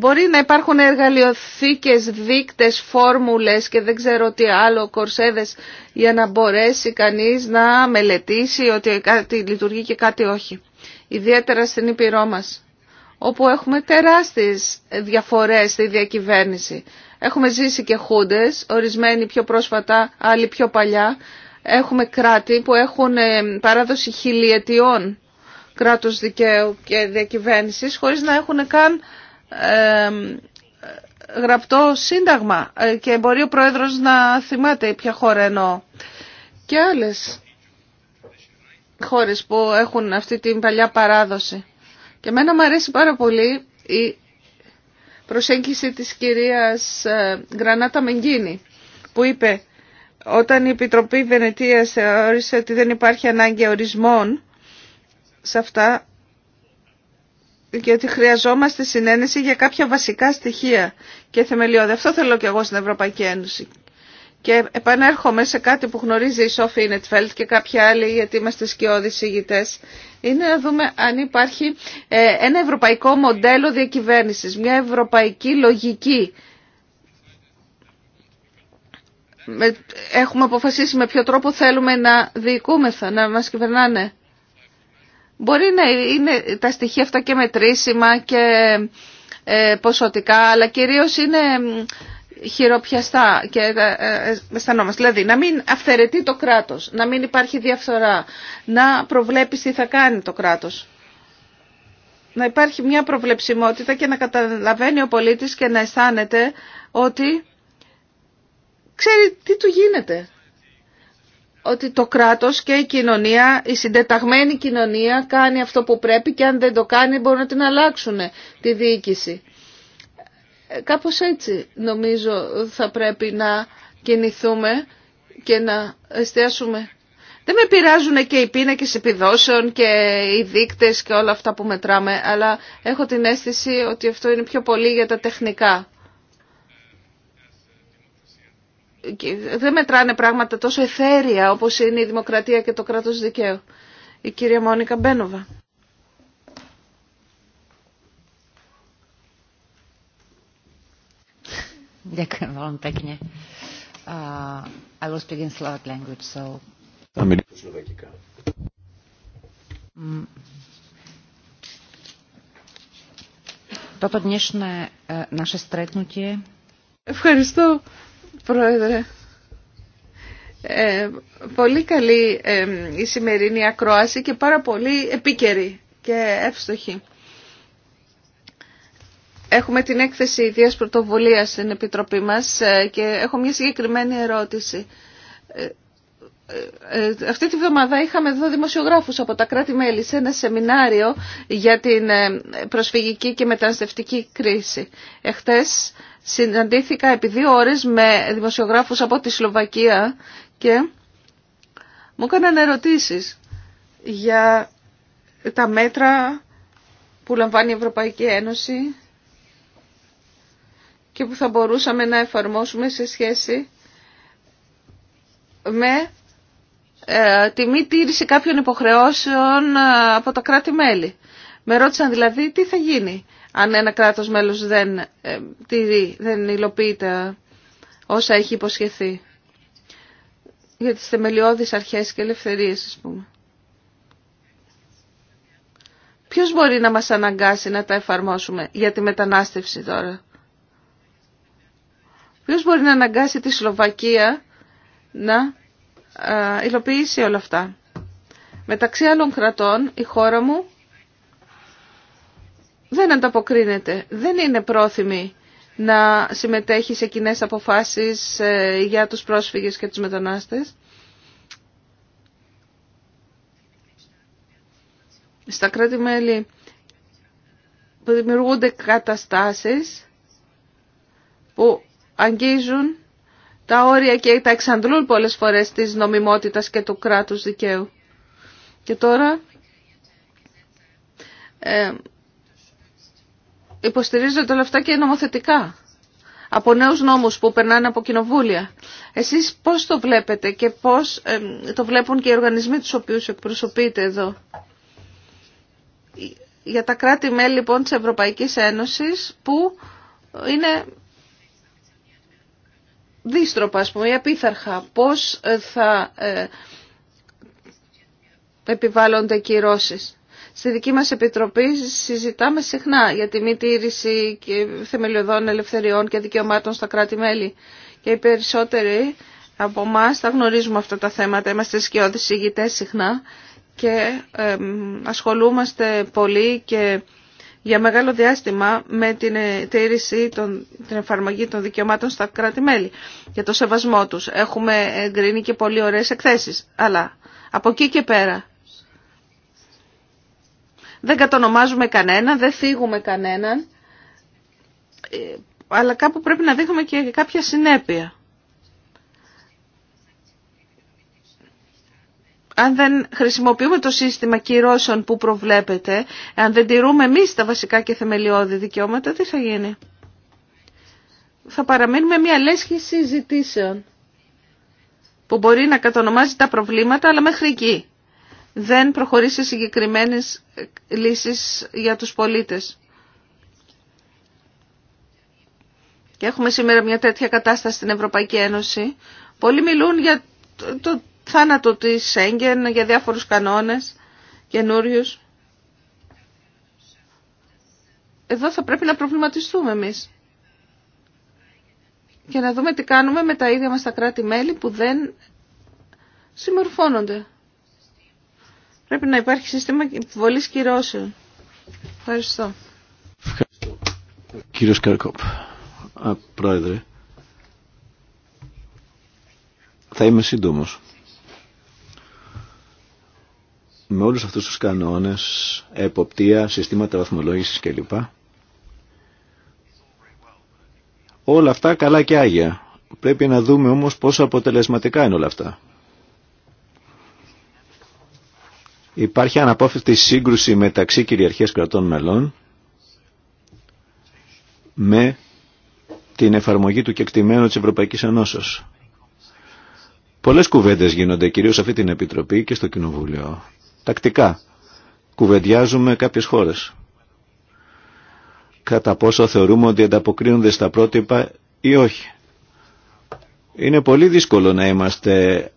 Μπορεί να υπάρχουν εργαλειοθήκες, δείκτες, φόρμουλες και δεν ξέρω τι άλλο, κορσέδες, για να μπορέσει κανείς να μελετήσει ότι κάτι λειτουργεί και κάτι όχι. Ιδιαίτερα στην Ήπειρό μας, όπου έχουμε τεράστιες διαφορές στη διακυβέρνηση. Έχουμε ζήσει και χούντες, ορισμένοι πιο πρόσφατα, άλλοι πιο παλιά. Έχουμε κράτη που έχουν ε, παράδοση χιλιετιών κράτους δικαίου και διακυβέρνησης, χωρίς να έχουν καν γραπτό σύνταγμα ε, και μπορεί ο Πρόεδρος να θυμάται ποια χώρα εννοώ. Και άλλες χώρες που έχουν αυτή την παλιά παράδοση. Και εμένα μου αρέσει πάρα πολύ η προσέγγιση της κυρίας ε, Γρανάτα Μενγκίνη που είπε όταν η Επιτροπή Βενετίας θεώρησε ότι δεν υπάρχει ανάγκη ορισμών σε αυτά γιατί χρειαζόμαστε συνένεση για κάποια βασικά στοιχεία και θεμελιώδη. Αυτό θέλω και εγώ στην Ευρωπαϊκή Ένωση. Και επανέρχομαι σε κάτι που γνωρίζει η Σόφη Ινετφέλτ και κάποιοι άλλοι, γιατί είμαστε σκιώδεις ηγητές. Είναι να δούμε αν υπάρχει ε, ένα ευρωπαϊκό μοντέλο διακυβέρνησης, μια ευρωπαϊκή λογική. Έχουμε αποφασίσει με ποιο τρόπο θέλουμε να διοικούμεθα, να μας κυβερνάνε. Μπορεί να είναι τα στοιχεία αυτά και μετρήσιμα και ε, ποσοτικά, αλλά κυρίως είναι χειροπιαστά και ε, ε, αισθανόμαστε. Δηλαδή, να μην αυθαιρετεί το κράτος, να μην υπάρχει διαφθορά, να προβλέπεις τι θα κάνει το κράτος. Να υπάρχει μια προβλεψιμότητα και να καταλαβαίνει ο πολίτης και να αισθάνεται ότι ξέρει τι του γίνεται ότι το κράτος και η κοινωνία, η συντεταγμένη κοινωνία κάνει αυτό που πρέπει και αν δεν το κάνει μπορούν να την αλλάξουν τη διοίκηση. Ε, κάπως έτσι νομίζω θα πρέπει να κινηθούμε και να εστιάσουμε. Δεν με πειράζουν και οι πίνακες επιδόσεων και οι δείκτες και όλα αυτά που μετράμε, αλλά έχω την αίσθηση ότι αυτό είναι πιο πολύ για τα τεχνικά δεν μετράνε πράγματα τόσο εθέρια όπως είναι η δημοκρατία και το κράτος δικαίου. Η κυρία Μόνικα Μπένοβα. Mm. E, Ευχαριστώ. Πρόεδρε. Ε, πολύ καλή ε, η σημερινή ακρόαση και πάρα πολύ επίκαιρη και εύστοχη. Έχουμε την έκθεση ιδίας πρωτοβουλίας στην Επιτροπή μας ε, και έχω μια συγκεκριμένη ερώτηση. Αυτή τη βδομάδα είχαμε εδώ δημοσιογράφους από τα κράτη-μέλη σε ένα σεμινάριο για την προσφυγική και μεταναστευτική κρίση. Εχθές συναντήθηκα επί δύο ώρες με δημοσιογράφους από τη Σλοβακία και μου έκαναν ερωτήσεις για τα μέτρα που λαμβάνει η Ευρωπαϊκή Ένωση και που θα μπορούσαμε να εφαρμόσουμε σε σχέση με ε, τη μη τήρηση κάποιων υποχρεώσεων ε, από τα κράτη-μέλη. Με ρώτησαν δηλαδή τι θα γίνει αν ένα κράτος μέλος δεν, ε, υλοποιείται δεν υλοποιεί όσα έχει υποσχεθεί για τις θεμελιώδεις αρχές και ελευθερίες, ας πούμε. Ποιος μπορεί να μας αναγκάσει να τα εφαρμόσουμε για τη μετανάστευση τώρα. Ποιος μπορεί να αναγκάσει τη Σλοβακία να ε, υλοποιήσει όλα αυτά. Μεταξύ άλλων κρατών, η χώρα μου δεν ανταποκρίνεται, δεν είναι πρόθυμη να συμμετέχει σε κοινέ αποφάσεις ε, για τους πρόσφυγες και τους μετανάστες. Στα κράτη-μέλη δημιουργούνται καταστάσεις που αγγίζουν τα όρια και τα εξαντλούν πολλές φορές της νομιμότητας και του κράτους δικαίου. Και τώρα ε, υποστηρίζονται όλα αυτά και νομοθετικά από νέους νόμους που περνάνε από κοινοβούλια. Εσείς πώς το βλέπετε και πώς το βλέπουν και οι οργανισμοί τους οποίους εκπροσωπείτε εδώ. Για τα κράτη-μέλη λοιπόν της Ευρωπαϊκής Ένωσης που είναι δίστροπα ας πούμε ή απίθαρχα. Πώς ε, θα ε, επιβάλλονται κυρώσεις. Στη δική μας Επιτροπή συζητάμε συχνά για τη μη τήρηση θεμελιωδών ελευθεριών και δικαιωμάτων στα κράτη-μέλη. Και οι περισσότεροι από εμά τα γνωρίζουμε αυτά τα θέματα, είμαστε σκιώδεις ηγητές συχνά και ασχολούμαστε πολύ και για μεγάλο διάστημα με την ε, τήρηση, των, την εφαρμογή των δικαιωμάτων στα κράτη-μέλη για το σεβασμό τους. Έχουμε εγκρίνει και πολύ ωραίες εκθέσεις, αλλά από εκεί και πέρα δεν κατονομάζουμε κανέναν, δεν φύγουμε κανέναν, ε, αλλά κάπου πρέπει να δείχνουμε και κάποια συνέπεια. αν δεν χρησιμοποιούμε το σύστημα κυρώσεων που προβλέπεται, αν δεν τηρούμε εμεί τα βασικά και θεμελιώδη δικαιώματα, τι θα γίνει. Θα παραμείνουμε μια λέσχη συζητήσεων που μπορεί να κατονομάζει τα προβλήματα, αλλά μέχρι εκεί δεν προχωρήσει συγκεκριμένες λύσεις για τους πολίτες. Και έχουμε σήμερα μια τέτοια κατάσταση στην Ευρωπαϊκή Ένωση. Πολλοί μιλούν για το θάνατο της Σέγγεν, για διάφορους κανόνες καινούριου. Εδώ θα πρέπει να προβληματιστούμε εμείς. Και να δούμε τι κάνουμε με τα ίδια μας τα κράτη-μέλη που δεν συμμορφώνονται. Πρέπει να υπάρχει σύστημα βολής κυρώσεων. Ευχαριστώ. Ευχαριστώ. Κύριος Καρκόπ, πρόεδρε, θα είμαι σύντομος. Με όλους αυτούς τους κανόνες, εποπτεία, συστήματα βαθμολόγησης κλπ. Όλα αυτά καλά και άγια. Πρέπει να δούμε όμως πόσο αποτελεσματικά είναι όλα αυτά. Υπάρχει αναπόφευκτη σύγκρουση μεταξύ κυριαρχίας κρατών μελών με την εφαρμογή του κεκτημένου της Ευρωπαϊκής Ενώσεως. Πολλές κουβέντες γίνονται κυρίως σε αυτή την Επιτροπή και στο Κοινοβούλιο. Τακτικά κουβεντιάζουμε κάποιες χώρες. Κατά πόσο θεωρούμε ότι ανταποκρίνονται στα πρότυπα ή όχι. Είναι πολύ δύσκολο να είμαστε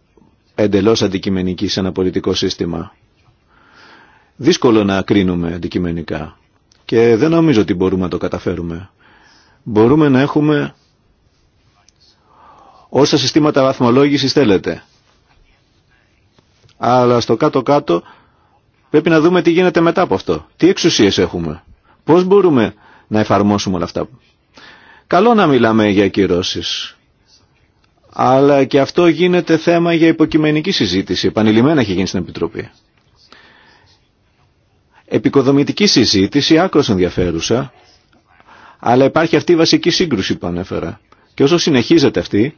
εντελώς αντικειμενικοί σε ένα πολιτικό σύστημα δύσκολο να κρίνουμε αντικειμενικά και δεν νομίζω ότι μπορούμε να το καταφέρουμε. Μπορούμε να έχουμε όσα συστήματα βαθμολόγησης θέλετε. Αλλά στο κάτω-κάτω πρέπει να δούμε τι γίνεται μετά από αυτό. Τι εξουσίες έχουμε. Πώς μπορούμε να εφαρμόσουμε όλα αυτά. Καλό να μιλάμε για ακυρώσεις. Αλλά και αυτό γίνεται θέμα για υποκειμενική συζήτηση. Επανειλημμένα έχει γίνει στην Επιτροπή. Επικοδομητική συζήτηση, άκρως ενδιαφέρουσα, αλλά υπάρχει αυτή η βασική σύγκρουση που ανέφερα. Και όσο συνεχίζεται αυτή,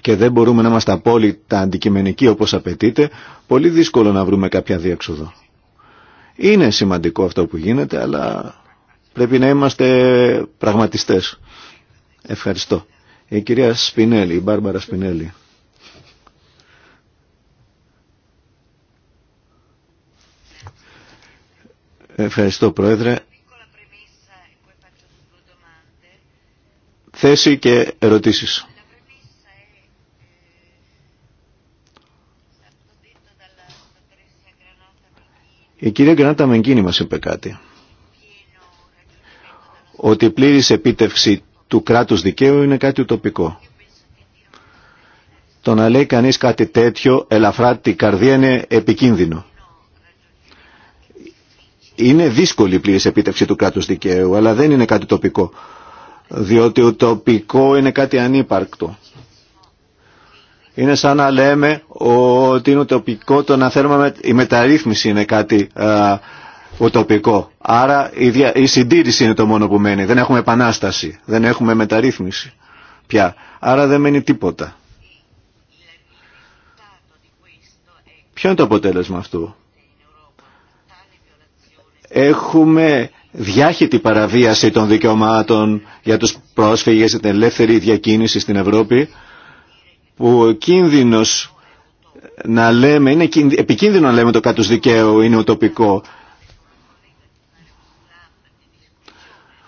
και δεν μπορούμε να είμαστε απόλυτα αντικειμενικοί όπως απαιτείται, πολύ δύσκολο να βρούμε κάποια διέξοδο. Είναι σημαντικό αυτό που γίνεται, αλλά πρέπει να είμαστε πραγματιστές. Ευχαριστώ. Η κυρία Σπινέλη, η Μπάρμπαρα Σπινέλη. Ευχαριστώ Πρόεδρε. Θέση και ερωτήσεις. Η κυρία Γκρανάτα Μεγκίνη μας είπε κάτι. Ότι η πλήρης επίτευξη του κράτους δικαίου είναι κάτι ουτοπικό. Το να λέει κανείς κάτι τέτοιο ελαφρά την καρδία είναι επικίνδυνο. Είναι δύσκολη η πλήρης επίτευξη του κράτου δικαίου, αλλά δεν είναι κάτι τοπικό, διότι το τοπικό είναι κάτι ανύπαρκτο. Είναι σαν να λέμε ότι είναι τοπικό το να θέλουμε, η μεταρρύθμιση είναι κάτι α, οτοπικό. Άρα η, δια, η συντήρηση είναι το μόνο που μένει. Δεν έχουμε επανάσταση, δεν έχουμε μεταρρύθμιση πια. Άρα δεν μένει τίποτα. Ποιο είναι το αποτέλεσμα αυτού. Έχουμε διάχυτη παραβίαση των δικαιωμάτων για τους πρόσφυγες, την ελεύθερη διακίνηση στην Ευρώπη, που κίνδυνος να λέμε, είναι επικίνδυνο να λέμε το κάτω δικαίου είναι ουτοπικό.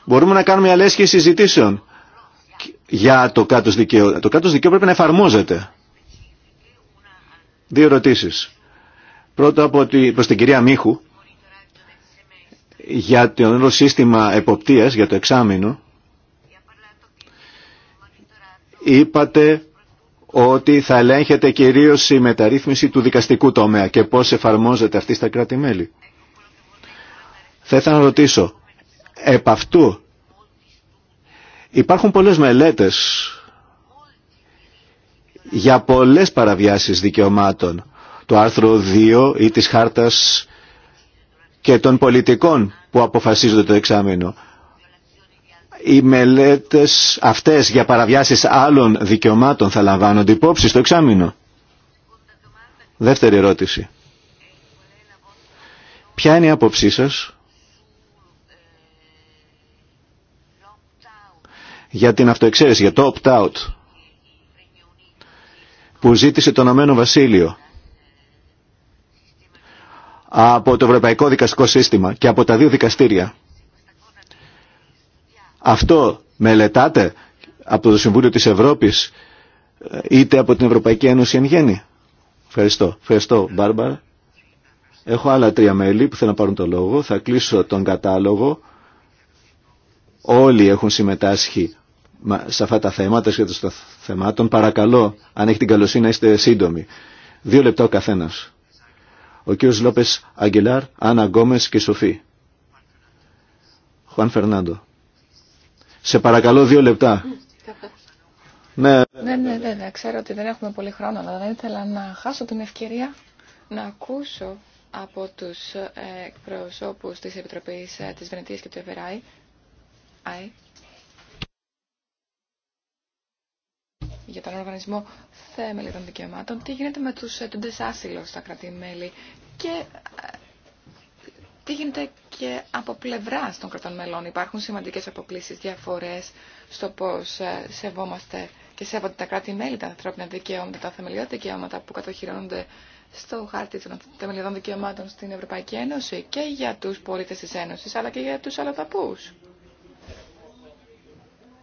Μπορούμε να κάνουμε αλλαγές συζητήσεων για το κάτω δικαίου. Το κάτω δικαίου πρέπει να εφαρμόζεται. Δύο ερωτήσεις. Πρώτο από προς την κυρία Μίχου για το νέο σύστημα εποπτείας, για το εξάμεινο, είπατε ότι θα ελέγχεται κυρίως η μεταρρύθμιση του δικαστικού τομέα και πώς εφαρμόζεται αυτή στα κράτη-μέλη. Θα ήθελα να ρωτήσω, επ' αυτού υπάρχουν πολλές μελέτες για πολλές παραβιάσεις δικαιωμάτων του άρθρου 2 ή της χάρτας και των πολιτικών που αποφασίζονται το εξάμεινο. Οι μελέτες αυτές για παραβιάσεις άλλων δικαιωμάτων θα λαμβάνονται υπόψη στο εξάμεινο. Δεύτερη ερώτηση. Ποια είναι η άποψή σας για την αυτοεξαίρεση, για το opt-out που ζήτησε το Ηνωμένο Βασίλειο από το Ευρωπαϊκό Δικαστικό Σύστημα και από τα δύο δικαστήρια. Αυτό μελετάτε από το Συμβούλιο της Ευρώπης ε, είτε από την Ευρωπαϊκή Ένωση εν γέννη. Ευχαριστώ. Ευχαριστώ Μπάρμπαρα. Έχω άλλα τρία μέλη που θέλουν να πάρουν το λόγο. Θα κλείσω τον κατάλογο. Όλοι έχουν συμμετάσχει σε αυτά τα θέματα, σχετικά των θεμάτων. Παρακαλώ, αν έχει την καλοσύνη να είστε σύντομοι. Δύο λεπτά ο καθένας ο κ. Λόπες Αγγελάρ, Άννα Γκόμες και Σοφή. Χουάν Φερνάντο. Σε παρακαλώ δύο λεπτά. Ναι. Ναι, ναι. ναι, ναι, ξέρω ότι δεν έχουμε πολύ χρόνο, αλλά δεν ήθελα να χάσω την ευκαιρία να ακούσω από τους ε, εκπροσώπους της Επιτροπής ε, της Βενετίας και του Εβεράη για τον Οργανισμό θέμελι των Δικαιωμάτων, τι γίνεται με τους έντοντες ε, άσυλο στα κράτη-μέλη και ε, τι γίνεται και από πλευρά των κρατών μελών. Υπάρχουν σημαντικές αποκλήσεις, διαφορές στο πώς ε, σεβόμαστε και σέβονται τα κράτη-μέλη τα ανθρώπινα δικαιώματα, τα θεμελιώδη δικαιώματα που κατοχυρώνονται στο χάρτη των θεμελιωδών δικαιωμάτων στην Ευρωπαϊκή Ένωση και για τους πολίτες της Ένωσης, αλλά και για τους Αλλοδαπού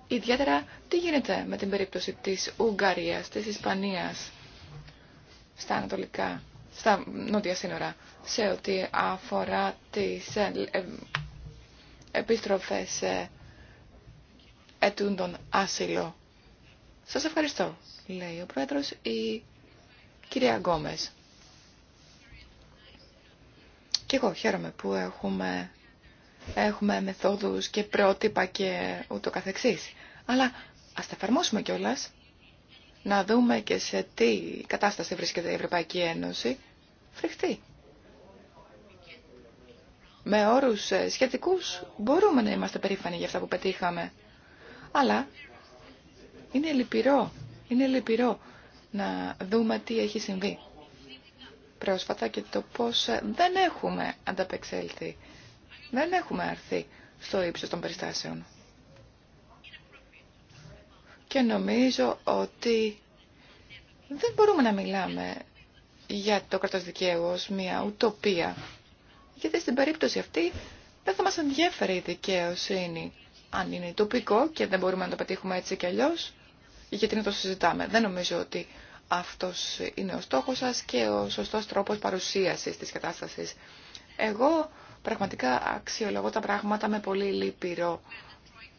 ιδιαίτερα τι γίνεται με την περίπτωση της Ουγγαρίας, της Ισπανίας στα ανατολικά, στα νότια σύνορα, σε ό,τι αφορά τις ε, ε, επιστροφές ε, ετούντων άσυλο. Σας ευχαριστώ, λέει ο Πρόεδρος, η κυρία Γκόμες. Και εγώ χαίρομαι που έχουμε έχουμε μεθόδους και πρότυπα και ούτω καθεξής. Αλλά ας τα εφαρμόσουμε κιόλα να δούμε και σε τι κατάσταση βρίσκεται η Ευρωπαϊκή Ένωση φρικτή. Με όρους ε, σχετικούς μπορούμε να είμαστε περήφανοι για αυτά που πετύχαμε. Αλλά είναι λυπηρό, είναι λυπηρό να δούμε τι έχει συμβεί πρόσφατα και το πώς ε, δεν έχουμε ανταπεξέλθει δεν έχουμε έρθει στο ύψος των περιστάσεων. Και νομίζω ότι δεν μπορούμε να μιλάμε για το κράτος δικαίου ως μια ουτοπία. Γιατί στην περίπτωση αυτή δεν θα μας ενδιαφέρει η δικαιοσύνη. Αν είναι τοπικό και δεν μπορούμε να το πετύχουμε έτσι κι αλλιώ. γιατί να το συζητάμε. Δεν νομίζω ότι αυτός είναι ο στόχο σα και ο σωστό τρόπο παρουσίασης της κατάσταση. Εγώ Πραγματικά αξιολογώ τα πράγματα με πολύ λύπηρο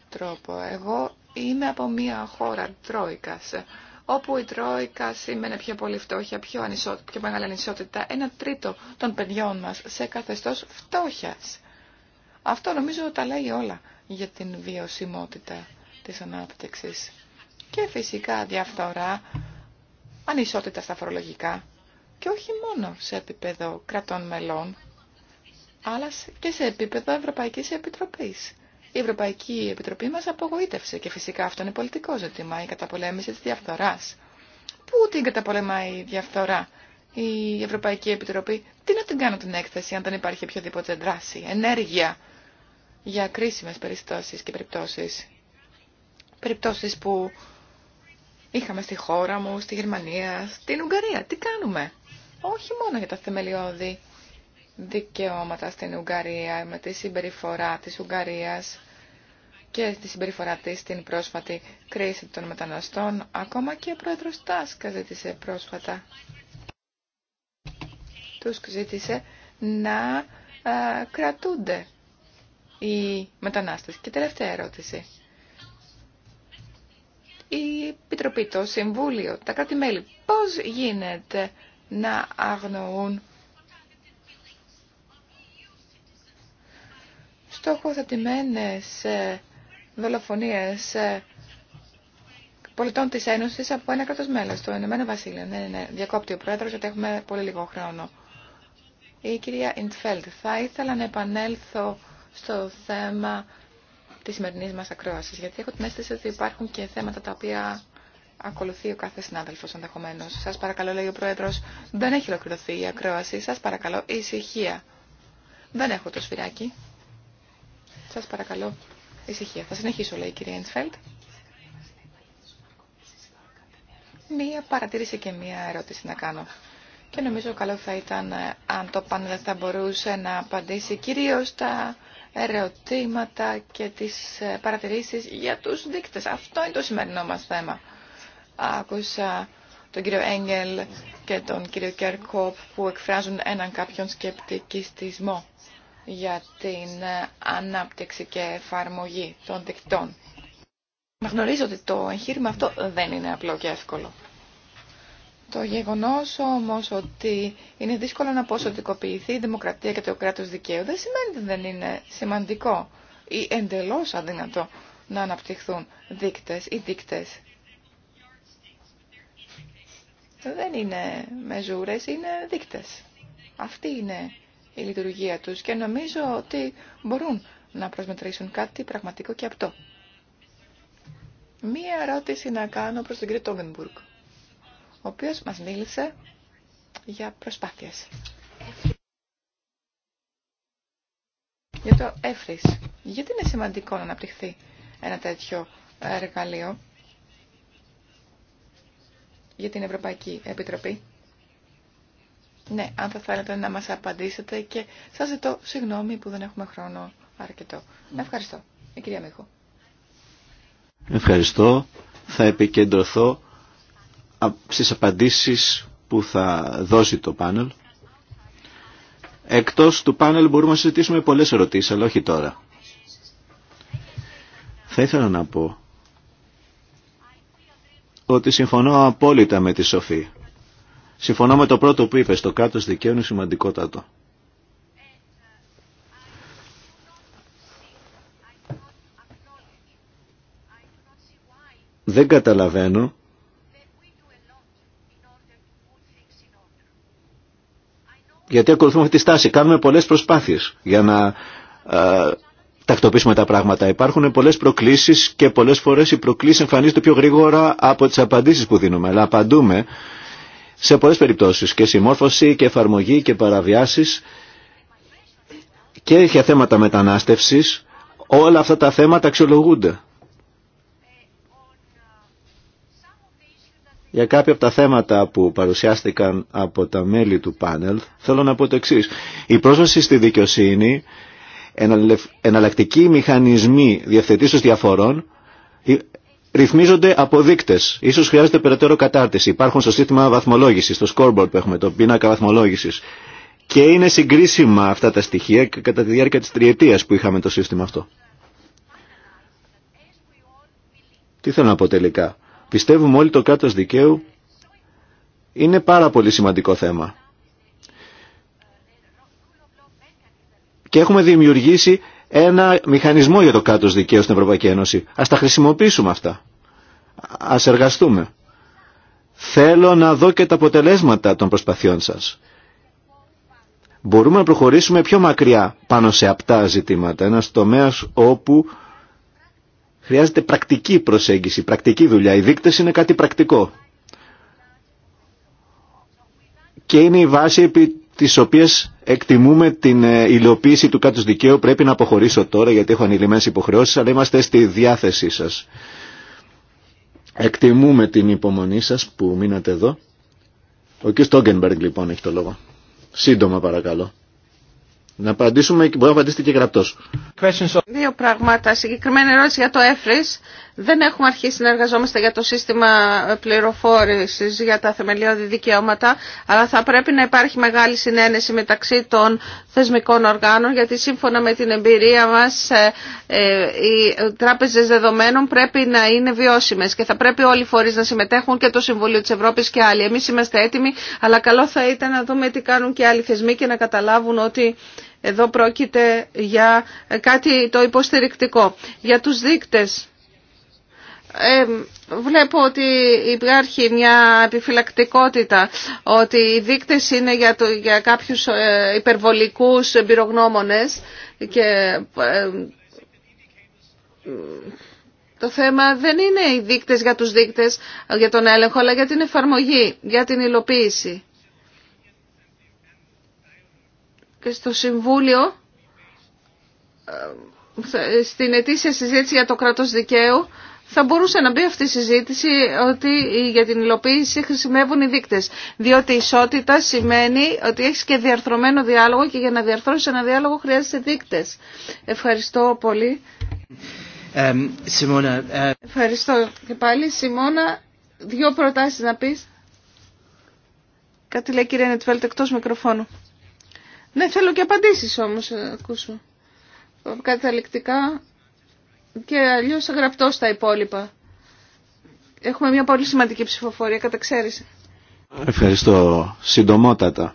τρόπο. Εγώ είμαι από μια χώρα τρόικας, όπου η τρόικα σήμαινε πιο πολύ φτώχεια, πιο, ανισότητα, μεγάλη ανισότητα, ένα τρίτο των παιδιών μας σε καθεστώς φτώχειας. Αυτό νομίζω τα λέει όλα για την βιωσιμότητα της ανάπτυξης. Και φυσικά διαφθορά, ανισότητα στα φορολογικά και όχι μόνο σε επίπεδο κρατών μελών, αλλά και σε επίπεδο Ευρωπαϊκής Επιτροπής. Η Ευρωπαϊκή Επιτροπή μας απογοήτευσε και φυσικά αυτό είναι πολιτικό ζήτημα, η καταπολέμηση της διαφθοράς. Πού την καταπολεμάει η διαφθορά η Ευρωπαϊκή Επιτροπή, τι να την κάνω την έκθεση αν δεν υπάρχει οποιοδήποτε δράση, ενέργεια για κρίσιμες περιστάσεις και περιπτώσεις. Περιπτώσεις που είχαμε στη χώρα μου, στη Γερμανία, στην Ουγγαρία. Τι κάνουμε. Όχι μόνο για τα θεμελιώδη δικαιώματα στην Ουγγαρία, με τη συμπεριφορά της Ουγγαρίας και τη συμπεριφορά της στην πρόσφατη κρίση των μεταναστών. Ακόμα και ο πρόεδρος Τάσκα ζήτησε πρόσφατα. Τους ζήτησε να α, ε, κρατούνται οι μετανάστες. Και τελευταία ερώτηση. Η Επιτροπή, το Συμβούλιο, τα κράτη-μέλη, πώς γίνεται να αγνοούν στόχοθετημένες ε, δολοφονίες ε, πολιτών της Ένωσης από ένα κράτος μέλος, το Ηνωμένο Βασίλειο. Ναι, ναι, ναι, διακόπτει ο Πρόεδρος, γιατί έχουμε πολύ λίγο χρόνο. Η κυρία Ιντφέλτ, θα ήθελα να επανέλθω στο θέμα της σημερινής μα ακρόαση, γιατί έχω την αίσθηση ότι υπάρχουν και θέματα τα οποία ακολουθεί ο κάθε συνάδελφο ενδεχομένω. Σα παρακαλώ, λέει ο Πρόεδρο, δεν έχει ολοκληρωθεί η ακρόαση. Σα παρακαλώ, ησυχία. Δεν έχω το σφυράκι. Σας παρακαλώ, ησυχία. Θα συνεχίσω, λέει η κυρία Ιντσφέλτ. Μία παρατήρηση και μία ερώτηση να κάνω. Και νομίζω καλό θα ήταν ε, αν το πάνελ θα μπορούσε να απαντήσει κυρίως τα ερωτήματα και τις ε, παρατηρήσεις για τους δείκτες. Αυτό είναι το σημερινό μας θέμα. Άκουσα τον κύριο Έγγελ και τον κύριο Κέρκοπ που εκφράζουν έναν κάποιον σκεπτικιστισμό για την ε, ανάπτυξη και εφαρμογή των δικτών. Να γνωρίζω ότι το εγχείρημα αυτό δεν είναι απλό και εύκολο. Το γεγονός όμως ότι είναι δύσκολο να ποσοτικοποιηθεί η δημοκρατία και το κράτος δικαίου δεν σημαίνει ότι δεν είναι σημαντικό ή εντελώς αδυνατό να αναπτυχθούν δίκτες ή δείκτες. Δεν είναι μεζούρες, είναι δείκτες. Αυτή είναι η λειτουργία τους και νομίζω ότι μπορούν να προσμετρήσουν κάτι πραγματικό και απτό. Μία ερώτηση να κάνω προς τον κύριο ο οποίος μας μίλησε για προσπάθειες. Για το ΕΦΡΙΣ. Γιατί είναι σημαντικό να αναπτυχθεί ένα τέτοιο εργαλείο για την Ευρωπαϊκή Επιτροπή. Ναι, αν θα θέλετε να μας απαντήσετε και σας ζητώ συγγνώμη που δεν έχουμε χρόνο αρκετό. Ευχαριστώ. Η κυρία Μίχου. Ευχαριστώ. Θα επικεντρωθώ στις απαντήσεις που θα δώσει το πάνελ. Εκτός του πάνελ μπορούμε να συζητήσουμε πολλές ερωτήσεις, αλλά όχι τώρα. Θα ήθελα να πω ότι συμφωνώ απόλυτα με τη Σοφή Συμφωνώ με το πρώτο που είπε, το κάτω δικαίου είναι σημαντικότατο. Δεν καταλαβαίνω γιατί ακολουθούμε αυτή τη στάση. Κάνουμε πολλές προσπάθειες για να ε, τακτοποιήσουμε τα πράγματα. Υπάρχουν πολλές προκλήσεις και πολλές φορές οι προκλήσεις εμφανίζονται πιο γρήγορα από τις απαντήσεις που δίνουμε. Αλλά απαντούμε σε πολλές περιπτώσεις και συμμόρφωση και εφαρμογή και παραβιάσεις και για θέματα μετανάστευσης όλα αυτά τα θέματα αξιολογούνται. Για κάποια από τα θέματα που παρουσιάστηκαν από τα μέλη του πάνελ θέλω να πω το εξή. Η πρόσβαση στη δικαιοσύνη, εναλλακτικοί μηχανισμοί διευθετήσεως διαφορών ρυθμίζονται από δείκτε. σω χρειάζεται περαιτέρω κατάρτιση. Υπάρχουν στο σύστημα βαθμολόγηση, στο scoreboard που έχουμε, το πίνακα βαθμολόγηση. Και είναι συγκρίσιμα αυτά τα στοιχεία κατά τη διάρκεια τη τριετία που είχαμε το σύστημα αυτό. Τι θέλω να πω τελικά. Πιστεύουμε όλοι το κράτο δικαίου είναι πάρα πολύ σημαντικό θέμα. Και έχουμε δημιουργήσει ένα μηχανισμό για το κάτω δικαίου στην Ευρωπαϊκή Ένωση. Ας τα χρησιμοποιήσουμε αυτά. Ας εργαστούμε. Θέλω να δω και τα αποτελέσματα των προσπαθειών σας. Μπορούμε να προχωρήσουμε πιο μακριά πάνω σε απτά ζητήματα. Ένας τομέα όπου χρειάζεται πρακτική προσέγγιση, πρακτική δουλειά. Οι δείκτε είναι κάτι πρακτικό. Και είναι η βάση επί της οποίας Εκτιμούμε την ε, υλοποίηση του κάτω δικαίου. Πρέπει να αποχωρήσω τώρα γιατί έχω ανηλυμένες υποχρεώσεις, αλλά είμαστε στη διάθεσή σας. Εκτιμούμε την υπομονή σας που μείνατε εδώ. Ο κ. Στόγκενμπεργκ λοιπόν έχει το λόγο. Σύντομα παρακαλώ. Να απαντήσουμε και μπορεί να απαντήσετε και γραπτός. Δύο πράγματα. Συγκεκριμένη ερώτηση για το ΕΦΡΙΣ. Δεν έχουμε αρχίσει να εργαζόμαστε για το σύστημα πληροφόρησης για τα θεμελιώδη δικαιώματα, αλλά θα πρέπει να υπάρχει μεγάλη συνένεση μεταξύ των θεσμικών οργάνων, γιατί σύμφωνα με την εμπειρία μας ε, ε, οι τράπεζες δεδομένων πρέπει να είναι βιώσιμες και θα πρέπει όλοι οι φορείς να συμμετέχουν και το Συμβούλιο της Ευρώπης και άλλοι. Εμείς είμαστε έτοιμοι, αλλά καλό θα ήταν να δούμε τι κάνουν και άλλοι θεσμοί και να καταλάβουν ότι εδώ πρόκειται για κάτι το υποστηρικτικό. Για του δείκτες βλέπω ότι υπάρχει μια επιφυλακτικότητα ότι οι δείκτες είναι για, για κάποιους ε, υπερβολικούς εμπειρογνώμονες και το θέμα δεν είναι οι δείκτες για τους δείκτες, ε, για τον έλεγχο, αλλά για την εφαρμογή, για την υλοποίηση. Και στο Συμβούλιο, ε, στην ετήσια συζήτηση για το κρατός δικαίου, θα μπορούσε να μπει αυτή η συζήτηση ότι για την υλοποίηση χρησιμεύουν οι δείκτε. Διότι η ισότητα σημαίνει ότι έχει και διαρθρωμένο διάλογο και για να διαρθρώσει ένα διάλογο χρειάζεσαι δείκτε. Ευχαριστώ πολύ. Ε, Ευχαριστώ και πάλι. Σιμώνα, δύο προτάσεις να πεις. Κάτι λέει κυρία Νετφέλτ εκτός μικροφώνου. Ναι, θέλω και απαντήσει όμω να ε, ακούσω. Καταληκτικά και αλλιώ γραπτό τα υπόλοιπα. Έχουμε μια πολύ σημαντική ψηφοφορία, καταξέρισε. Ευχαριστώ. Συντομότατα.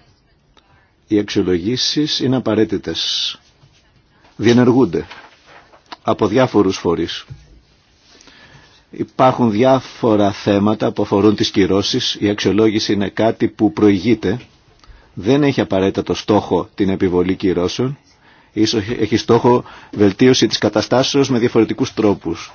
Οι αξιολογήσει είναι απαραίτητες. Διενεργούνται από διάφορους φορείς. Υπάρχουν διάφορα θέματα που αφορούν τις κυρώσεις. Η αξιολόγηση είναι κάτι που προηγείται. Δεν έχει απαραίτητα το στόχο την επιβολή κυρώσεων. Ίσως έχει στόχο βελτίωση της καταστάσεως με διαφορετικούς τρόπους.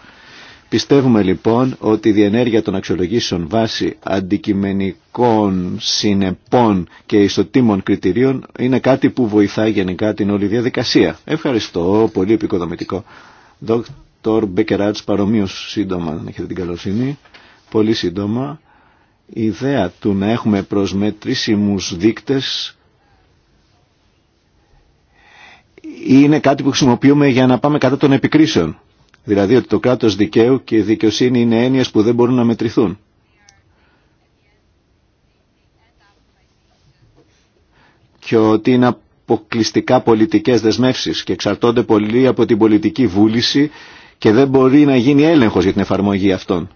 Πιστεύουμε λοιπόν ότι η διενέργεια των αξιολογήσεων βάσει αντικειμενικών, συνεπών και ισοτήμων κριτηρίων είναι κάτι που βοηθάει γενικά την όλη διαδικασία. Ευχαριστώ, πολύ επικοδομητικό. Δόκτωρ Μπεκεράτς παρομοίως σύντομα, αν έχετε την καλοσύνη, πολύ σύντομα. Η ιδέα του να έχουμε προσμετρήσιμους δείκτες είναι κάτι που χρησιμοποιούμε για να πάμε κατά των επικρίσεων. Δηλαδή ότι το κράτος δικαίου και η δικαιοσύνη είναι έννοιες που δεν μπορούν να μετρηθούν. Και ότι είναι αποκλειστικά πολιτικές δεσμεύσεις και εξαρτώνται πολύ από την πολιτική βούληση και δεν μπορεί να γίνει έλεγχος για την εφαρμογή αυτών.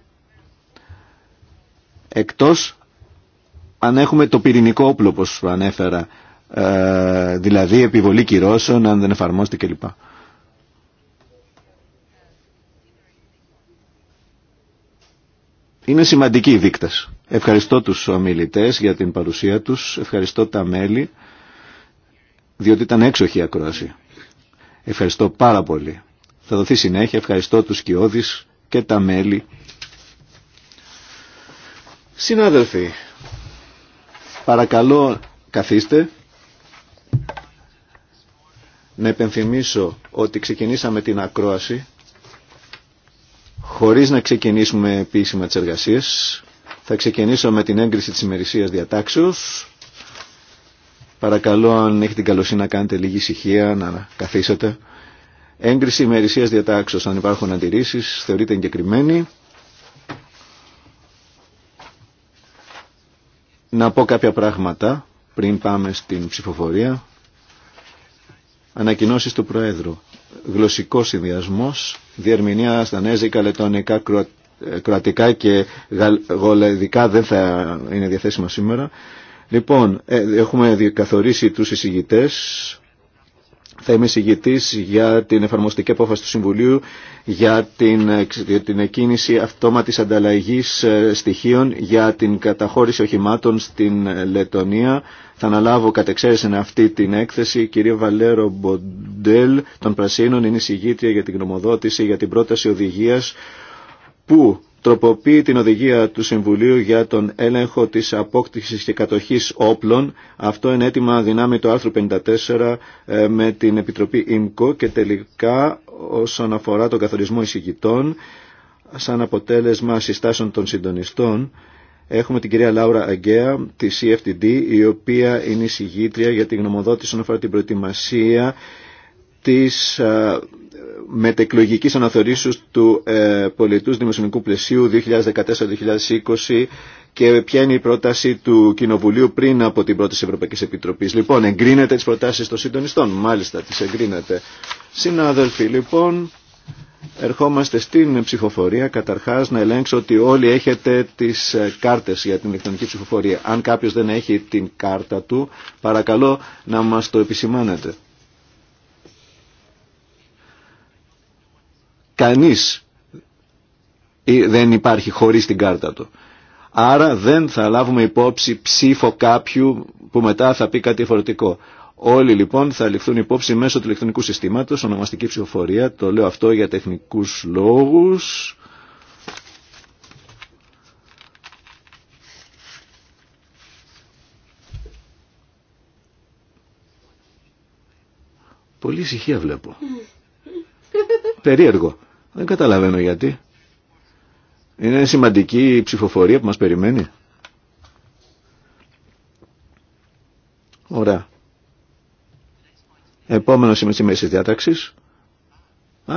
Εκτός αν έχουμε το πυρηνικό όπλο, όπως ανέφερα, ε, δηλαδή επιβολή κυρώσεων αν δεν εφαρμόστε κλπ. Είναι σημαντική οι δείκτες. Ευχαριστώ τους ομιλητές για την παρουσία τους, ευχαριστώ τα μέλη, διότι ήταν έξοχη η ακρόαση. Ευχαριστώ πάρα πολύ. Θα δοθεί συνέχεια, ευχαριστώ τους κοιόδης και τα μέλη. Συνάδελφοι, παρακαλώ καθίστε να επενθυμίσω ότι ξεκινήσαμε την ακρόαση χωρίς να ξεκινήσουμε επίσημα τις εργασίες. Θα ξεκινήσω με την έγκριση της ημερησίας διατάξεως. Παρακαλώ αν έχετε την καλοσύνη να κάνετε λίγη ησυχία, να καθίσετε. Έγκριση ημερησίας διατάξεως, αν υπάρχουν αντιρρήσεις, θεωρείται εγκεκριμένη. Να πω κάποια πράγματα πριν πάμε στην ψηφοφορία. Ανακοινώσεις του Προέδρου. Γλωσσικό συνδυασμό, διερμηνία στα νέζικα, λετωνικά, ε, κροατικά και γολεδικά δεν θα είναι διαθέσιμα σήμερα. Λοιπόν, ε, έχουμε καθορίσει τους εισηγητές θα είμαι συγητή για την εφαρμοστική απόφαση του Συμβουλίου για την, την εκκίνηση αυτόματης ανταλλαγής ε, στοιχείων για την καταχώρηση οχημάτων στην Λετωνία. Θα αναλάβω κατ' εξαίρεση αυτή την έκθεση. Η κυρία Βαλέρο Μποντέλ των Πρασίνων είναι συγγήτρια για την γνωμοδότηση για την πρόταση οδηγίας που τροποποιεί την οδηγία του Συμβουλίου για τον έλεγχο της απόκτησης και κατοχής όπλων. Αυτό είναι έτοιμα δυνάμει το άρθρο 54 ε, με την Επιτροπή ΙΜΚΟ και τελικά όσον αφορά τον καθορισμό εισηγητών σαν αποτέλεσμα συστάσεων των συντονιστών Έχουμε την κυρία Λάουρα Αγκαία τη CFTD, η οποία είναι εισηγήτρια για την γνωμοδότηση όσον αφορά την προετοιμασία της ε, μετεκλογικής αναθεωρήσεως του ε, πολιτούς δημοσιονομικού πλαισίου 2014-2020 και ποια είναι η πρόταση του Κοινοβουλίου πριν από την πρώτη Ευρωπαϊκή Επιτροπή. Λοιπόν, εγκρίνεται τις προτάσεις των συντονιστών. Μάλιστα, τις εγκρίνεται. Συνάδελφοι, λοιπόν, ερχόμαστε στην ψηφοφορία. Καταρχάς, να ελέγξω ότι όλοι έχετε τις ε, κάρτες για την ηλεκτρονική ψηφοφορία. Αν κάποιος δεν έχει την κάρτα του, παρακαλώ να μας το επισημάνετε. Κανείς ε, δεν υπάρχει χωρίς την κάρτα του. Άρα δεν θα λάβουμε υπόψη ψήφο κάποιου που μετά θα πει κάτι διαφορετικό. Όλοι λοιπόν θα ληφθούν υπόψη μέσω του ηλεκτρονικού συστήματος, ονομαστική ψηφοφορία. Το λέω αυτό για τεχνικούς λόγους. Πολύ ησυχία βλέπω. Περίεργο. Δεν καταλαβαίνω γιατί. Είναι σημαντική η ψηφοφορία που μας περιμένει. Ωραία. Επόμενο σημείο της διάταξης. Α,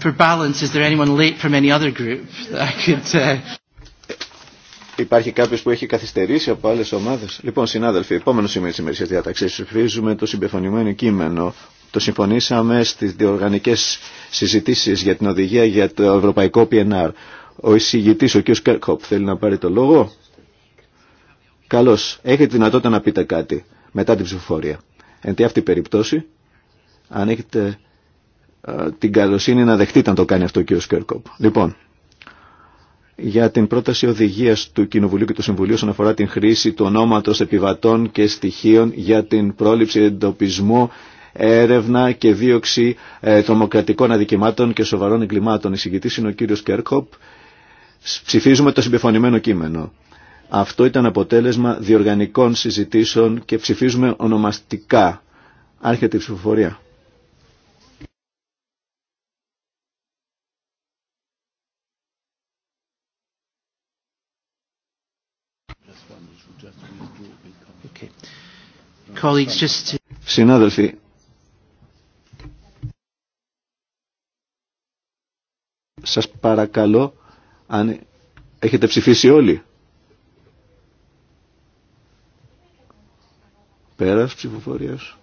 for balance, is there anyone late from any other group that could... Uh... Υπάρχει κάποιο που έχει καθυστερήσει από άλλε ομάδε. Λοιπόν, συνάδελφοι, επόμενο σημείο τη ημερήσια διάταξη. Ψηφίζουμε το συμπεφωνημένο κείμενο. Το συμφωνήσαμε στι διοργανικέ συζητήσει για την οδηγία για το ευρωπαϊκό PNR. Ο εισηγητή, ο κ. Κέρκοπ, θέλει να πάρει το λόγο. Καλώ. Έχετε δυνατότητα να πείτε κάτι μετά την ψηφοφορία. Εν τη αυτή περίπτωση, αν έχετε ε, την καλοσύνη να δεχτεί να το κάνει αυτό ο κ. Κέρκοπ. Λοιπόν, για την πρόταση οδηγία του Κοινοβουλίου και του Συμβουλίου όσον αφορά την χρήση του ονόματο, επιβατών και στοιχείων για την πρόληψη εντοπισμό έρευνα και δίωξη ε, τρομοκρατικών αδικημάτων και σοβαρών εγκλημάτων. Εισηγητής είναι ο κ. Κέρκοπ. Ψηφίζουμε το συμπεφωνημένο κείμενο. Αυτό ήταν αποτέλεσμα διοργανικών συζητήσεων και ψηφίζουμε ονομαστικά. Άρχεται η ψηφοφορία. Συνάδελφοι, σας παρακαλώ αν έχετε ψηφίσει όλοι. Πέρας ψηφοφορίας.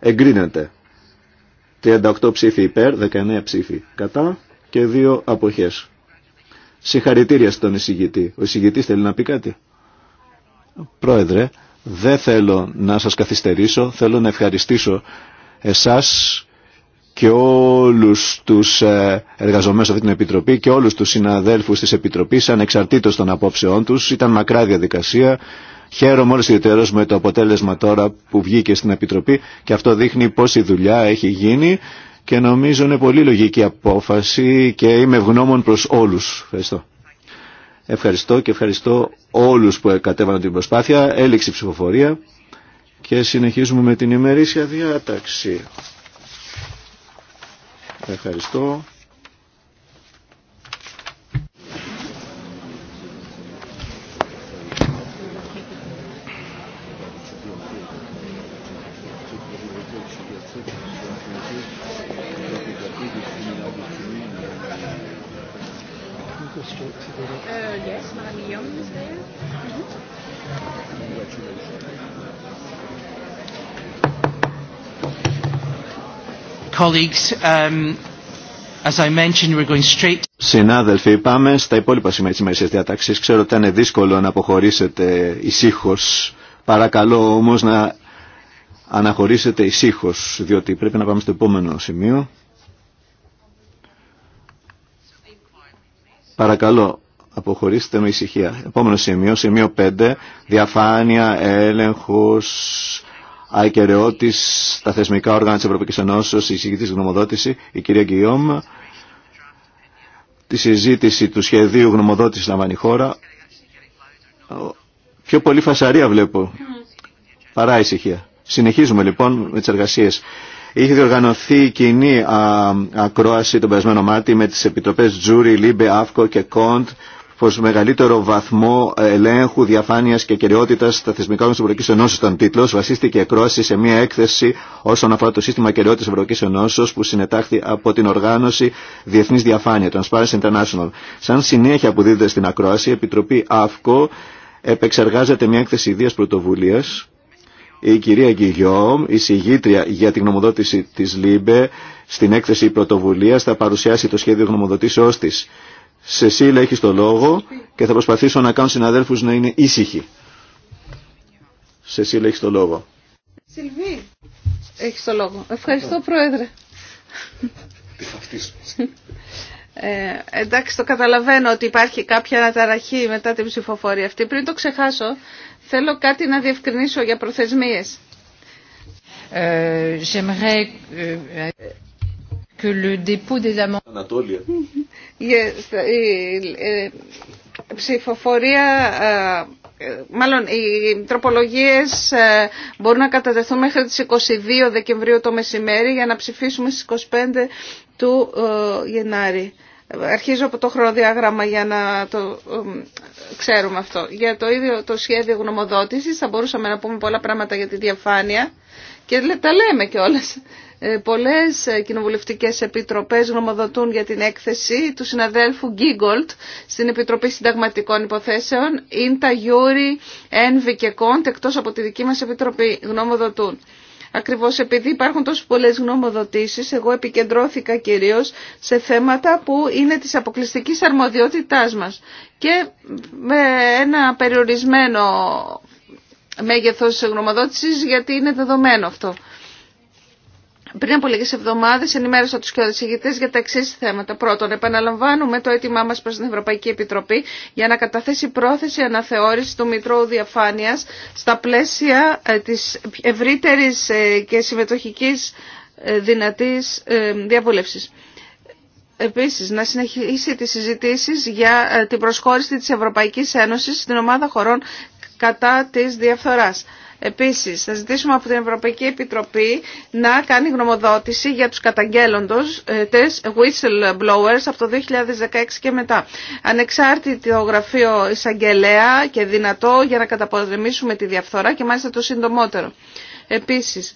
Εγκρίνεται. 38 ψήφοι υπέρ, 19 ψήφοι κατά και 2 αποχές. Συγχαρητήρια στον εισηγητή. Ο εισηγητής θέλει να πει κάτι. Πρόεδρε, δεν θέλω να σας καθυστερήσω, θέλω να ευχαριστήσω εσάς και όλους τους ε, εργαζομένους αυτή την Επιτροπή και όλους τους συναδέλφους της Επιτροπής ανεξαρτήτως των απόψεών τους. Ήταν μακρά διαδικασία. Χαίρομαι όλες ιδιαίτερως με το αποτέλεσμα τώρα που βγήκε στην Επιτροπή και αυτό δείχνει η δουλειά έχει γίνει και νομίζω είναι πολύ λογική απόφαση και είμαι ευγνώμων προς όλους. Ευχαριστώ. Ευχαριστώ και ευχαριστώ όλους που κατέβαλαν την προσπάθεια. Έληξη ψηφοφορία και συνεχίζουμε με την ημερήσια διάταξη. Ευχαριστώ. Um, Συνάδελφοι, πάμε στα υπόλοιπα σημεία της ημερησίας διάταξης. Ξέρω ότι είναι δύσκολο να αποχωρήσετε ησύχως. Παρακαλώ όμως να αναχωρήσετε ησύχως, διότι πρέπει να πάμε στο επόμενο σημείο. Παρακαλώ, αποχωρήστε με ησυχία. Επόμενο σημείο, σημείο 5, διαφάνεια, έλεγχος αικαιρεώτη Τα θεσμικά όργανα της Ευρωπαϊκής Ενώσεως, η της γνωμοδότηση, η κυρία Γκυόμ. Τη συζήτηση του σχεδίου γνωμοδότηση λαμβάνει η χώρα. Πιο πολύ φασαρία βλέπω, παρά ησυχία. Συνεχίζουμε λοιπόν με τις εργασίες. Είχε διοργανωθεί η κοινή ακρόαση τον περασμένο μάτι με τις επιτροπές Τζούρι, Λίμπε, Αύκο και Κοντ προς μεγαλύτερο βαθμό ελέγχου, διαφάνειας και κυριότητας στα θεσμικά όργανα της Ευρωπαϊκής Ενώσης ήταν τίτλος. Βασίστηκε εκρόαση σε μια έκθεση όσον αφορά το σύστημα κυριότητας της Ευρωπαϊκής Ενώσης που συνετάχθη από την οργάνωση Διεθνής Διαφάνεια, Transparency International. Σαν συνέχεια που δίδεται στην ακρόαση, η Επιτροπή ΑΦΚΟ επεξεργάζεται μια έκθεση ιδίας πρωτοβουλίας η κυρία Γκυγιόμ, η συγγήτρια για την γνωμοδότηση της ΛΥΜΠΕ στην έκθεση πρωτοβουλίας θα παρουσιάσει το σχέδιο γνωμοδοτήσεώς της. Εσύ έχει το λόγο και θα προσπαθήσω να κάνω συναδέλφους να είναι ήσυχοι. Σε έχει το λόγο. Σιλβί, έχεις το λόγο. Ευχαριστώ πρόεδρε. Τι ε, εντάξει, το καταλαβαίνω ότι υπάρχει κάποια αναταραχή μετά την ψηφοφορία αυτή. Πριν το ξεχάσω, θέλω κάτι να διευκρινίσω για προθεσμίες. Ε, ε, que le dépôt des Anatolia. Yes, ψηφοφορία, ε, μάλλον οι τροπολογίες ε, μπορούν να κατατεθούν μέχρι τις 22 Δεκεμβρίου το μεσημέρι για να ψηφίσουμε στις 25 του ε, Γενάρη. Αρχίζω από το χρονοδιάγραμμα για να το ξέρουμε αυτό. Για το ίδιο το σχέδιο γνωμοδότησης θα μπορούσαμε να πούμε πολλά πράγματα για τη διαφάνεια και τα λέμε κιόλας. Ε, πολλές ε, κοινοβουλευτικές επιτροπές γνωμοδοτούν για την έκθεση του συναδέλφου Γκίγκολτ στην Επιτροπή Συνταγματικών Υποθέσεων. Ίντα, Γιούρι, Ένβη και Κόντ εκτός από τη δική μας Επιτροπή γνωμοδοτούν. Ακριβώς επειδή υπάρχουν τόσο πολλές γνωμοδοτήσεις, εγώ επικεντρώθηκα κυρίως σε θέματα που είναι της αποκλειστικής αρμοδιότητάς μας και με ένα περιορισμένο μέγεθος γνωμοδότησης γιατί είναι δεδομένο αυτό. Πριν από λίγε εβδομάδε ενημέρωσα του κοιοδησηγητέ για τα εξή θέματα. Πρώτον, επαναλαμβάνουμε το αίτημά μα προ την Ευρωπαϊκή Επιτροπή για να καταθέσει πρόθεση αναθεώρηση του Μητρώου Διαφάνεια στα πλαίσια ε, τη ευρύτερη ε, και συμμετοχική ε, δυνατή διαβούλευση. Επίσης, να συνεχίσει τι συζητήσει για την προσχώρηση τη Ευρωπαϊκή Ένωση στην ομάδα χωρών κατά τη διαφθοράς. Επίσης, θα ζητήσουμε από την Ευρωπαϊκή Επιτροπή να κάνει γνωμοδότηση για τους καταγγέλλοντες whistleblowers από το 2016 και μετά. Ανεξάρτητο γραφείο εισαγγελέα και δυνατό για να καταπολεμήσουμε τη διαφθορά και μάλιστα το συντομότερο. Επίσης,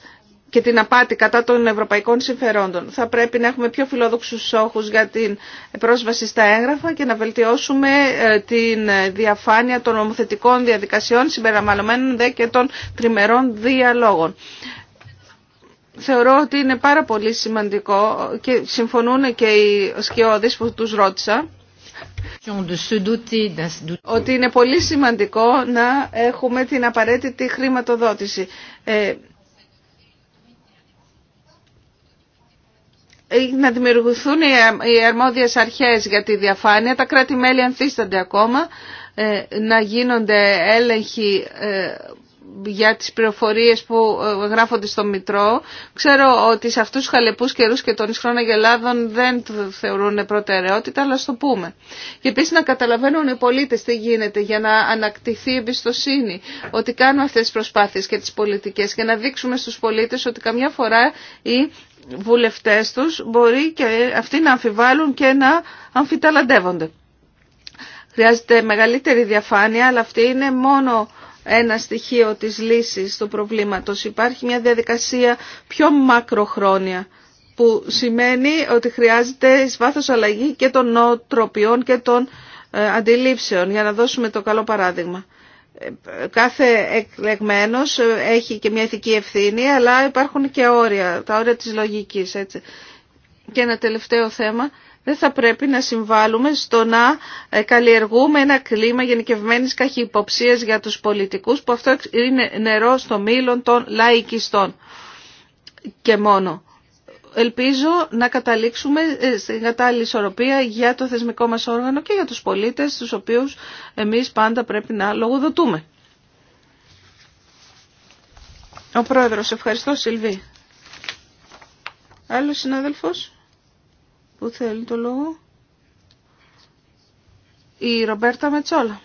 και την απάτη κατά των ευρωπαϊκών συμφερόντων. Θα πρέπει να έχουμε πιο φιλόδοξους στόχους για την πρόσβαση στα έγγραφα και να βελτιώσουμε ε, την διαφάνεια των νομοθετικών διαδικασιών συμπεραμαλωμένων δε και των τριμερών διαλόγων. Θεωρώ ότι είναι πάρα πολύ σημαντικό και συμφωνούν και οι σκιώδεις που τους ρώτησα ότι είναι πολύ σημαντικό να έχουμε την απαραίτητη χρηματοδότηση. Ε, να δημιουργηθούν οι αρμόδιες αρχές για τη διαφάνεια, τα κράτη-μέλη ανθίστανται ακόμα, ε, να γίνονται έλεγχοι ε, για τις πληροφορίες που ε, γράφονται στο Μητρό. Ξέρω ότι σε αυτούς τους χαλεπούς καιρούς και των ισχρών αγελάδων δεν θεωρούν προτεραιότητα, αλλά στο πούμε. Και επίσης να καταλαβαίνουν οι πολίτες τι γίνεται για να ανακτηθεί η εμπιστοσύνη, ότι κάνουμε αυτές τις προσπάθειες και τις πολιτικές και να δείξουμε στους πολίτες ότι καμιά φορά οι βουλευτές τους μπορεί και αυτοί να αμφιβάλλουν και να αμφιταλαντεύονται. Χρειάζεται μεγαλύτερη διαφάνεια, αλλά αυτή είναι μόνο ένα στοιχείο της λύσης του προβλήματος. Υπάρχει μια διαδικασία πιο μακροχρόνια που σημαίνει ότι χρειάζεται εις βάθος αλλαγή και των νοοτροπιών και των ε, αντιλήψεων για να δώσουμε το καλό παράδειγμα κάθε εκλεγμένος έχει και μια ηθική ευθύνη, αλλά υπάρχουν και όρια, τα όρια της λογικής. Και ένα τελευταίο θέμα, δεν θα πρέπει να συμβάλλουμε στο να ε, καλλιεργούμε ένα κλίμα γενικευμένης καχυποψίας για τους πολιτικούς, που αυτό είναι νερό στο μήλον των λαϊκιστών και μόνο ελπίζω να καταλήξουμε ε, στην κατάλληλη ισορροπία για το θεσμικό μας όργανο και για τους πολίτες, τους οποίους εμείς πάντα πρέπει να λογοδοτούμε. Ο Πρόεδρος, ευχαριστώ Σιλβί. Άλλος συνάδελφος που θέλει το λόγο. Η Ρομπέρτα Μετσόλα.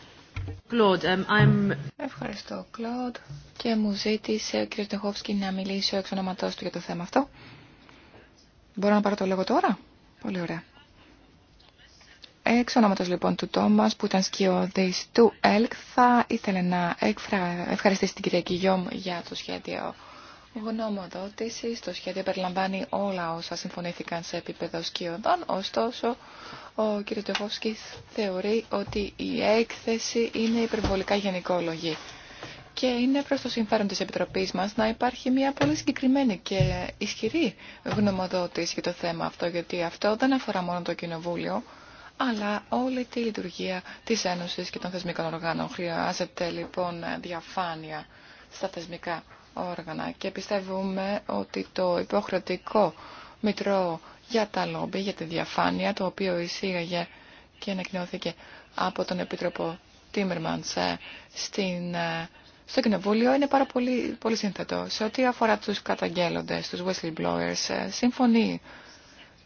Claude, um, I'm... Ευχαριστώ, Κλοντ. Και μου ζήτησε ο κ. Τεχόφσκι να ο εξ ονόματός του για το θέμα αυτό. Μπορώ να πάρω το λόγο τώρα. Πολύ ωραία. Εξ ονόματος λοιπόν του Τόμας που ήταν σκιωδής του ΕΛΚ θα ήθελε να ευχαριστήσει την κυρία Κιγιόμ για το σχέδιο γνωμοδότησης. Το σχέδιο περιλαμβάνει όλα όσα συμφωνήθηκαν σε επίπεδο σκιωδών. Ωστόσο, ο κ. Τεχόφσκης θεωρεί ότι η έκθεση είναι υπερβολικά γενικόλογη και είναι προς το συμφέρον της Επιτροπής μας να υπάρχει μια πολύ συγκεκριμένη και ισχυρή γνωμοδότηση για το θέμα αυτό, γιατί αυτό δεν αφορά μόνο το Κοινοβούλιο, αλλά όλη τη λειτουργία της Ένωσης και των θεσμικών οργάνων. Χρειάζεται λοιπόν διαφάνεια στα θεσμικά όργανα και πιστεύουμε ότι το υποχρεωτικό μητρό για τα λόμπι, για τη διαφάνεια, το οποίο εισήγαγε και ανακοινώθηκε από τον Επίτροπο Τίμερμαντς ε, στην ε, στο Κοινοβούλιο είναι πάρα πολύ, πολύ σύνθετο. Σε ό,τι αφορά τους καταγγέλλοντες, τους whistleblowers, ε, συμφωνεί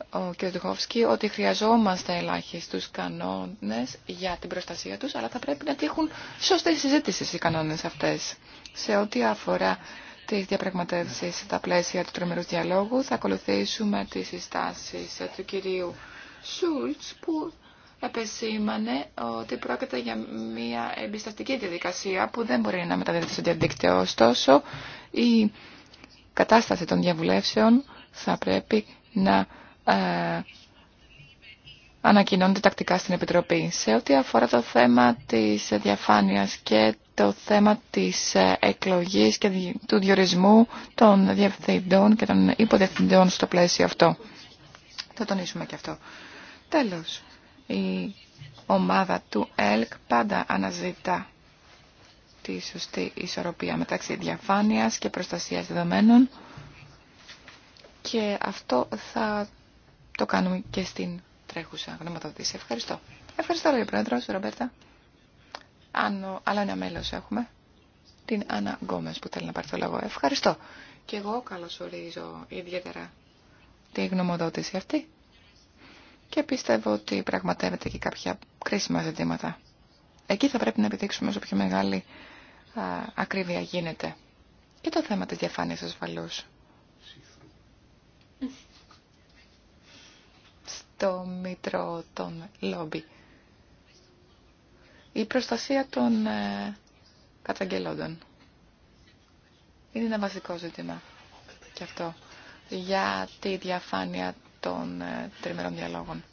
ο κ. Δουχόφσκι ότι χρειαζόμαστε ελάχιστους κανόνες για την προστασία τους, αλλά θα πρέπει να τύχουν σωστή συζήτηση οι κανόνες αυτές. Σε ό,τι αφορά τις διαπραγματεύσεις στα πλαίσια του τρομερού διαλόγου, θα ακολουθήσουμε τις συστάσεις του κυρίου Σούλτς που επεσήμανε ότι πρόκειται για μια εμπιστευτική διαδικασία που δεν μπορεί να μεταδίδεται στο διαδίκτυο. Ωστόσο, η κατάσταση των διαβουλεύσεων θα πρέπει να ε, ανακοινώνεται τακτικά στην Επιτροπή. Σε ό,τι αφορά το θέμα της διαφάνειας και το θέμα της ε, εκλογής και του διορισμού των διευθυντών και των υποδιευθυντών στο πλαίσιο αυτό. Θα τονίσουμε και αυτό. Τέλος η ομάδα του ΕΛΚ πάντα αναζητά τη σωστή ισορροπία μεταξύ διαφάνειας και προστασίας δεδομένων και αυτό θα το κάνουμε και στην τρέχουσα γνωματοδότηση. Ευχαριστώ. Ευχαριστώ λέει προεδρό Πρόεδρος, Ρομπέρτα. Αν, άλλο ένα μέλος έχουμε, την Άννα Γκόμες που θέλει να πάρει το λόγο. Ευχαριστώ. Και εγώ καλωσορίζω ιδιαίτερα τη γνωμοδότηση αυτή και πιστεύω ότι πραγματεύεται και κάποια κρίσιμα ζητήματα. Εκεί θα πρέπει να επιδείξουμε όσο πιο μεγάλη ακρίβεια γίνεται. Και το θέμα της διαφάνειας ασφαλούς. Στο μήτρο των λόμπι. Η προστασία των ε, καταγγελόντων. Είναι ένα βασικό ζήτημα και αυτό. Για τη διαφάνεια των ε, τριμερών διαλόγων.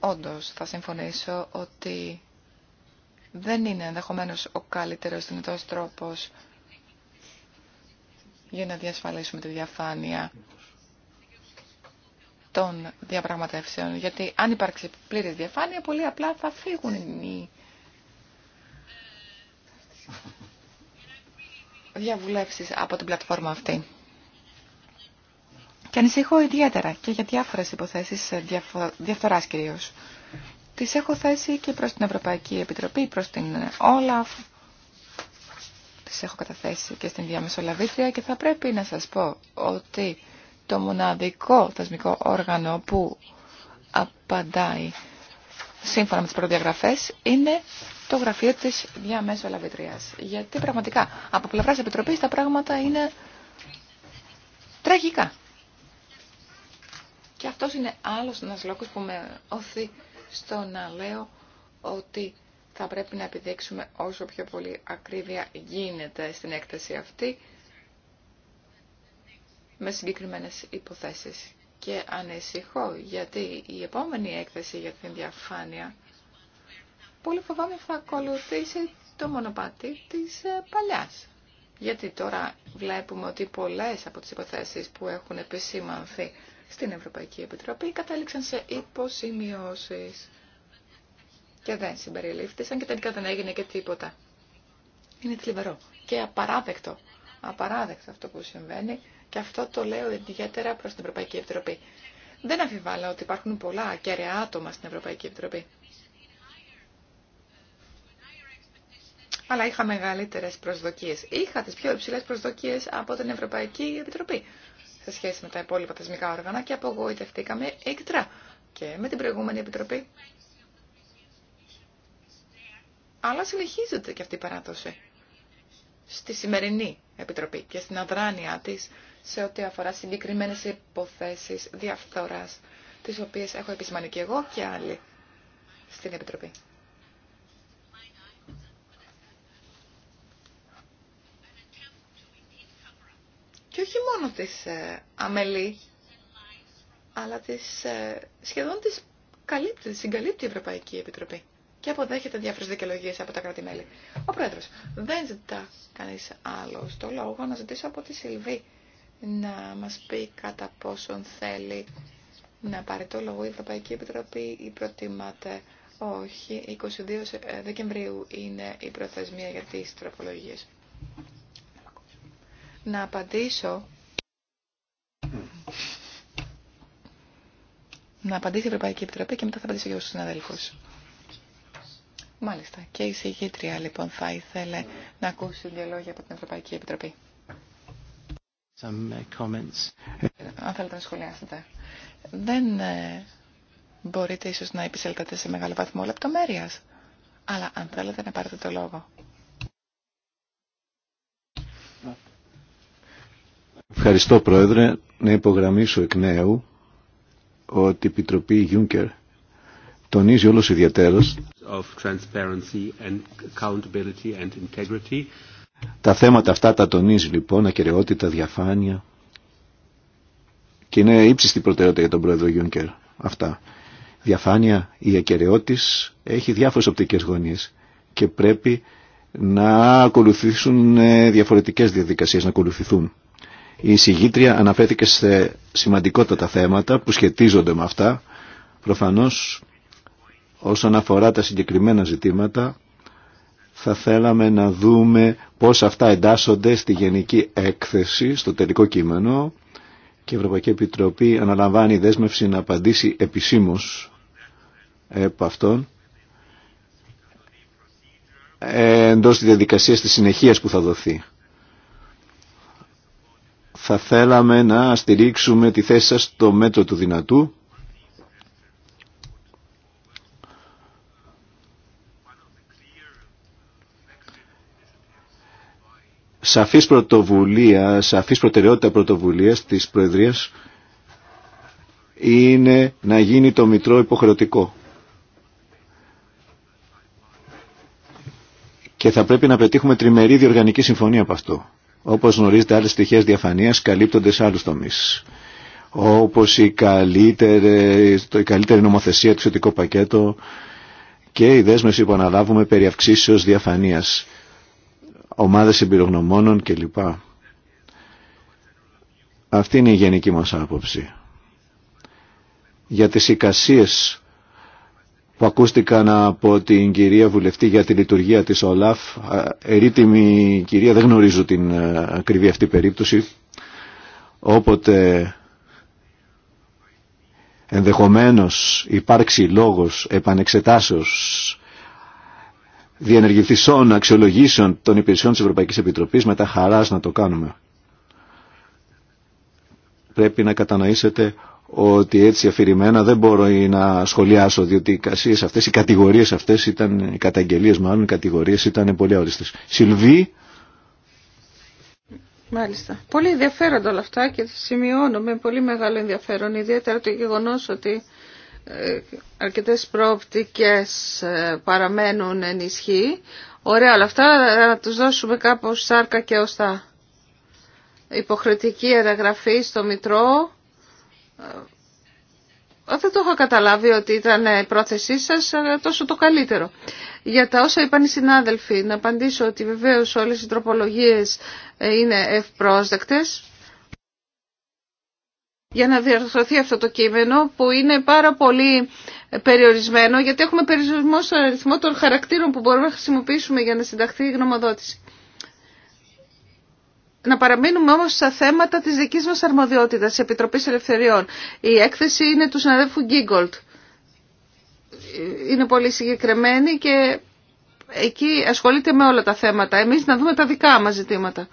Όντως, θα συμφωνήσω ότι δεν είναι ενδεχομένω ο καλύτερος δυνατός τρόπος για να διασφαλίσουμε τη διαφάνεια των διαπραγματεύσεων. Γιατί αν υπάρξει πλήρη διαφάνεια, πολύ απλά θα φύγουν οι διαβουλεύσεις από την πλατφόρμα αυτή. Και ανησυχώ ιδιαίτερα και για διάφορες υποθέσεις ε, διαφθοράς κυρίως. Τις έχω θέσει και προς την Ευρωπαϊκή Επιτροπή, προς την Όλαφ. Τις έχω καταθέσει και στην Διαμεσολαβήτρια και θα πρέπει να σας πω ότι το μοναδικό θεσμικό όργανο που απαντάει σύμφωνα με τις προδιαγραφές είναι το γραφείο της Διαμεσολαβήτριας. Γιατί πραγματικά από πλευράς Επιτροπής τα πράγματα είναι τραγικά. Και αυτό είναι άλλος ένα λόγος που με οθεί στο να λέω ότι θα πρέπει να επιδείξουμε όσο πιο πολύ ακρίβεια γίνεται στην έκθεση αυτή με συγκεκριμένες υποθέσεις. Και ανησυχώ γιατί η επόμενη έκθεση για την διαφάνεια πολύ φοβάμαι θα ακολουθήσει το μονοπάτι της ε, παλιάς. Γιατί τώρα βλέπουμε ότι πολλές από τις υποθέσεις που έχουν επισήμανθει στην Ευρωπαϊκή Επιτροπή κατάληξαν σε υποσημειώσει. και δεν συμπεριλήφθησαν και τελικά δεν έγινε και τίποτα. Είναι θλιβερό και απαράδεκτο. Απαράδεκτο αυτό που συμβαίνει και αυτό το λέω ιδιαίτερα προς την Ευρωπαϊκή Επιτροπή. Δεν αμφιβάλλω ότι υπάρχουν πολλά κέρια άτομα στην Ευρωπαϊκή Επιτροπή. Αλλά είχα μεγαλύτερε προσδοκίε. Είχα τι πιο υψηλέ προσδοκίε από την Ευρωπαϊκή Επιτροπή σε σχέση με τα υπόλοιπα θεσμικά όργανα και απογοητευτήκαμε έκτρα και με την προηγούμενη επιτροπή. Αλλά συνεχίζεται και αυτή η παράδοση στη σημερινή επιτροπή και στην αδράνειά της σε ό,τι αφορά συγκεκριμένες υποθέσεις διαφθοράς τις οποίες έχω επισημάνει και εγώ και άλλοι στην Επιτροπή. όχι μόνο της ε, αμελή, αλλά της, ε, σχεδόν της καλύπτει, της συγκαλύπτει η Ευρωπαϊκή Επιτροπή και αποδέχεται διάφορες δικαιολογίες από τα κράτη-μέλη. Ο Πρόεδρος δεν ζητά κανείς άλλο το λόγο να ζητήσω από τη Σιλβή να μας πει κατά πόσον θέλει να πάρει το λόγο η Ευρωπαϊκή Επιτροπή ή προτιμάται όχι. 22 Δεκεμβρίου είναι η προθεσμία για τις τροπολογίες να απαντήσω να απαντήσει η Ευρωπαϊκή Επιτροπή και μετά θα απαντήσω και εγώ στους συναδέλφους. Μάλιστα. Και η συγγήτρια λοιπόν θα ήθελε να ακούσει δύο λόγια από την Ευρωπαϊκή Επιτροπή. Some uh, Αν θέλετε να σχολιάσετε. Δεν ε, μπορείτε ίσως να επισέλθετε σε μεγάλο βαθμό λεπτομέρειας. Αλλά αν θέλετε να πάρετε το λόγο. Ευχαριστώ Πρόεδρε. Να υπογραμμίσω εκ νέου ότι η Επιτροπή Juncker τονίζει όλος ιδιαίτερος τα θέματα αυτά τα τονίζει λοιπόν, ακεραιότητα, διαφάνεια και είναι ύψιστη προτεραιότητα για τον Πρόεδρο Juncker αυτά. Διαφάνεια, η ακαιρεότης έχει διάφορες οπτικές γωνίες και πρέπει να ακολουθήσουν ε, διαφορετικές διαδικασίες, να ακολουθηθούν. Η εισηγήτρια αναφέρθηκε σε σημαντικότατα θέματα που σχετίζονται με αυτά. Προφανώς όσον αφορά τα συγκεκριμένα ζητήματα θα θέλαμε να δούμε πώς αυτά εντάσσονται στη γενική έκθεση, στο τελικό κείμενο και η Ευρωπαϊκή Επιτροπή αναλαμβάνει δέσμευση να απαντήσει επισήμως από αυτόν ε, εντός της διαδικασίας της συνεχείας που θα δοθεί θα θέλαμε να στηρίξουμε τη θέση σας στο μέτρο του δυνατού. Σαφής πρωτοβουλία, σαφής προτεραιότητα πρωτοβουλίας της Προεδρίας είναι να γίνει το Μητρό υποχρεωτικό. Και θα πρέπει να πετύχουμε τριμερή διοργανική συμφωνία από αυτό. Όπως γνωρίζετε άλλες στοιχεία διαφανείας καλύπτονται σε άλλους τομείς. Όπως η καλύτερη, η καλύτερη νομοθεσία του θετικού πακέτο και η δέσμευση που αναλάβουμε περί αυξήσεως διαφανείας, ομάδες εμπειρογνωμόνων κλπ. Αυτή είναι η γενική μας άποψη. Για τις εικασίες που ακούστηκαν από την κυρία Βουλευτή για τη λειτουργία της ΟΛΑΦ. Ερήτημη κυρία, δεν γνωρίζω την ε, ακριβή αυτή περίπτωση. Όποτε ενδεχομένως υπάρξει λόγος επανεξετάσεως διενεργηθισών αξιολογήσεων των υπηρεσιών της Ευρωπαϊκής Επιτροπής μετά χαράς να το κάνουμε. Πρέπει να κατανοήσετε ότι έτσι αφηρημένα δεν μπορώ να σχολιάσω διότι οι κασίες αυτές, οι κατηγορίες αυτές ήταν, οι καταγγελίες μάλλον, οι κατηγορίες ήταν πολύ αόριστες. Σιλβί. Μάλιστα. Πολύ ενδιαφέροντα όλα αυτά και σημειώνω με πολύ μεγάλο ενδιαφέρον, ιδιαίτερα το γεγονός ότι ε, αρκετές προοπτικές ε, παραμένουν ενισχύ. Ωραία όλα αυτά, ε, να τους δώσουμε κάπως σάρκα και ωστά. Υποχρεωτική εγγραφή στο Μητρό, δεν το είχα καταλάβει ότι ήταν η πρόθεσή σας τόσο το καλύτερο. Για τα όσα είπαν οι συνάδελφοι, να απαντήσω ότι βεβαίως όλες οι τροπολογίες ε, είναι ευπρόσδεκτες για να διαρθρωθεί αυτό το κείμενο που είναι πάρα πολύ περιορισμένο γιατί έχουμε περιορισμό στον αριθμό των χαρακτήρων που μπορούμε να χρησιμοποιήσουμε για να συνταχθεί η γνωμοδότηση να παραμείνουμε όμως στα θέματα της δικής μας αρμοδιότητας, της Επιτροπής Ελευθεριών. Η έκθεση είναι του συναδέλφου Γκίγκολτ. Είναι πολύ συγκεκριμένη και εκεί ασχολείται με όλα τα θέματα. Εμείς να δούμε τα δικά μας ζητήματα.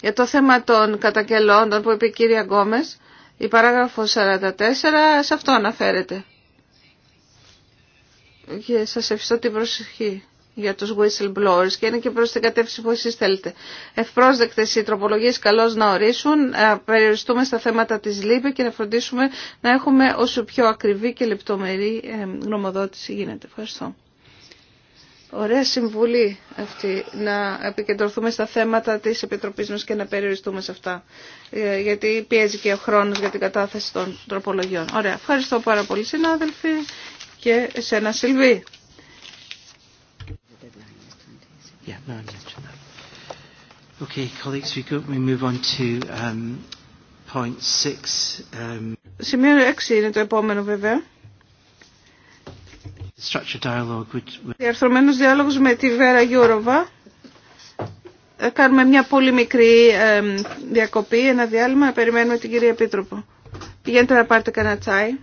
Για το θέμα των κατακελώντων που είπε η κυρία Γκόμες, η παράγραφος 44 σε αυτό αναφέρεται. Και σας ευχαριστώ την προσοχή για τους whistleblowers και είναι και προς την κατεύθυνση που εσείς θέλετε. Ευπρόσδεκτες οι τροπολογίες καλώς να ορίσουν, να περιοριστούμε στα θέματα της ΛΥΠΕ και να φροντίσουμε να έχουμε όσο πιο ακριβή και λεπτομερή ε, γνωμοδότηση γίνεται. Ευχαριστώ. Ωραία συμβουλή αυτή να επικεντρωθούμε στα θέματα της Επιτροπής μας και να περιοριστούμε σε αυτά. Ε, γιατί πιέζει και ο χρόνος για την κατάθεση των τροπολογιών. Ωραία. Ευχαριστώ πάρα πολύ συνάδελφοι και εσένα Σιλβί. Yeah, no, that. Okay, colleagues, Σημείο 6 είναι το επόμενο βέβαια. Διαρθρωμένος διάλογος με τη Βέρα Γιώροβα. Ε, κάνουμε μια πολύ μικρή διακοπή, ένα διάλειμμα, να περιμένουμε την κυρία Επίτροπο. Πηγαίνετε να πάρετε κανένα τσάι.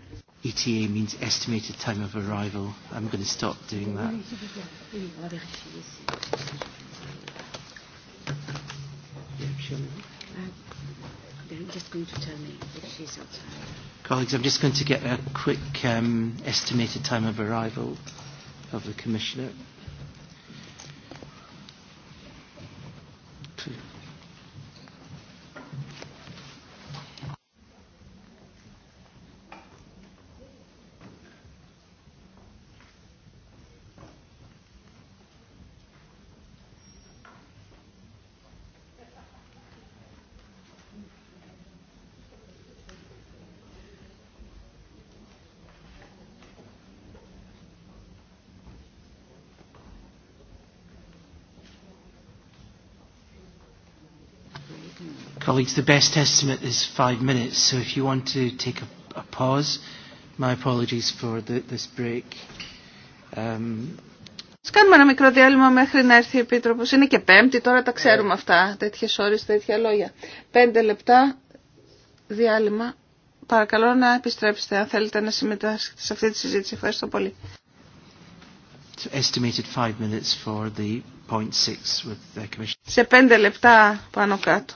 ETA means estimated time of arrival. I'm going to stop doing that. Colleagues, I'm just going to get a quick um, estimated time of arrival of the Commissioner. colleagues, κάνουμε ένα μικρό διάλειμμα μέχρι να έρθει η Επίτροπος. Είναι και πέμπτη, τώρα τα ξέρουμε ε. αυτά, τέτοιες ώρες, τέτοια λόγια. Πέντε λεπτά διάλειμμα. Παρακαλώ να επιστρέψετε αν θέλετε να συμμετάσχετε σε αυτή τη συζήτηση. Ευχαριστώ πολύ. Σε πέντε λεπτά πάνω κάτω.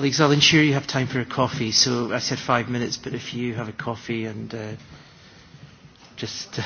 Colleagues, I'll ensure you have time for a coffee. So I said five minutes, but if you have a coffee and uh, just. Uh,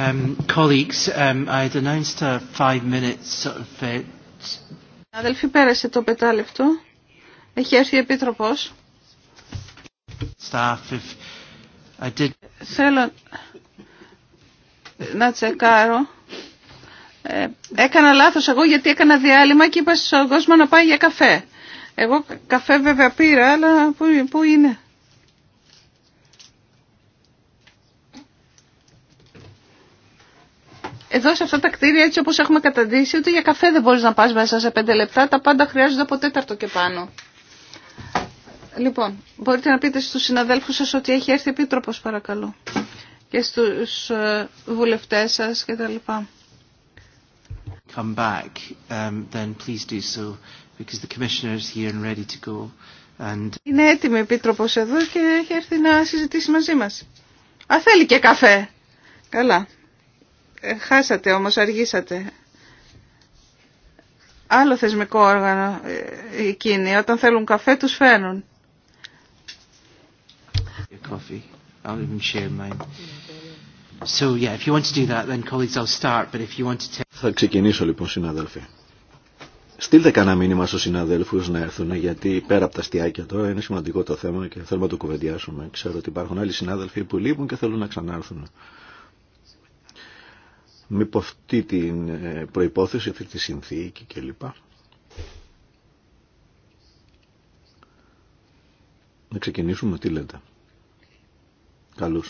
Um, colleagues, um, I uh, Αδελφοί, πέρασε το πετάλεπτο. Έχει έρθει ο Επίτροπος. Θέλω να τσεκάρω. Ε, έκανα λάθος εγώ γιατί έκανα διάλειμμα και είπα στον κόσμο να πάει για καφέ. Εγώ καφέ βέβαια πήρα, αλλά πού είναι. εδώ σε αυτά τα κτίρια έτσι όπως έχουμε καταντήσει ότι για καφέ δεν μπορείς να πας μέσα σε πέντε λεπτά. Τα πάντα χρειάζονται από τέταρτο και πάνω. Λοιπόν, μπορείτε να πείτε στους συναδέλφους σας ότι έχει έρθει επίτροπος παρακαλώ και στους ε, βουλευτές σας και τα λοιπά. Είναι έτοιμη η επίτροπος εδώ και έχει έρθει να συζητήσει μαζί μας. Α, θέλει και καφέ. Καλά. Ε, χάσατε όμως, αργήσατε. Άλλο θεσμικό όργανο ε, εκείνοι. Όταν θέλουν καφέ τους φέρνουν. Θα ξεκινήσω λοιπόν συνάδελφοι. Στείλτε κανένα μήνυμα στους συναδέλφους να έρθουν γιατί πέρα από τα στιάκια τώρα είναι σημαντικό το θέμα και θέλουμε να το κουβεντιάσουμε. Ξέρω ότι υπάρχουν άλλοι συνάδελφοι που λείπουν και θέλουν να ξανάρθουν. Μήπω αυτή την ε, προϋπόθεση, αυτή τη συνθήκη κλπ. Να ξεκινήσουμε, τι λέτε. Καλώ.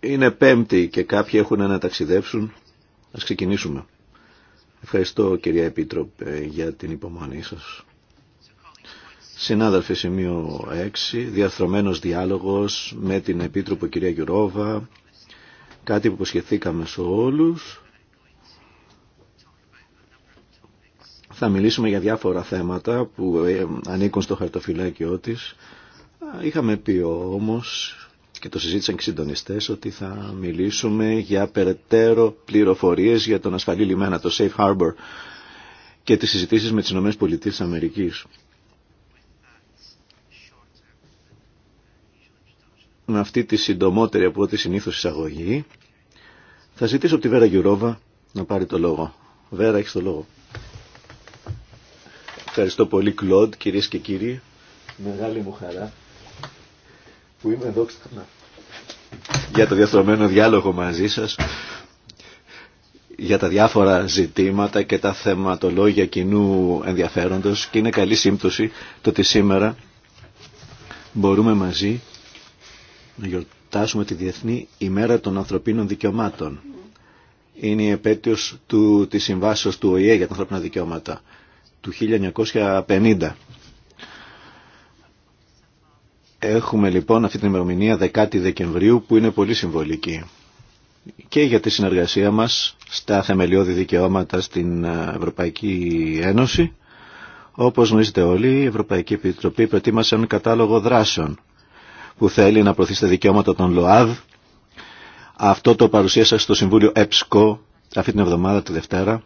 Είναι πέμπτη και κάποιοι έχουν να ταξιδέψουν. Ας ξεκινήσουμε. Ευχαριστώ κυρία Επίτροπε για την υπομονή σας. Συνάδελφοι, σημείο 6, διαθρωμένος διάλογος με την Επίτροπο κυρία Γιουρόβα, κάτι που υποσχεθήκαμε σε όλους. Θα μιλήσουμε για διάφορα θέματα που ε, ανήκουν στο χαρτοφυλάκιό της. Είχαμε πει όμως και το συζήτησαν και οι ότι θα μιλήσουμε για περαιτέρω πληροφορίες για τον ασφαλή λιμένα, το Safe Harbor και τις συζητήσεις με τις ΗΠΑ. με αυτή τη συντομότερη από ό,τι συνήθως εισαγωγή. Θα ζητήσω από τη Βέρα Γιουρόβα να πάρει το λόγο. Βέρα, έχεις το λόγο. Ευχαριστώ πολύ, Κλοντ, κυρίες και κύριοι. Μεγάλη μου χαρά που είμαι εδώ ξανά. Για το διαστρωμένο διάλογο μαζί σας, για τα διάφορα ζητήματα και τα θεματολόγια κοινού ενδιαφέροντος και είναι καλή σύμπτωση το ότι σήμερα μπορούμε μαζί να γιορτάσουμε τη Διεθνή ημέρα των ανθρωπίνων δικαιωμάτων. Είναι η επέτειος του, της συμβάσεως του ΟΗΕ για τα ανθρώπινα δικαιώματα του 1950. Έχουμε λοιπόν αυτή την ημερομηνία 10 Δεκεμβρίου που είναι πολύ συμβολική και για τη συνεργασία μας στα θεμελιώδη δικαιώματα στην ε, Ευρωπαϊκή Ένωση. Όπως γνωρίζετε όλοι, η Ευρωπαϊκή Επιτροπή προετοίμασε έναν κατάλογο δράσεων που θέλει να προωθήσει τα δικαιώματα των ΛΟΑΔ. Αυτό το παρουσίασα στο Συμβούλιο ΕΠΣΚΟ αυτή την εβδομάδα, τη Δευτέρα.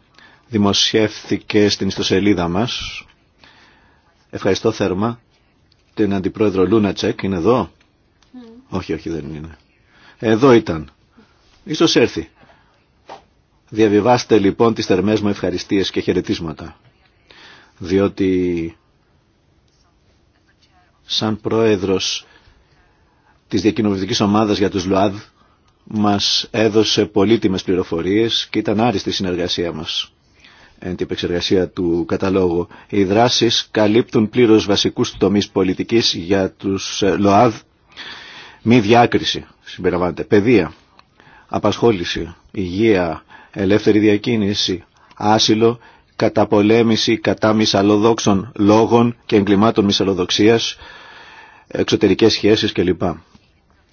Δημοσιεύθηκε στην ιστοσελίδα μας. Ευχαριστώ θέρμα την Αντιπρόεδρο Λούνατσεκ. Είναι εδώ. Ναι. Όχι, όχι δεν είναι. Εδώ ήταν. Ίσως έρθει. Διαβιβάστε λοιπόν τις θερμές μου ευχαριστίες και χαιρετίσματα. Διότι σαν πρόεδρος της Διακοινοβουλευτικής Ομάδας για τους ΛΟΑΔ μας έδωσε πολύτιμες πληροφορίες και ήταν άριστη η συνεργασία μας εν την επεξεργασία του καταλόγου. Οι δράσεις καλύπτουν πλήρως βασικούς τομείς πολιτικής για τους ε, ΛΟΑΔ. Μη διάκριση συμπεριλαμβάνεται. Παιδεία, απασχόληση, υγεία, ελεύθερη διακίνηση, άσυλο, καταπολέμηση κατά μυσαλλοδόξων λόγων και εγκλημάτων μυσαλλοδοξίας, εξωτερικές σχέσεις κλπ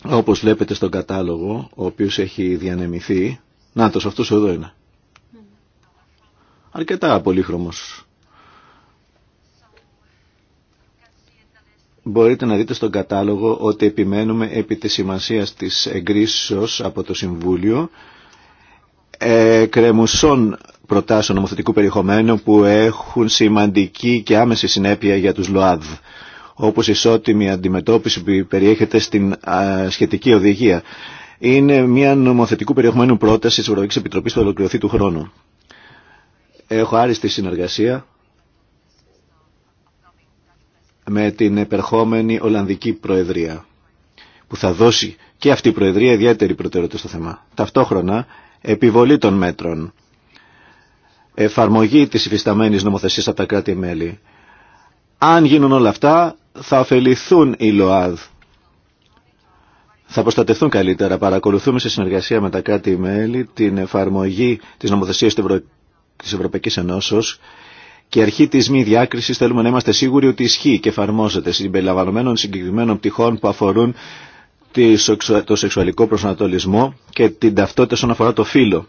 όπως βλέπετε στον κατάλογο, ο οποίος έχει διανεμηθεί, να τος αυτός εδώ είναι. Αρκετά πολύχρωμος. Μπορείτε να δείτε στον κατάλογο ότι επιμένουμε επί της σημασίας της εγκρίσεως από το Συμβούλιο ε, κρεμουσών προτάσεων νομοθετικού περιεχομένου που έχουν σημαντική και άμεση συνέπεια για τους ΛΟΑΔ όπως ισότιμη αντιμετώπιση που περιέχεται στην σχετική οδηγία. Είναι μια νομοθετικού περιεχομένου πρόταση της Ευρωπαϊκής Επιτροπής που ολοκληρωθεί του χρόνου. Έχω άριστη συνεργασία με την επερχόμενη Ολλανδική Προεδρία που θα δώσει και αυτή η Προεδρία ιδιαίτερη προτεραιότητα στο θέμα. Ταυτόχρονα επιβολή των μέτρων, εφαρμογή της υφισταμένης νομοθεσίας από τα κράτη-μέλη. Αν γίνουν όλα αυτά θα ωφεληθούν οι ΛΟΑΔ. Θα προστατευτούν καλύτερα. Παρακολουθούμε σε συνεργασία με τα κάτι μέλη την εφαρμογή της νομοθεσίας της Ευρωπαϊκής Ενώσεως και αρχή της μη διάκρισης θέλουμε να είμαστε σίγουροι ότι ισχύει και εφαρμόζεται συμπεριλαμβανομένων συγκεκριμένων πτυχών που αφορούν το σεξουαλικό προσανατολισμό και την ταυτότητα όσον αφορά το φύλλο.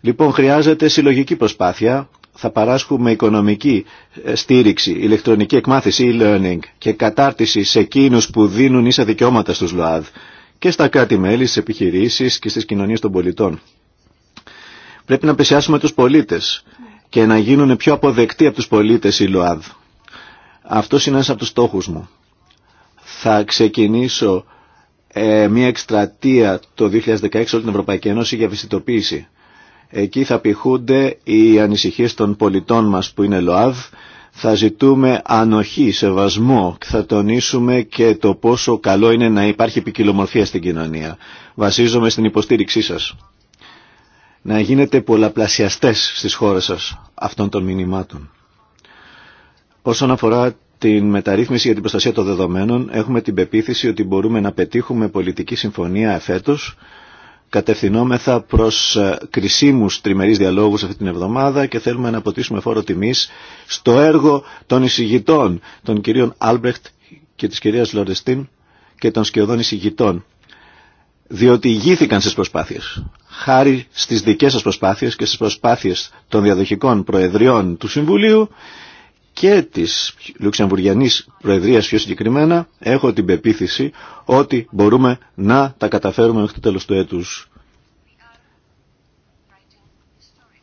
Λοιπόν, χρειάζεται συλλογική προσπάθεια θα παράσχουμε οικονομική ε, στήριξη, ηλεκτρονική εκμάθηση, e-learning και κατάρτιση σε εκείνους που δίνουν ίσα δικαιώματα στους ΛΟΑΔ και στα κράτη-μέλη, στις επιχειρήσεις και στις κοινωνίες των πολιτών. Πρέπει να πλησιάσουμε τους πολίτες και να γίνουν πιο αποδεκτοί από τους πολίτες οι ΛΟΑΔ. Αυτό είναι ένας από τους στόχους μου. Θα ξεκινήσω ε, μια εκστρατεία το 2016 όλη την Ευρωπαϊκή Ένωση για ευαισθητοποίηση Εκεί θα πηχούνται οι ανησυχίες των πολιτών μας που είναι ΛΟΑΔ. Θα ζητούμε ανοχή, σεβασμό και θα τονίσουμε και το πόσο καλό είναι να υπάρχει ποικιλομορφία στην κοινωνία. Βασίζομαι στην υποστήριξή σας. Να γίνετε πολλαπλασιαστές στις χώρες σας αυτών των μηνυμάτων. Όσον αφορά την μεταρρύθμιση για την προστασία των δεδομένων, έχουμε την πεποίθηση ότι μπορούμε να πετύχουμε πολιτική συμφωνία εφέτος κατευθυνόμεθα προς ε, κρισίμους τριμερείς διαλόγους αυτή την εβδομάδα και θέλουμε να αποτίσουμε φόρο τιμής στο έργο των εισηγητών, των κυρίων Άλμπρεχτ και της κυρίας Λορεστίν και των σκιωδών εισηγητών. Διότι ηγήθηκαν στις προσπάθειες. Χάρη στις δικές σας προσπάθειες και στις προσπάθειες των διαδοχικών προεδριών του Συμβουλίου και της Λουξεμβουργιανής Προεδρίας πιο συγκεκριμένα έχω την πεποίθηση ότι μπορούμε να τα καταφέρουμε μέχρι το τέλος του έτους.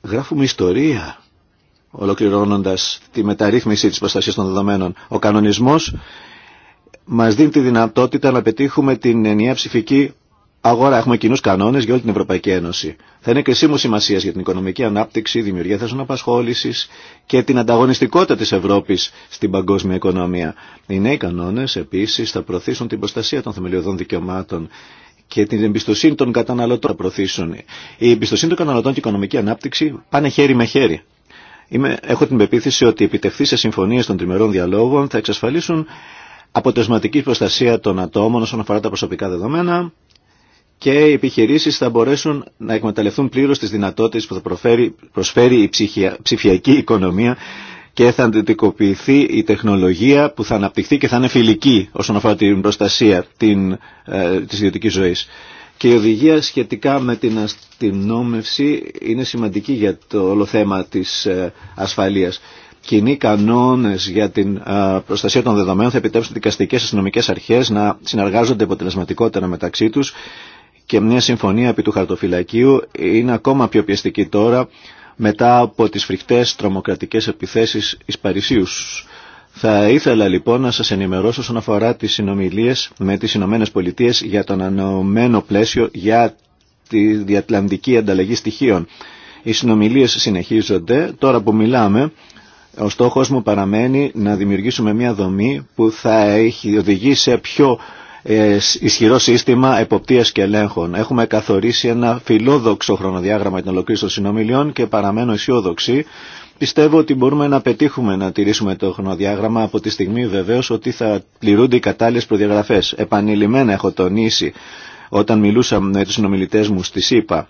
Γράφουμε ιστορία ολοκληρώνοντας τη μεταρρύθμιση της προστασίας των δεδομένων. Ο κανονισμός μας δίνει τη δυνατότητα να πετύχουμε την ενιαία ψηφική αγορά. Έχουμε κοινού κανόνε για όλη την Ευρωπαϊκή Ένωση. Θα είναι κρισίμου σημασία για την οικονομική ανάπτυξη, δημιουργία θέσεων απασχόληση και την ανταγωνιστικότητα τη Ευρώπη στην παγκόσμια οικονομία. Οι νέοι κανόνε επίση θα προωθήσουν την προστασία των θεμελιωδών δικαιωμάτων και την εμπιστοσύνη των καταναλωτών θα προωθήσουν. Η εμπιστοσύνη των καταναλωτών και η οικονομική ανάπτυξη πάνε χέρι με χέρι. Είμαι, έχω την πεποίθηση ότι οι επιτευχθεί σε συμφωνίε των τριμερών διαλόγων θα εξασφαλίσουν αποτελεσματική προστασία των ατόμων όσον αφορά τα προσωπικά δεδομένα, και οι επιχειρήσεις θα μπορέσουν να εκμεταλλευτούν πλήρως τις δυνατότητες που θα προσφέρει η ψηφιακή οικονομία και θα αντιδικοποιηθεί η τεχνολογία που θα αναπτυχθεί και θα είναι φιλική όσον αφορά την προστασία την, ε, της ιδιωτικής ζωής. Και η οδηγία σχετικά με την αστυνόμευση είναι σημαντική για το όλο θέμα της ε, ασφαλείας. Κοινοί κανόνε για την ε, προστασία των δεδομένων θα επιτρέψουν δικαστικές αστυνομικέ αρχέ να συνεργάζονται αποτελεσματικότερα μεταξύ του και μια συμφωνία επί του χαρτοφυλακίου είναι ακόμα πιο πιεστική τώρα μετά από τις φρικτές τρομοκρατικές επιθέσεις εις Παρισίους. Θα ήθελα λοιπόν να σας ενημερώσω όσον αφορά τις συνομιλίες με τις Ηνωμένε Πολιτείε για τον ανωμένο πλαίσιο για τη διατλαντική ανταλλαγή στοιχείων. Οι συνομιλίες συνεχίζονται. Τώρα που μιλάμε, ο στόχος μου παραμένει να δημιουργήσουμε μια δομή που θα έχει οδηγήσει σε πιο ε, ισχυρό σύστημα εποπτείας και ελέγχων. Έχουμε καθορίσει ένα φιλόδοξο χρονοδιάγραμμα για την ολοκλήρωση των συνομιλιών και παραμένω αισιόδοξη. Πιστεύω ότι μπορούμε να πετύχουμε να τηρήσουμε το χρονοδιάγραμμα από τη στιγμή βεβαίω ότι θα πληρούνται οι κατάλληλε προδιαγραφές. Επανειλημμένα έχω τονίσει όταν μιλούσα με τους συνομιλητές μου στη ΣΥΠΑ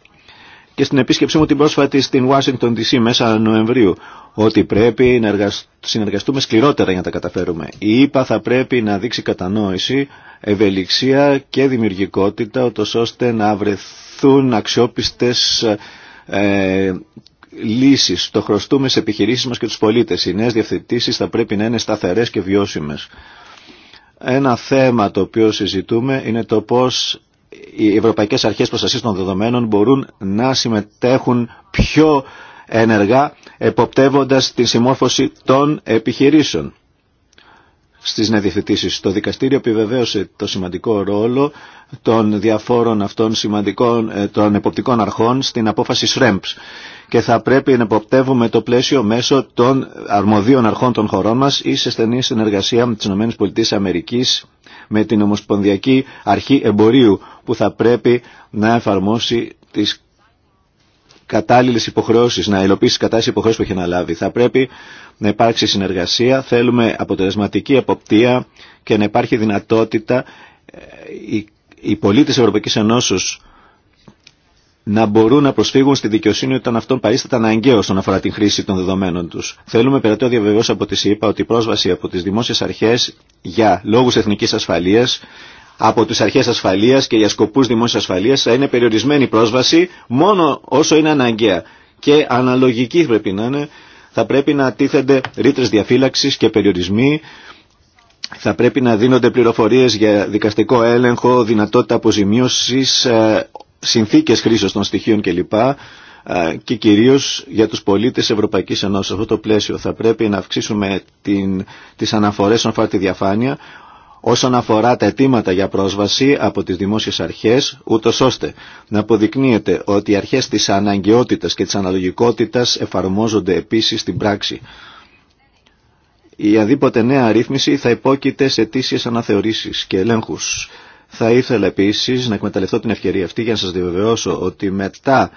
και στην επίσκεψή μου την πρόσφατη στην Washington DC μέσα Νοεμβρίου ότι πρέπει να συνεργαστούμε σκληρότερα για να τα καταφέρουμε. Η ΕΠΑ θα πρέπει να δείξει κατανόηση ευελιξία και δημιουργικότητα ώστε να βρεθούν αξιόπιστες ε, λύσεις. Το χρωστούμε σε επιχειρήσεις μας και τους πολίτες. Οι νέες διευθετήσεις θα πρέπει να είναι σταθερές και βιώσιμες. Ένα θέμα το οποίο συζητούμε είναι το πώς οι Ευρωπαϊκές Αρχές Προστασίας των Δεδομένων μπορούν να συμμετέχουν πιο ενεργά εποπτεύοντας τη συμμόρφωση των επιχειρήσεων στις νεδιαθετήσεις. Το δικαστήριο επιβεβαίωσε το σημαντικό ρόλο των διαφόρων αυτών σημαντικών ε, των εποπτικών αρχών στην απόφαση ΣΡΕΜΠΣ και θα πρέπει να εποπτεύουμε το πλαίσιο μέσω των αρμοδίων αρχών των χωρών μας ή σε στενή συνεργασία με τις ΗΠΑ με την Ομοσπονδιακή Αρχή Εμπορίου που θα πρέπει να εφαρμόσει τις κατάλληλες υποχρεώσει, να υλοποιήσει κατάλληλες υποχρεώσεις που έχει αναλάβει. Θα πρέπει να υπάρξει συνεργασία, θέλουμε αποτελεσματική εποπτεία και να υπάρχει δυνατότητα ε, οι, οι πολίτες Ευρωπαϊκής Ενώσεως να μπορούν να προσφύγουν στη δικαιοσύνη όταν αυτόν παρίσταται αναγκαίο στον αφορά την χρήση των δεδομένων του. Θέλουμε περαιτέρω διαβεβαίωση από τη ΣΥΠΑ ότι η πρόσβαση από τι δημόσιε αρχέ για λόγου εθνική ασφαλεία από τις αρχές ασφαλείας και για σκοπούς δημόσιας ασφαλείας θα είναι περιορισμένη πρόσβαση μόνο όσο είναι αναγκαία. Και αναλογική πρέπει να είναι, θα πρέπει να τίθενται ρήτρες διαφύλαξης και περιορισμοί, θα πρέπει να δίνονται πληροφορίες για δικαστικό έλεγχο, δυνατότητα αποζημίωσης, ε, συνθήκες χρήσεως των στοιχείων κλπ ε, και κυρίως για τους πολίτες Ευρωπαϊκής Ενώσης. Σε αυτό το πλαίσιο θα πρέπει να αυξήσουμε την, τις αναφορές όσον διαφάνεια, όσον αφορά τα αιτήματα για πρόσβαση από τις δημόσιες αρχές, ούτω ώστε να αποδεικνύεται ότι οι αρχές της αναγκαιότητας και της αναλογικότητας εφαρμόζονται επίσης στην πράξη. Η αδίποτε νέα αρρύθμιση θα υπόκειται σε αιτήσει αναθεωρήσεις και ελέγχους. Θα ήθελα επίσης να εκμεταλλευτώ την ευκαιρία αυτή για να σας διαβεβαιώσω ότι μετά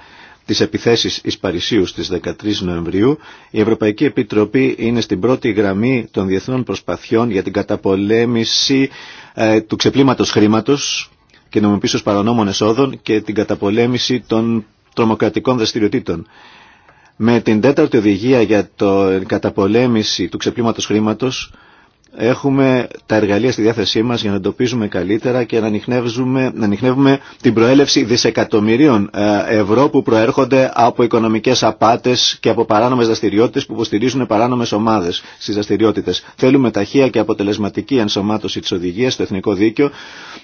τις επιθέσεις εις Παρισίου στις 13 Νοεμβρίου, η Ευρωπαϊκή Επιτροπή είναι στην πρώτη γραμμή των διεθνών προσπαθειών για την καταπολέμηση ε, του ξεπλήματος χρήματος και νομιμοποίησης παρανόμων εσόδων και την καταπολέμηση των τρομοκρατικών δραστηριοτήτων. Με την τέταρτη οδηγία για την καταπολέμηση του ξεπλήματος χρήματος, έχουμε τα εργαλεία στη διάθεσή μας για να εντοπίζουμε καλύτερα και να ανοιχνεύουμε, να ανοιχνεύουμε την προέλευση δισεκατομμυρίων ε, ευρώ που προέρχονται από οικονομικές απάτες και από παράνομες δραστηριότητες που υποστηρίζουν παράνομες ομάδες στις δραστηριότητες. Θέλουμε ταχεία και αποτελεσματική ενσωμάτωση της οδηγίας στο εθνικό δίκαιο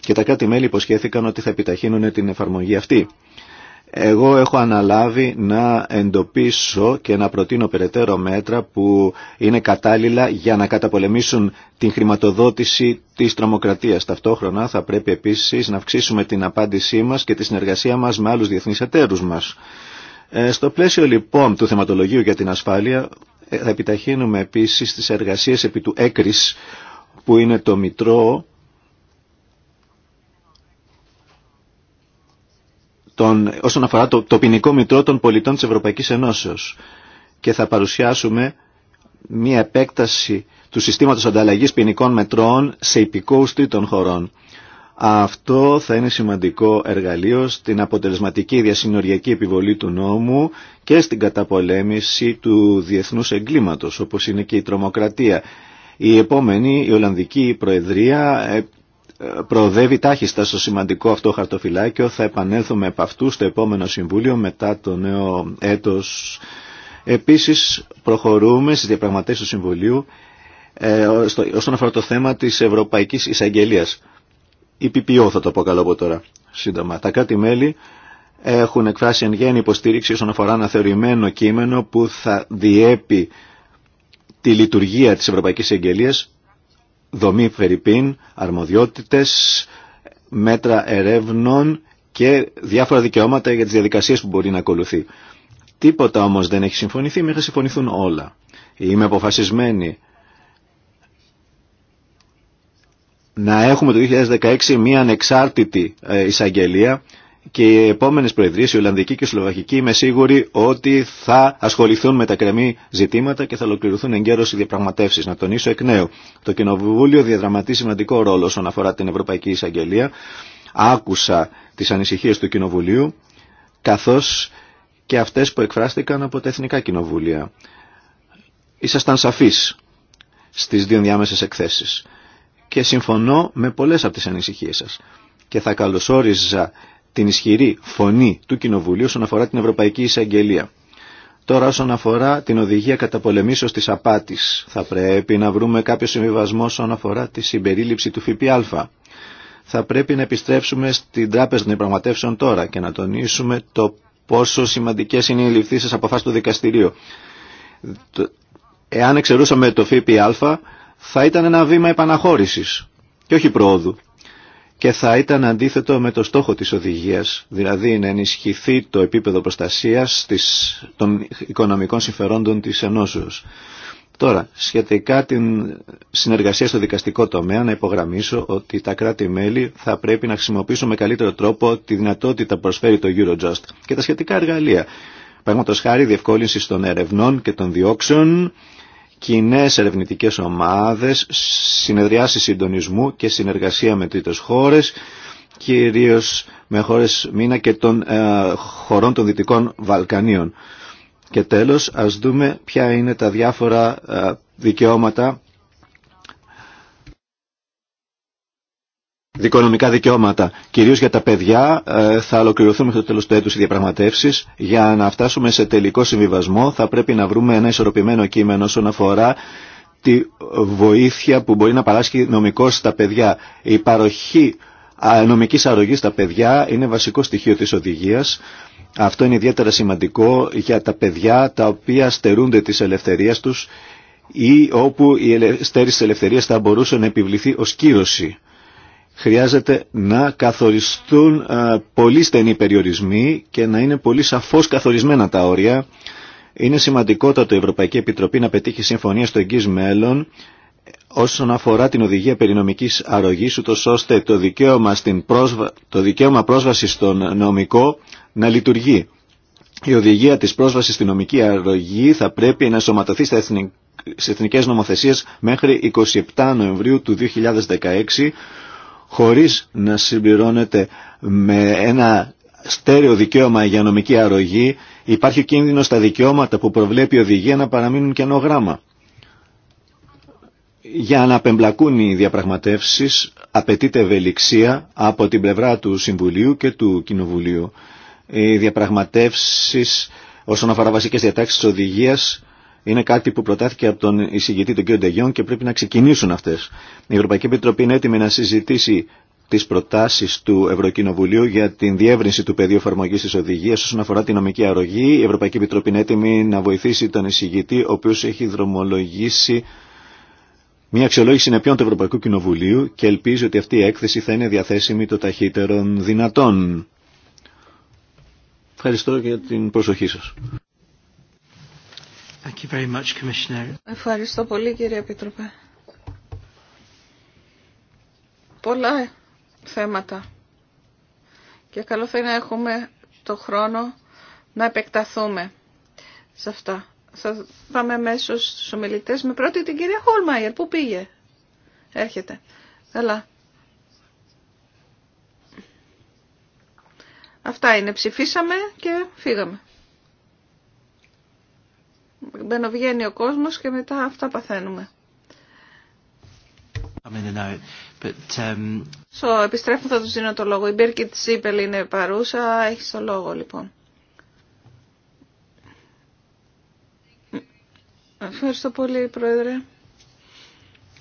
και τα κράτη-μέλη υποσχέθηκαν ότι θα επιταχύνουν την εφαρμογή αυτή. Εγώ έχω αναλάβει να εντοπίσω και να προτείνω περαιτέρω μέτρα που είναι κατάλληλα για να καταπολεμήσουν την χρηματοδότηση της τρομοκρατίας. Ταυτόχρονα θα πρέπει επίσης να αυξήσουμε την απάντησή μας και τη συνεργασία μας με άλλους διεθνείς εταίρους μας. Ε, στο πλαίσιο λοιπόν του θεματολογίου για την ασφάλεια ε, θα επιταχύνουμε επίσης τις εργασίες επί του ΕΚΡΙΣ που είναι το μητρό όσον αφορά το, το ποινικό μητρό των πολιτών της Ευρωπαϊκής Ενώσεως και θα παρουσιάσουμε μία επέκταση του συστήματος ανταλλαγής ποινικών μετρών σε υπηκόους τρίτων χωρών. Αυτό θα είναι σημαντικό εργαλείο στην αποτελεσματική διασυνοριακή επιβολή του νόμου και στην καταπολέμηση του διεθνούς εγκλήματος, όπως είναι και η τρομοκρατία. Η επόμενη, η Ολλανδική Προεδρία, ε, προοδεύει τάχιστα στο σημαντικό αυτό χαρτοφυλάκιο. Θα επανέλθουμε επ' αυτού στο επόμενο Συμβούλιο μετά το νέο έτος. Επίσης προχωρούμε στις διαπραγματεύσεις του Συμβουλίου ε, στο, όσον αφορά το θέμα της Ευρωπαϊκής εισαγγελία. Η PPO θα το αποκαλώ από τώρα σύντομα. Τα κράτη-μέλη έχουν εκφράσει εν γέννη υποστήριξη όσον αφορά ένα θεωρημένο κείμενο που θα διέπει τη λειτουργία της Ευρωπαϊκής Εγγελίας δομή φερρυπίν, αρμοδιότητες, μέτρα ερεύνων και διάφορα δικαιώματα για τις διαδικασίες που μπορεί να ακολουθεί. Τίποτα όμως δεν έχει συμφωνηθεί μέχρι συμφωνηθούν όλα. Είμαι αποφασισμένη να έχουμε το 2016 μία ανεξάρτητη ε, εισαγγελία και οι επόμενες προεδρίες, η Ολλανδική και η Σλοβακική, είμαι σίγουρη ότι θα ασχοληθούν με τα κρεμή ζητήματα και θα ολοκληρωθούν εγκαίρως οι διαπραγματεύσεις. Να τονίσω εκ νέου. Το Κοινοβούλιο διαδραματεί σημαντικό ρόλο όσον αφορά την Ευρωπαϊκή Εισαγγελία. Άκουσα τις ανησυχίες του Κοινοβουλίου, καθώς και αυτές που εκφράστηκαν από τα Εθνικά Κοινοβούλια. Ήσασταν σαφείς στις δύο διάμεσε εκθέσει. και συμφωνώ με πολλές από τις ανησυχίες σας και θα καλωσόριζα την ισχυρή φωνή του Κοινοβουλίου όσον αφορά την Ευρωπαϊκή Εισαγγελία. Τώρα όσον αφορά την οδηγία κατά καταπολεμήσεως της απάτης, θα πρέπει να βρούμε κάποιο συμβιβασμό όσον αφορά τη συμπερίληψη του ΦΠΑ. Θα πρέπει να επιστρέψουμε στην Τράπεζα των Υπραγματεύσεων τώρα και να τονίσουμε το πόσο σημαντικές είναι οι ληφθήσεις αποφάσεις του δικαστηρίου. Εάν εξαιρούσαμε το ΦΠΑ θα ήταν ένα βήμα επαναχώρησης και όχι πρόοδου και θα ήταν αντίθετο με το στόχο της οδηγίας, δηλαδή να ενισχυθεί το επίπεδο προστασίας των οικονομικών συμφερόντων της ενώσεως. Τώρα, σχετικά την συνεργασία στο δικαστικό τομέα, να υπογραμμίσω ότι τα κράτη-μέλη θα πρέπει να χρησιμοποιήσουν με καλύτερο τρόπο τη δυνατότητα που προσφέρει το Eurojust και τα σχετικά εργαλεία. Παραδείγματο χάρη διευκόλυνση των ερευνών και των διώξεων, κοινέ ερευνητικές ομάδες, συνεδριάσεις συντονισμού και συνεργασία με τρίτες χώρες, κυρίως με χώρες μήνα και των ε, χωρών των Δυτικών Βαλκανίων. Και τέλος, ας δούμε ποια είναι τα διάφορα ε, δικαιώματα δικονομικά δικαιώματα. Κυρίω για τα παιδιά ε, θα ολοκληρωθούν μέχρι το τέλο του έτου οι διαπραγματεύσει. Για να φτάσουμε σε τελικό συμβιβασμό θα πρέπει να βρούμε ένα ισορροπημένο κείμενο όσον αφορά τη βοήθεια που μπορεί να παράσχει νομικό στα παιδιά. Η παροχή νομικής αρρωγής στα παιδιά είναι βασικό στοιχείο της οδηγίας. Αυτό είναι ιδιαίτερα σημαντικό για τα παιδιά τα οποία στερούνται της ελευθερίας τους ή όπου η στέρηση της ελευθερίας θα μπορούσε να επιβληθεί ω κύρωση χρειάζεται να καθοριστούν ε, πολύ στενοί περιορισμοί και να είναι πολύ σαφώς καθορισμένα τα όρια. Είναι σημαντικότατο η Ευρωπαϊκή Επιτροπή να πετύχει συμφωνία στο εγγύς μέλλον όσον αφορά την οδηγία περινομικής αρρωγής, ούτως ώστε το δικαίωμα, στην πρόσβα... πρόσβαση στον νομικό να λειτουργεί. Η οδηγία της πρόσβασης στην νομική αρρωγή θα πρέπει να σωματωθεί στα εθνικέ σε εθνικές νομοθεσίες μέχρι 27 Νοεμβρίου του 2016 χωρίς να συμπληρώνεται με ένα στέρεο δικαίωμα για νομική αρρωγή, υπάρχει κίνδυνο στα δικαιώματα που προβλέπει η οδηγία να παραμείνουν κενό γράμμα. Για να απεμπλακούν οι διαπραγματεύσεις απαιτείται ευελιξία από την πλευρά του Συμβουλίου και του Κοινοβουλίου. Οι διαπραγματεύσεις όσον αφορά βασικές διατάξει της οδηγίας είναι κάτι που προτάθηκε από τον εισηγητή τον κ. Ντεγιόν και πρέπει να ξεκινήσουν αυτέ. Η Ευρωπαϊκή Επιτροπή είναι έτοιμη να συζητήσει τι προτάσει του Ευρωκοινοβουλίου για την διεύρυνση του πεδίου εφαρμογή τη οδηγία, όσον αφορά την νομική αρρωγή. Η Ευρωπαϊκή Επιτροπή είναι έτοιμη να βοηθήσει τον εισηγητή ο οποίο έχει δρομολογήσει μια αξιολόγηση συνεπειών του Ευρωπαϊκού Κοινοβουλίου και ελπίζει ότι αυτή η έκθεση θα είναι διαθέσιμη το ταχύτερον δυνατόν. Ευχαριστώ για την προσοχή σας. Thank you very much, Commissioner. Ευχαριστώ πολύ κύριε Επίτροπε. Πολλά θέματα και καλό θα είναι να έχουμε το χρόνο να επεκταθούμε σε αυτά. Θα πάμε αμέσω στους ομιλητές με πρώτη την κυρία Χόλμαϊερ που πήγε. Έρχεται. Έλα. Αυτά είναι. Ψηφίσαμε και φύγαμε μπαινοβγαίνει ο κόσμος και μετά αυτά παθαίνουμε. So, um, επιστρέφω, θα τους δίνω το λόγο. Η Μπίρκη Τσίπελ είναι παρούσα, έχει το λόγο λοιπόν. Ευχαριστώ πολύ, Πρόεδρε.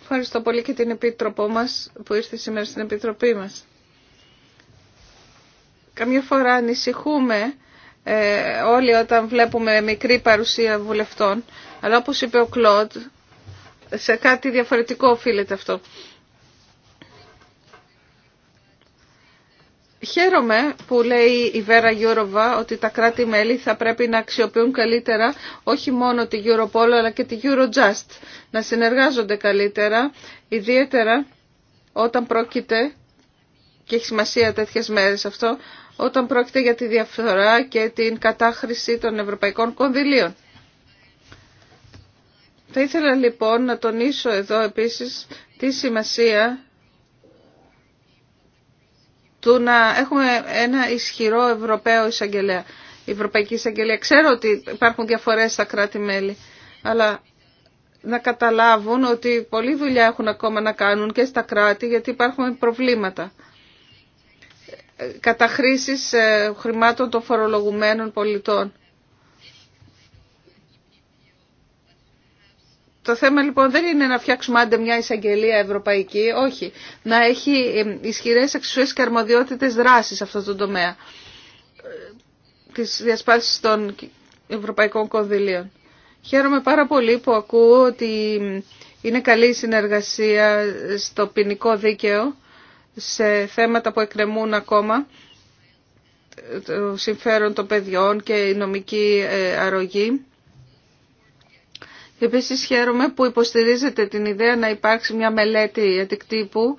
Ευχαριστώ πολύ και την Επίτροπό μας που ήρθε σήμερα στην Επιτροπή μας. Καμιά φορά ανησυχούμε ε, όλοι όταν βλέπουμε μικρή παρουσία βουλευτών. Αλλά όπως είπε ο Κλοντ, σε κάτι διαφορετικό οφείλεται αυτό. Χαίρομαι που λέει η Βέρα Γιούροβα ότι τα κράτη-μέλη θα πρέπει να αξιοποιούν καλύτερα όχι μόνο τη Europol αλλά και τη Eurojust. Να συνεργάζονται καλύτερα, ιδιαίτερα όταν πρόκειται και έχει σημασία τέτοιες μέρες αυτό, όταν πρόκειται για τη διαφθορά και την κατάχρηση των ευρωπαϊκών κονδυλίων. Θα ήθελα λοιπόν να τονίσω εδώ επίσης τη σημασία του να έχουμε ένα ισχυρό Ευρωπαίο εισαγγελέα, Ευρωπαϊκή εισαγγελία, Ξέρω ότι υπάρχουν διαφορές στα κράτη-μέλη, αλλά να καταλάβουν ότι πολλή δουλειά έχουν ακόμα να κάνουν και στα κράτη γιατί υπάρχουν προβλήματα καταχρήσεις ε, χρημάτων των φορολογουμένων πολιτών. Το θέμα λοιπόν δεν είναι να φτιάξουμε άντε μια εισαγγελία ευρωπαϊκή, όχι. Να έχει ε, ισχυρές αξιωσίες και αρμοδιότητες δράσης σε αυτό το τομέα ε, της διασπάσης των ευρωπαϊκών κονδυλίων. Χαίρομαι πάρα πολύ που ακούω ότι είναι καλή η συνεργασία στο ποινικό δίκαιο σε θέματα που εκκρεμούν ακόμα το συμφέρον των παιδιών και η νομική ε, αρρωγή. Επίσης χαίρομαι που υποστηρίζετε την ιδέα να υπάρξει μια μελέτη αντικτύπου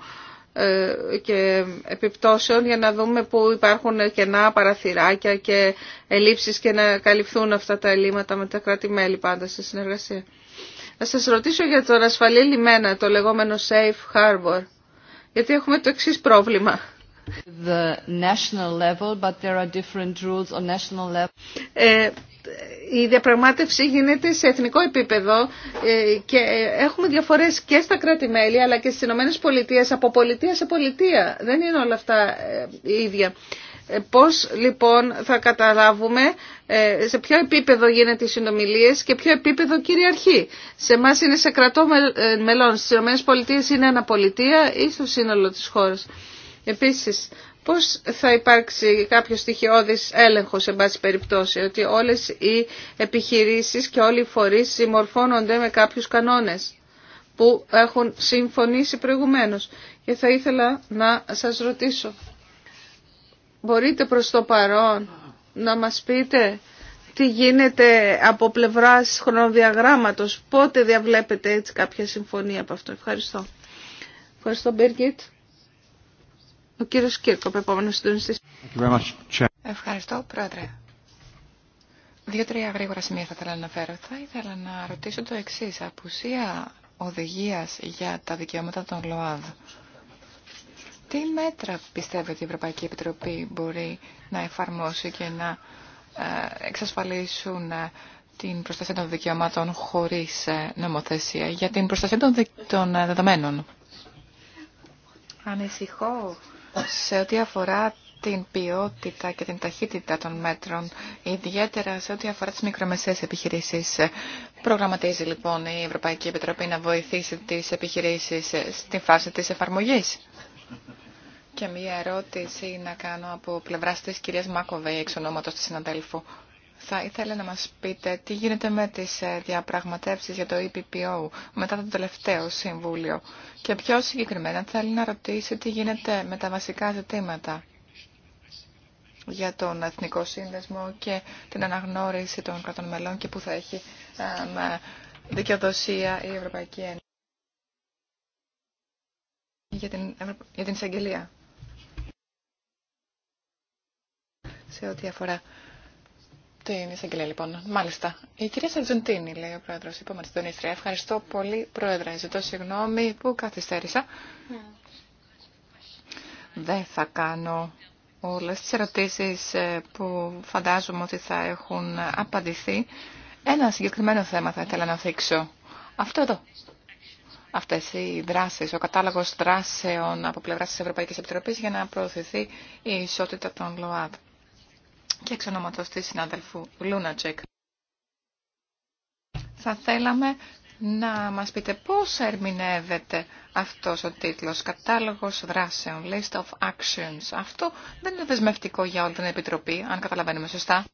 ε, και επιπτώσεων για να δούμε που υπάρχουν κενά παραθυράκια και ελλείψεις και να καλυφθούν αυτά τα ελλείμματα με τα κράτη-μέλη πάντα στη συνεργασία. Να σας ρωτήσω για τον ασφαλή λιμένα, το λεγόμενο Safe Harbor. Γιατί έχουμε το εξή πρόβλημα. level, Ε, η διαπραγμάτευση γίνεται σε εθνικό επίπεδο ε, και έχουμε διαφορές και στα κράτη-μέλη αλλά και στις ΗΠΑ από πολιτεία σε πολιτεία. Δεν είναι όλα αυτά ε, ίδια. Πώς λοιπόν θα καταλάβουμε ε, σε ποιο επίπεδο γίνεται οι συνομιλίες και ποιο επίπεδο κυριαρχεί. Σε εμά είναι σε κρατό ε, μελών, στις ΗΠΑ είναι αναπολιτεία ή στο σύνολο της χώρας. Επίσης, πώς θα υπάρξει κάποιο στοιχειώδης έλεγχος σε μπάση περιπτώσει, ότι όλες οι επιχειρήσεις και όλοι οι φορείς συμμορφώνονται με κάποιους κανόνες που έχουν συμφωνήσει προηγουμένως. Και θα ήθελα να σας ρωτήσω Μπορείτε προς το παρόν να μας πείτε τι γίνεται από πλευράς χρονοδιαγράμματος, πότε διαβλέπετε έτσι κάποια συμφωνία από αυτό. Ευχαριστώ. Ευχαριστώ, Μπίργκιτ. Ο κύριος Κύρκοπ, επόμενος συντονιστής. Ευχαριστώ, Πρόεδρε. Δύο-τρία γρήγορα σημεία θα ήθελα να αναφέρω. Θα ήθελα να ρωτήσω το εξής. Απουσία οδηγίας για τα δικαιώματα των ΛΟΑΔ. Τι μέτρα πιστεύετε ότι η Ευρωπαϊκή Επιτροπή μπορεί να εφαρμόσει και να ε, εξασφαλίσουν ε, την προστασία των δικαιωμάτων χωρίς ε, νομοθεσία για την προστασία των δεδομένων. Ανησυχώ σε ό,τι αφορά την ποιότητα και την ταχύτητα των μέτρων, ιδιαίτερα σε ό,τι αφορά τις μικρομεσαίες επιχειρήσεις. Προγραμματίζει λοιπόν η Ευρωπαϊκή Επιτροπή να βοηθήσει τις επιχειρήσεις στη φάση της εφαρμογής. Και μία ερώτηση να κάνω από πλευρά τη κυρία Μάκοβε, εξ ονόματο τη συναδέλφου. Θα ήθελα να μας πείτε τι γίνεται με τις ε, διαπραγματεύσεις για το EPPO μετά το τελευταίο συμβούλιο και πιο συγκεκριμένα θέλει να ρωτήσει τι γίνεται με τα βασικά ζητήματα για τον Εθνικό Σύνδεσμο και την αναγνώριση των κρατών μελών και που θα έχει δικαιοδοσία η Ευρωπαϊκή Ένωση για την εισαγγελία. σε ό,τι αφορά την εισαγγελία, λοιπόν. Μάλιστα. Η κυρία Σαρτζεντίνη, λέει ο πρόεδρο, είπαμε στην Ιστρία. Ευχαριστώ πολύ, πρόεδρε. Ζητώ συγγνώμη που καθυστέρησα. Δεν θα κάνω όλε τι ερωτήσει ε, που φαντάζομαι ότι θα έχουν απαντηθεί. Ένα συγκεκριμένο θέμα θα ήθελα να θίξω. Αυτό εδώ. Αυτέ οι δράσει, ο κατάλογο δράσεων από πλευρά τη Ευρωπαϊκή Επιτροπή για να προωθηθεί η ισότητα των ΛΟΑΤ και εξ ονόματος της συνάδελφου Λούνατσεκ. Θα θέλαμε να μας πείτε πώς ερμηνεύεται αυτός ο τίτλος «Κατάλογος δράσεων», «List of Actions». Αυτό δεν είναι δεσμευτικό για όλη την Επιτροπή, αν καταλαβαίνουμε σωστά.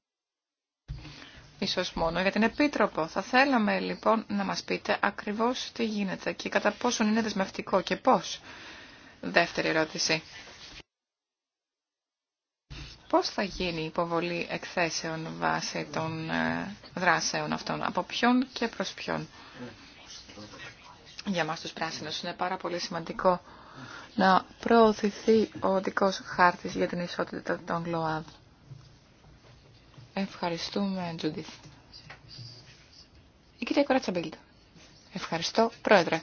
Ίσως μόνο για την Επίτροπο. Θα θέλαμε λοιπόν να μας πείτε ακριβώς τι γίνεται και κατά πόσον είναι δεσμευτικό και πώς. Δεύτερη ερώτηση. Πώς θα γίνει η υποβολή εκθέσεων βάσει των ε, δράσεων αυτών, από ποιον και προς ποιον. Για μας τους πράσινους είναι πάρα πολύ σημαντικό να προωθηθεί ο δικός χάρτης για την ισότητα των ΛΟΑΔ. Ευχαριστούμε, Τζουντίθ. Η κυρία Κορατσαμπίλτα. Ευχαριστώ, Πρόεδρε.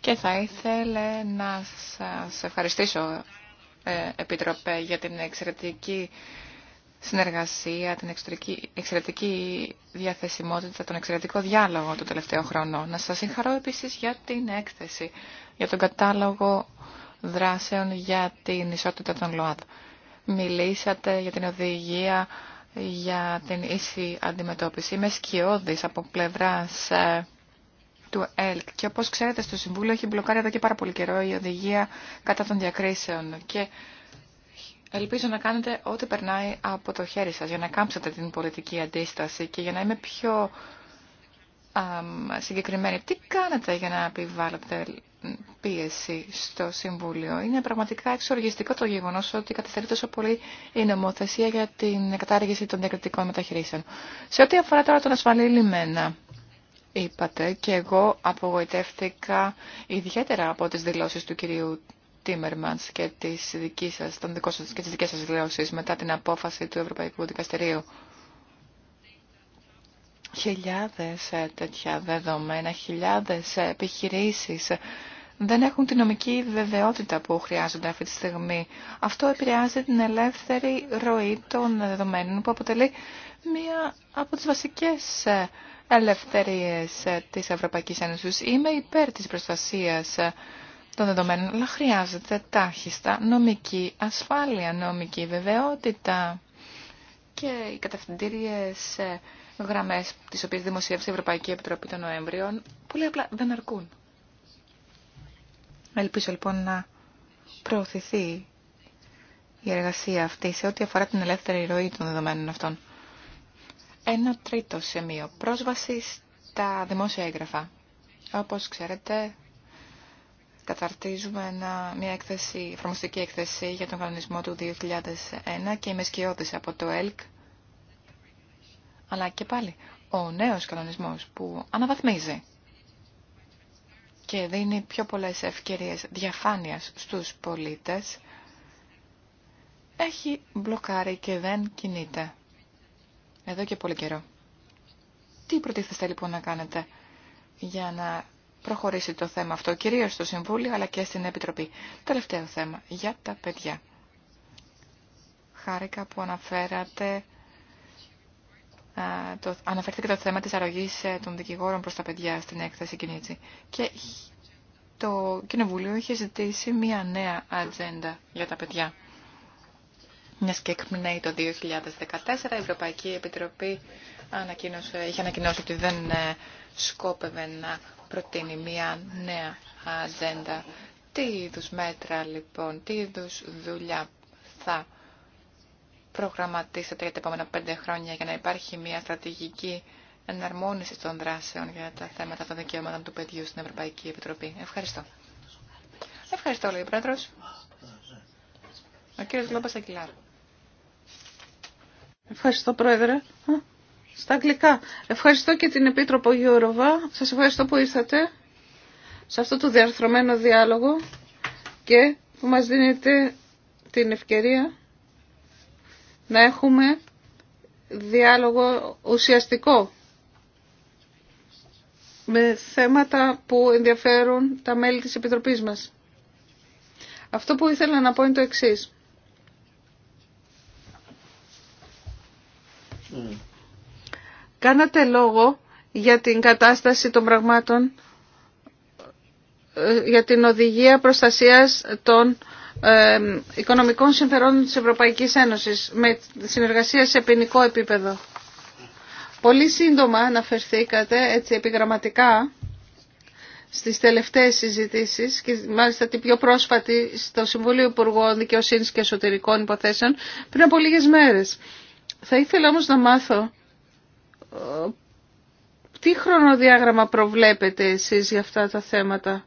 Και θα ήθελε να σας ευχαριστήσω ε, Επιτροπέ, για την εξαιρετική συνεργασία, την εξαιρετική, διαθεσιμότητα, τον εξαιρετικό διάλογο του τελευταίο χρονού. Να σας συγχαρώ επίσης για την έκθεση, για τον κατάλογο δράσεων για την ισότητα των ΛΟΑΤ. Μιλήσατε για την οδηγία για την ίση αντιμετώπιση. Είμαι σκιώδης από πλευράς ε, του ΕΛΚ. Και όπως ξέρετε στο Συμβούλιο έχει μπλοκάρει εδώ και πάρα πολύ καιρό η οδηγία κατά των διακρίσεων. Και ελπίζω να κάνετε ό,τι περνάει από το χέρι σας για να κάμψετε την πολιτική αντίσταση και για να είμαι πιο α, συγκεκριμένη. Τι κάνετε για να επιβάλλετε πίεση στο Συμβούλιο. Είναι πραγματικά εξοργιστικό το γεγονό ότι καθυστερεί τόσο πολύ η νομοθεσία για την κατάργηση των διακριτικών μεταχειρήσεων. Σε ό,τι αφορά τώρα τον ασφαλή λιμένα, είπατε και εγώ απογοητεύτηκα ιδιαίτερα από τις δηλώσεις του κυρίου Τίμερμανς και τις δικές σας, και τις δικές σας δηλώσεις μετά την απόφαση του Ευρωπαϊκού Δικαστηρίου. Χιλιάδες ε, τέτοια δεδομένα, χιλιάδες ε, επιχειρήσεις δεν έχουν την νομική βεβαιότητα που χρειάζονται αυτή τη στιγμή. Αυτό επηρεάζει την ελεύθερη ροή των δεδομένων που αποτελεί μία από τις βασικές ε, ελευθερίες ε, της Ευρωπαϊκής Ένωσης. Είμαι υπέρ της προστασίας ε, των δεδομένων, αλλά χρειάζεται τάχιστα νομική ασφάλεια, νομική βεβαιότητα και οι κατευθυντήριες ε, γραμμές τις οποίες δημοσίευσε η Ευρωπαϊκή Επιτροπή τον Νοέμβριο πολύ απλά δεν αρκούν. Ελπίζω λοιπόν να προωθηθεί η εργασία αυτή σε ό,τι αφορά την ελεύθερη ροή των δεδομένων αυτών. Ένα τρίτο σημείο. Πρόσβαση στα δημόσια έγγραφα. Όπως ξέρετε, καταρτίζουμε μια έκθεση, εφαρμοστική έκθεση για τον κανονισμό του 2001 και είμαι σκιώδης από το ΕΛΚ. Αλλά και πάλι, ο νέος κανονισμός που αναβαθμίζει και δίνει πιο πολλές ευκαιρίες διαφάνειας στους πολίτες, έχει μπλοκάρει και δεν κινείται εδώ και πολύ καιρό. Τι προτίθεστε λοιπόν να κάνετε για να προχωρήσει το θέμα αυτό, κυρίως στο Συμβούλιο αλλά και στην Επιτροπή. Τελευταίο θέμα, για τα παιδιά. Χάρηκα που αναφέρατε το, αναφέρθηκε το θέμα της αρρωγής ε, των δικηγόρων προς τα παιδιά στην έκθεση Κινίτσι. Και το Κοινοβούλιο είχε ζητήσει μια νέα ατζέντα για τα παιδιά. Μια και εκμηνέει το 2014, η Ευρωπαϊκή Επιτροπή ανακοίνωσε, είχε ανακοινώσει ότι δεν ε, σκόπευε να προτείνει μια νέα ατζέντα. Τι είδου μέτρα λοιπόν, τι είδου δουλειά θα προγραμματίσετε για τα επόμενα πέντε χρόνια για να υπάρχει μια στρατηγική εναρμόνιση των δράσεων για τα θέματα των δικαιωμάτων του παιδιού στην Ευρωπαϊκή Επιτροπή. Ευχαριστώ. Ευχαριστώ, λέει ο Πρόεδρος. Ο κύριος Γλώμπας Ευχαριστώ Πρόεδρε. Στα αγγλικά. Ευχαριστώ και την Επίτροπο Γιώροβα. Σας ευχαριστώ που ήρθατε σε αυτό το διαρθρωμένο διάλογο και που μας δίνετε την ευκαιρία να έχουμε διάλογο ουσιαστικό με θέματα που ενδιαφέρουν τα μέλη της Επιτροπής μας. Αυτό που ήθελα να πω είναι το εξής. Κάνατε λόγο για την κατάσταση των πραγμάτων, ε, για την οδηγία προστασίας των ε, οικονομικών συμφερόντων της Ευρωπαϊκής Ένωσης με συνεργασία σε ποινικό επίπεδο. Πολύ σύντομα αναφερθήκατε έτσι επιγραμματικά στις τελευταίες συζητήσεις και μάλιστα την πιο πρόσφατη στο Συμβούλιο Υπουργών Δικαιοσύνης και Εσωτερικών Υποθέσεων πριν από λίγες μέρες. Θα ήθελα όμως να μάθω ε, τι χρονοδιάγραμμα προβλέπετε εσείς για αυτά τα θέματα.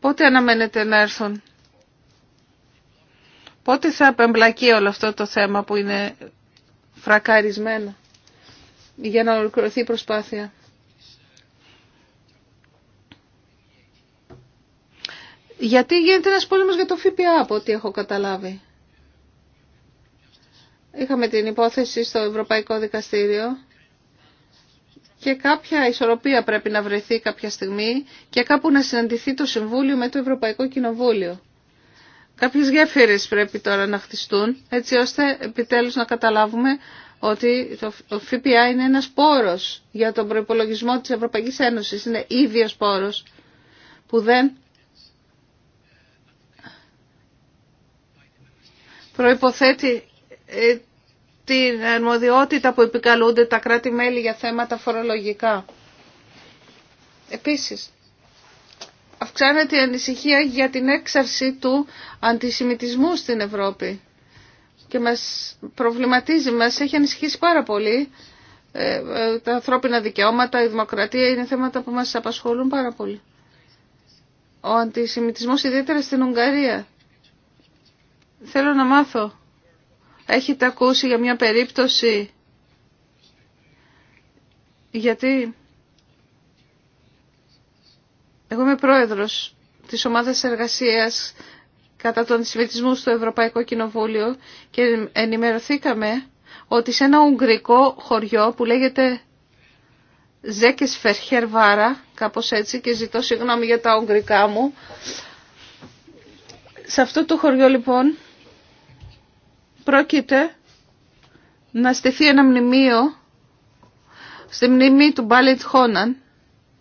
Πότε αναμένετε να έρθουν. Πότε θα απεμπλακεί όλο αυτό το θέμα που είναι φρακαρισμένο για να ολοκληρωθεί η προσπάθεια. Γιατί γίνεται ένας πόλεμος για το ΦΠΑ από ό,τι έχω καταλάβει. Είχαμε την υπόθεση στο Ευρωπαϊκό Δικαστήριο και κάποια ισορροπία πρέπει να βρεθεί κάποια στιγμή και κάπου να συναντηθεί το Συμβούλιο με το Ευρωπαϊκό Κοινοβούλιο. Κάποιες γέφυρες πρέπει τώρα να χτιστούν έτσι ώστε επιτέλους να καταλάβουμε ότι το ΦΠΑ είναι ένας πόρος για τον προϋπολογισμό της Ευρωπαϊκής Ένωσης. Είναι ίδιος πόρος που δεν προϋποθέτει ε, την αρμοδιότητα που επικαλούνται τα κράτη-μέλη για θέματα φορολογικά. Επίσης, αυξάνεται η ανησυχία για την έξαρση του αντισημιτισμού στην Ευρώπη και μας προβληματίζει, μας έχει ανησυχήσει πάρα πολύ ε, ε, τα ανθρώπινα δικαιώματα, η δημοκρατία είναι θέματα που μας απασχολούν πάρα πολύ. Ο αντισημιτισμός ιδιαίτερα στην Ουγγαρία. Θέλω να μάθω Έχετε ακούσει για μια περίπτωση γιατί εγώ είμαι πρόεδρος της ομάδας εργασίας κατά τον συμβιτισμό στο Ευρωπαϊκό Κοινοβούλιο και ενημερωθήκαμε ότι σε ένα ουγγρικό χωριό που λέγεται Ζέκες Φερχερβάρα, κάπως έτσι και ζητώ συγγνώμη για τα ουγγρικά μου. Σε αυτό το χωριό λοιπόν πρόκειται να στηθεί ένα μνημείο στη μνήμη του Μπάλιτ Χόναν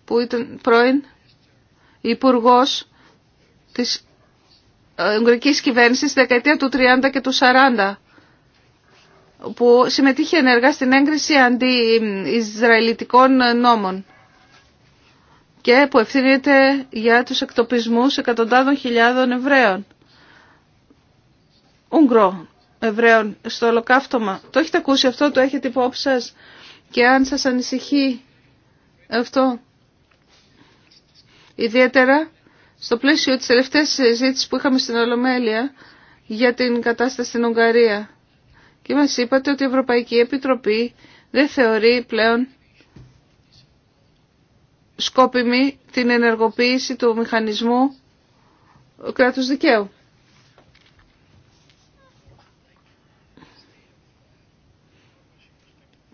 που ήταν πρώην υπουργό της ε, Ουγγρικής κυβέρνησης στη δεκαετία του 30 και του 40 που συμμετείχε ενεργά στην έγκριση αντι-Ισραηλιτικών νόμων και που ευθύνεται για τους εκτοπισμούς εκατοντάδων χιλιάδων Εβραίων. Ουγγρό Εβραίων στο ολοκαύτωμα. Το έχετε ακούσει αυτό, το έχετε υπόψη σας και αν σας ανησυχεί αυτό. Ιδιαίτερα στο πλαίσιο της τελευταίας συζήτηση που είχαμε στην Ολομέλεια για την κατάσταση στην Ουγγαρία. Και μας είπατε ότι η Ευρωπαϊκή Επιτροπή δεν θεωρεί πλέον σκόπιμη την ενεργοποίηση του μηχανισμού κράτους δικαίου.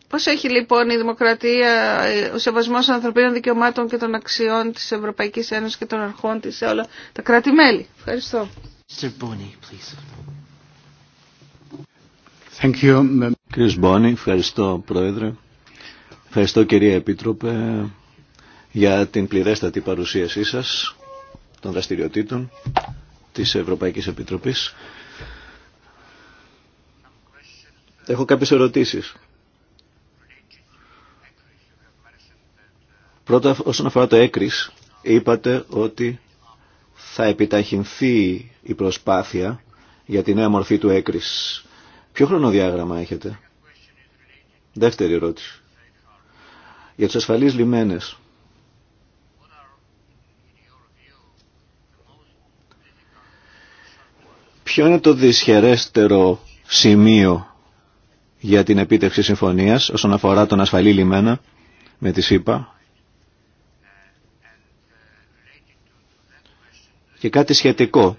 Πώς έχει λοιπόν η δημοκρατία, ο σεβασμός των ανθρωπίνων δικαιωμάτων και των αξιών της Ευρωπαϊκής Ένωσης και των αρχών της σε όλα τα κράτη-μέλη. Ευχαριστώ. Thank you. ευχαριστώ Πρόεδρε. Ευχαριστώ κυρία Επίτροπε για την πληρέστατη παρουσίασή σας των δραστηριοτήτων της Ευρωπαϊκής Επιτροπής. Έχω κάποιες ερωτήσεις. Πρώτα όσον αφορά το έκρης, είπατε ότι θα επιταχυνθεί η προσπάθεια για τη νέα μορφή του έκρης. Ποιο χρονοδιάγραμμα έχετε. Δεύτερη ερώτηση. Για τους ασφαλείς λιμένες. Ποιο είναι το δυσχερέστερο σημείο για την επίτευξη συμφωνίας όσον αφορά τον ασφαλή λιμένα με τη ΣΥΠΑ Και κάτι σχετικό.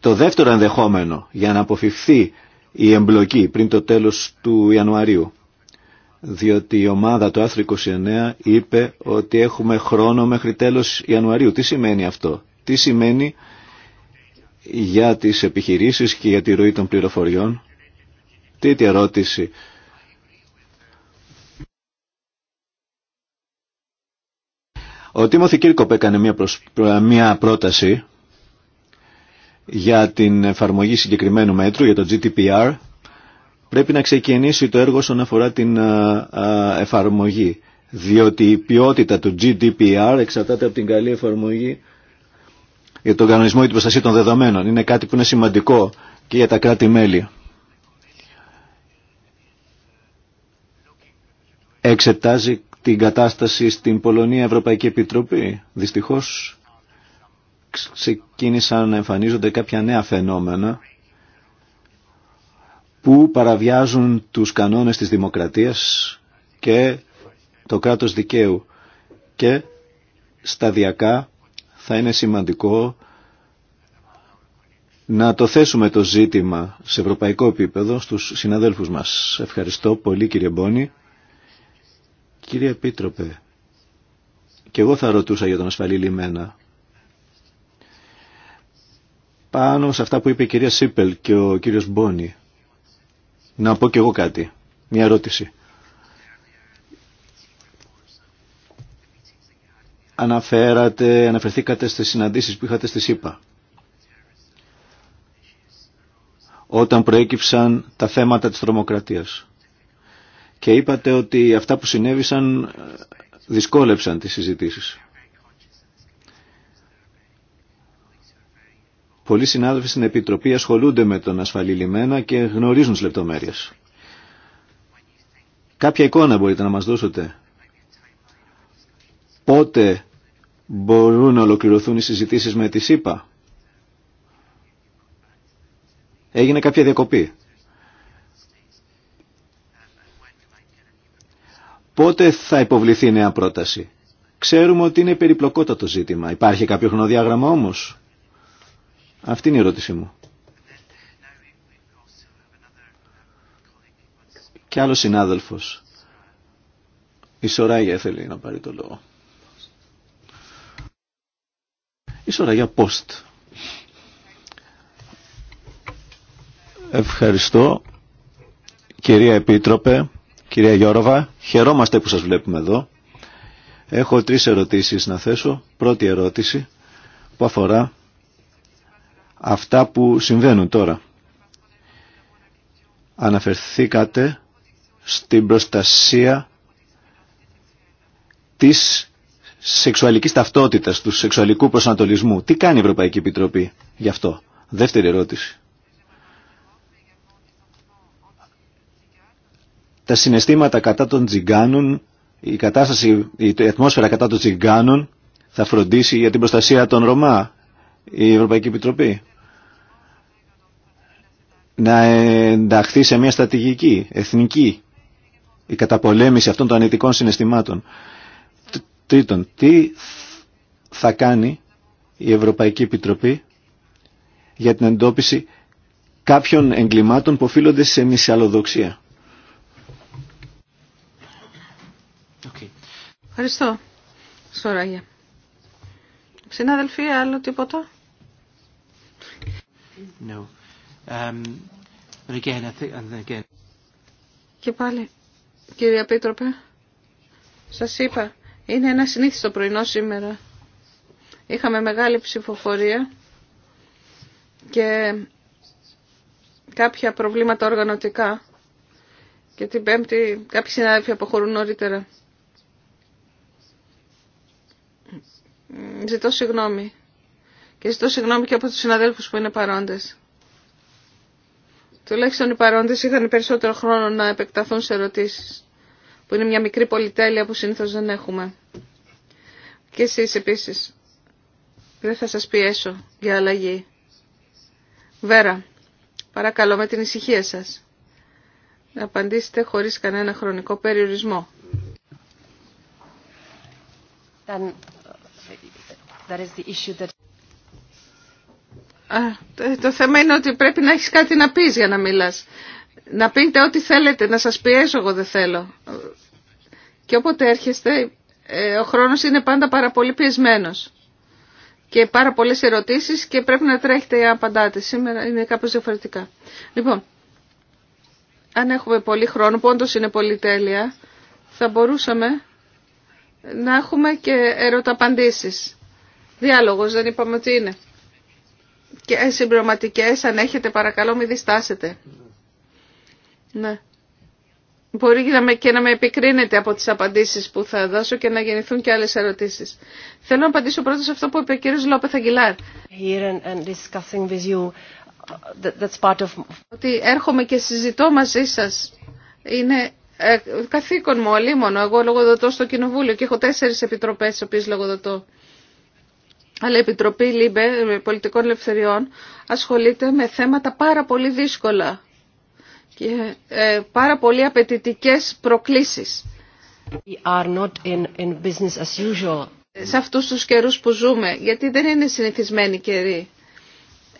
Το δεύτερο ενδεχόμενο για να αποφυφθεί η εμπλοκή πριν το τέλος του Ιανουαρίου. Διότι η ομάδα του Άθρου 29 είπε ότι έχουμε χρόνο μέχρι τέλος Ιανουαρίου. Τι σημαίνει αυτό. Τι σημαίνει για τις επιχειρήσεις και για τη ροή των πληροφοριών. τίτη ερώτηση Ο Τίμωθη Κύρκοπ έκανε μια, πρόταση για την εφαρμογή συγκεκριμένου μέτρου, για το GDPR. Πρέπει να ξεκινήσει το έργο όσον αφορά την εφαρμογή, διότι η ποιότητα του GDPR εξαρτάται από την καλή εφαρμογή για τον κανονισμό ή την προστασία των δεδομένων. Είναι κάτι που είναι σημαντικό και για τα κράτη-μέλη. Εξετάζει την κατάσταση στην Πολωνία Ευρωπαϊκή Επιτροπή. Δυστυχώς ξεκίνησαν να εμφανίζονται κάποια νέα φαινόμενα που παραβιάζουν τους κανόνες της δημοκρατίας και το κράτος δικαίου και σταδιακά θα είναι σημαντικό να το θέσουμε το ζήτημα σε ευρωπαϊκό επίπεδο στους συναδέλφους μας. Ευχαριστώ πολύ κύριε Μπόνη. Κύριε Επίτροπε, και εγώ θα ρωτούσα για τον ασφαλή λιμένα. Πάνω σε αυτά που είπε η κυρία Σίπελ και ο κύριος Μπόνι, να πω κι εγώ κάτι, μια ερώτηση. Αναφέρατε, αναφερθήκατε στις συναντήσεις που είχατε στη ΣΥΠΑ. Όταν προέκυψαν τα θέματα της τρομοκρατίας και είπατε ότι αυτά που συνέβησαν ε, δυσκόλεψαν τις συζητήσεις. Πολλοί συνάδελφοι στην Επιτροπή ασχολούνται με τον ασφαλή λιμένα και γνωρίζουν τις λεπτομέρειες. Κάποια εικόνα μπορείτε να μας δώσετε. Πότε μπορούν να ολοκληρωθούν οι συζητήσεις με τη ΣΥΠΑ. Έγινε κάποια διακοπή. Πότε θα υποβληθεί η νέα πρόταση. Ξέρουμε ότι είναι περιπλοκότατο ζήτημα. Υπάρχει κάποιο χρονοδιάγραμμα όμως. Αυτή είναι η ερώτησή μου. Και άλλος συνάδελφος. Η Σοράγια θέλει να πάρει το λόγο. Η Σοράγια Πόστ. Ευχαριστώ. Κυρία Επίτροπε, Κυρία Γιώροβα, χαιρόμαστε που σας βλέπουμε εδώ. Έχω τρεις ερωτήσεις να θέσω. Πρώτη ερώτηση που αφορά αυτά που συμβαίνουν τώρα. Αναφερθήκατε στην προστασία της σεξουαλικής ταυτότητας, του σεξουαλικού προσανατολισμού. Τι κάνει η Ευρωπαϊκή Επιτροπή γι' αυτό. Δεύτερη ερώτηση. τα συναισθήματα κατά των τζιγκάνων, η, κατάσταση, η ατμόσφαιρα κατά των τζιγκάνων θα φροντίσει για την προστασία των Ρωμά η Ευρωπαϊκή Επιτροπή. Να ενταχθεί σε μια στρατηγική, εθνική, η καταπολέμηση αυτών των ανητικών συναισθημάτων. Τρίτον, τι θα κάνει η Ευρωπαϊκή Επιτροπή για την εντόπιση κάποιων εγκλημάτων που οφείλονται σε μυσαλλοδοξία. Ευχαριστώ, Σωράγια. Συναδελφοί, άλλο τίποτα. No. Um, but again, I think, and again. Και πάλι, κύριε Πίτροπε, σας είπα, είναι ένα συνήθιστο πρωινό σήμερα. Είχαμε μεγάλη ψηφοφορία και κάποια προβλήματα οργανωτικά και την Πέμπτη κάποιοι συνάδελφοι αποχωρούν νωρίτερα. Ζητώ συγγνώμη. Και ζητώ συγγνώμη και από τους συναδέλφους που είναι παρόντες. Τουλάχιστον οι παρόντες είχαν περισσότερο χρόνο να επεκταθούν σε ερωτήσεις, που είναι μια μικρή πολυτέλεια που συνήθως δεν έχουμε. Και εσείς επίσης. Δεν θα σας πιέσω για αλλαγή. Βέρα, παρακαλώ με την ησυχία σας. Να απαντήσετε χωρίς κανένα χρονικό περιορισμό το θέμα είναι ότι πρέπει να έχεις κάτι να πεις για να μιλάς. Να πείτε ό,τι θέλετε, να σας πιέσω εγώ δεν θέλω. Και όποτε έρχεστε, ε, ο χρόνος είναι πάντα πάρα πολύ πιεσμένος. Και πάρα πολλές ερωτήσεις και πρέπει να τρέχετε για απαντάτε. Σήμερα είναι κάπως διαφορετικά. Λοιπόν, αν έχουμε πολύ χρόνο, που όντως είναι τέλεια θα μπορούσαμε να έχουμε και ερωταπαντήσεις. Διάλογος δεν είπαμε ότι είναι. Και ε, συμπληρωματικές, αν έχετε παρακαλώ μην διστάσετε. Ναι. Μπορεί να με, και να με επικρίνετε από τις απαντήσεις που θα δώσω και να γεννηθούν και άλλες ερωτήσεις. Θέλω να απαντήσω πρώτα σε αυτό που είπε ο κύριος Λόπεθ Αγγιλάρ. Uh, ότι έρχομαι και συζητώ μαζί σας. Είναι ε, καθήκον μου, μόνο. Εγώ λογοδοτώ στο Κοινοβούλιο και έχω τέσσερις επιτροπές στις οποίες λογοδοτώ αλλά η Επιτροπή ΛΥΜΠΕ ε, Πολιτικών Ελευθεριών ασχολείται με θέματα πάρα πολύ δύσκολα και ε, πάρα πολύ απαιτητικέ προκλήσεις. Ε, σε αυτούς τους καιρούς που ζούμε, γιατί δεν είναι συνηθισμένοι καιροί.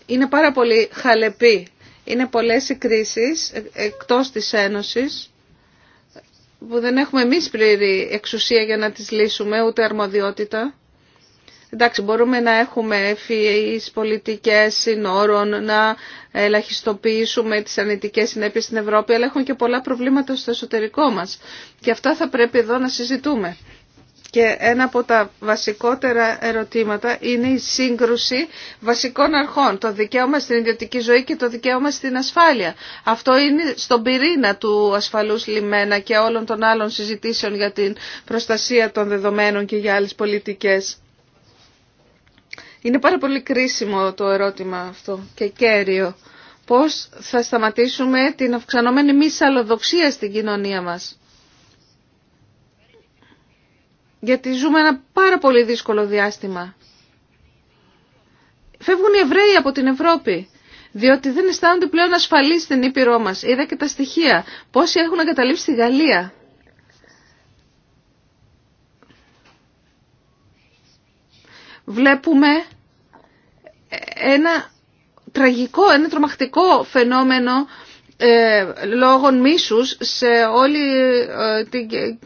Είναι πάρα πολύ χαλεπή. Είναι πολλές οι κρίσεις εκτός της Ένωσης που δεν έχουμε εμείς πλήρη εξουσία για να τις λύσουμε, ούτε αρμοδιότητα. Εντάξει, μπορούμε να έχουμε ευφυείς πολιτικές συνόρων, να ελαχιστοποιήσουμε τις ανητικές συνέπειες στην Ευρώπη, αλλά έχουν και πολλά προβλήματα στο εσωτερικό μας. Και αυτά θα πρέπει εδώ να συζητούμε. Και ένα από τα βασικότερα ερωτήματα είναι η σύγκρουση βασικών αρχών. Το δικαίωμα στην ιδιωτική ζωή και το δικαίωμα στην ασφάλεια. Αυτό είναι στον πυρήνα του ασφαλούς λιμένα και όλων των άλλων συζητήσεων για την προστασία των δεδομένων και για άλλες πολιτικές. Είναι πάρα πολύ κρίσιμο το ερώτημα αυτό και κέριο. Πώς θα σταματήσουμε την αυξανόμενη μη σαλλοδοξία στην κοινωνία μας. Γιατί ζούμε ένα πάρα πολύ δύσκολο διάστημα. Φεύγουν οι Εβραίοι από την Ευρώπη διότι δεν αισθάνονται πλέον ασφαλείς στην Ήπειρό μας. Είδα και τα στοιχεία. Πόσοι έχουν εγκαταλείψει τη Γαλλία. βλέπουμε ένα τραγικό, ένα τρομακτικό φαινόμενο ε, λόγων μίσους σε όλη ε, την ε,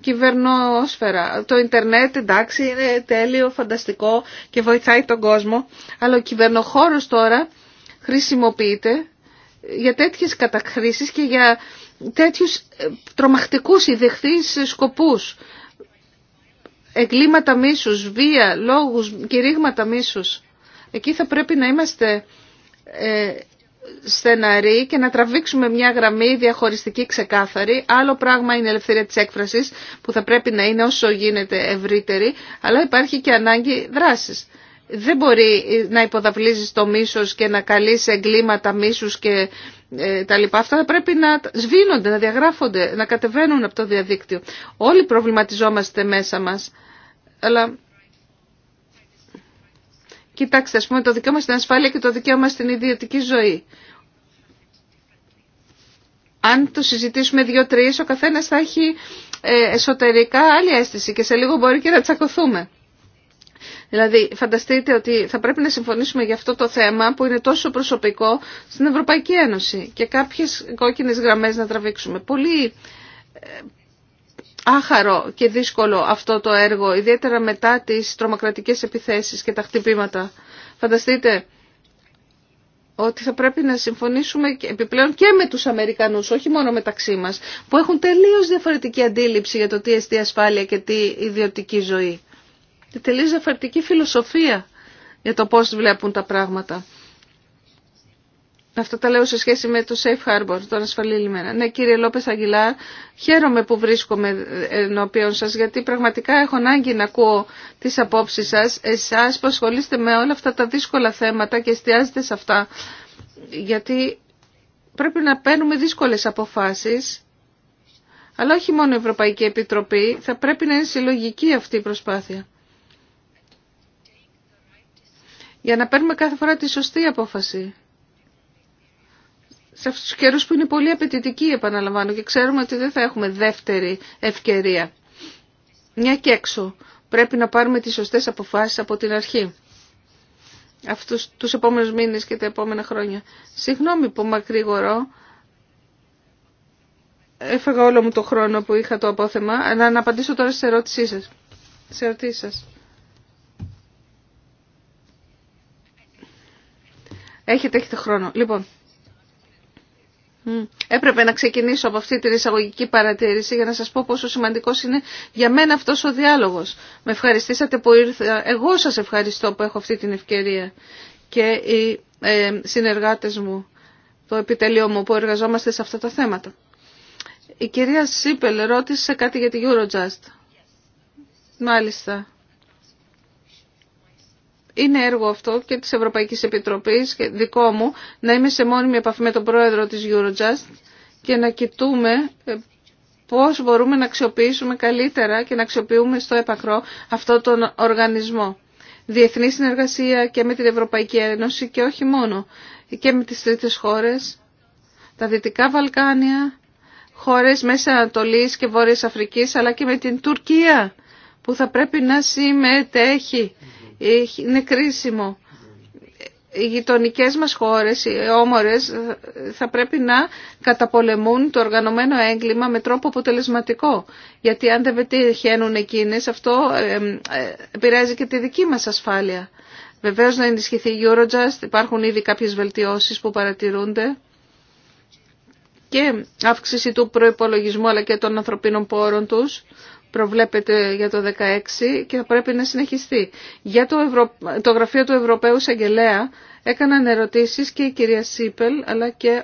κυβερνόσφαιρα. Το ίντερνετ εντάξει είναι τέλειο, φανταστικό και βοηθάει τον κόσμο, αλλά ο κυβερνοχώρος τώρα χρησιμοποιείται για τέτοιες κατακρίσεις και για τέτοιους ε, τρομακτικούς ιδεχθείς σκοπούς εγκλήματα μίσους, βία, λόγους, κηρύγματα μίσους. Εκεί θα πρέπει να είμαστε ε, στεναροί και να τραβήξουμε μια γραμμή διαχωριστική ξεκάθαρη. Άλλο πράγμα είναι η ελευθερία της έκφρασης που θα πρέπει να είναι όσο γίνεται ευρύτερη, αλλά υπάρχει και ανάγκη δράσης δεν μπορεί να υποδαβλίζεις το μίσος και να καλείς εγκλήματα μίσους και ε, τα λοιπά. Αυτά θα πρέπει να σβήνονται, να διαγράφονται, να κατεβαίνουν από το διαδίκτυο. Όλοι προβληματιζόμαστε μέσα μας, αλλά... Κοιτάξτε, ας πούμε, το δικαίωμα στην ασφάλεια και το δικαίωμα στην ιδιωτική ζωή. Αν το συζητήσουμε δύο-τρεις, ο καθένας θα έχει ε, εσωτερικά άλλη αίσθηση και σε λίγο μπορεί και να τσακωθούμε. Δηλαδή φανταστείτε ότι θα πρέπει να συμφωνήσουμε για αυτό το θέμα που είναι τόσο προσωπικό στην Ευρωπαϊκή Ένωση και κάποιες κόκκινες γραμμές να τραβήξουμε. Πολύ ε, άχαρο και δύσκολο αυτό το έργο, ιδιαίτερα μετά τις τρομοκρατικές επιθέσεις και τα χτυπήματα. Φανταστείτε ότι θα πρέπει να συμφωνήσουμε και, επιπλέον και με τους Αμερικανούς, όχι μόνο μεταξύ μας, που έχουν τελείως διαφορετική αντίληψη για το τι εστί ασφάλεια και τι ιδιωτική ζωή τελείως διαφορετική φιλοσοφία για το πώς βλέπουν τα πράγματα. Αυτό τα λέω σε σχέση με το Safe Harbor, τον ασφαλή λιμένα. Ναι, κύριε Λόπε Αγγιλά, χαίρομαι που βρίσκομαι ενώπιον σα, γιατί πραγματικά έχω ανάγκη να ακούω τι απόψει σα, εσά που ασχολείστε με όλα αυτά τα δύσκολα θέματα και εστιάζετε σε αυτά. Γιατί πρέπει να παίρνουμε δύσκολε αποφάσει, αλλά όχι μόνο η Ευρωπαϊκή Επιτροπή, θα πρέπει να είναι συλλογική αυτή η προσπάθεια. για να παίρνουμε κάθε φορά τη σωστή απόφαση. Σε αυτούς τους καιρούς που είναι πολύ απαιτητικοί επαναλαμβάνω και ξέρουμε ότι δεν θα έχουμε δεύτερη ευκαιρία. Μια και έξω πρέπει να πάρουμε τις σωστές αποφάσεις από την αρχή. Αυτούς τους επόμενους μήνες και τα επόμενα χρόνια. Συγγνώμη που μακρύγορο Έφεγα όλο μου το χρόνο που είχα το απόθεμα. Να απαντήσω τώρα σε ερώτησή σας. Σε ερωτή σας. Έχετε, έχετε χρόνο. Λοιπόν, έπρεπε να ξεκινήσω από αυτή την εισαγωγική παρατήρηση για να σας πω πόσο σημαντικός είναι για μένα αυτός ο διάλογος. Με ευχαριστήσατε που ήρθα. Εγώ σας ευχαριστώ που έχω αυτή την ευκαιρία και οι ε, συνεργάτες μου, το επιτελείο μου που εργαζόμαστε σε αυτά τα θέματα. Η κυρία Σίπελ ρώτησε κάτι για τη Eurojust. Μάλιστα είναι έργο αυτό και της Ευρωπαϊκής Επιτροπής και δικό μου να είμαι σε μόνιμη επαφή με τον πρόεδρο της Eurojust και να κοιτούμε ε, πώς μπορούμε να αξιοποιήσουμε καλύτερα και να αξιοποιούμε στο επακρό αυτό τον οργανισμό. Διεθνή συνεργασία και με την Ευρωπαϊκή Ένωση και όχι μόνο, και με τις τρίτες χώρες, τα Δυτικά Βαλκάνια, χώρες Μέσα Ανατολής και Βόρειας Αφρικής, αλλά και με την Τουρκία, που θα πρέπει να συμμετέχει είναι κρίσιμο. Οι γειτονικέ μας χώρες, οι όμορες, θα πρέπει να καταπολεμούν το οργανωμένο έγκλημα με τρόπο αποτελεσματικό. Γιατί αν δεν πετυχαίνουν εκείνες, αυτό ε, επηρεάζει και τη δική μας ασφάλεια. Βεβαίω να ενισχυθεί η Eurojust, υπάρχουν ήδη κάποιες βελτιώσεις που παρατηρούνται και αύξηση του προϋπολογισμού αλλά και των ανθρωπίνων πόρων τους προβλέπεται για το 2016 και θα πρέπει να συνεχιστεί. Για το, γραφείο του Ευρωπαίου Σαγγελέα έκαναν ερωτήσεις και η κυρία Σίπελ αλλά και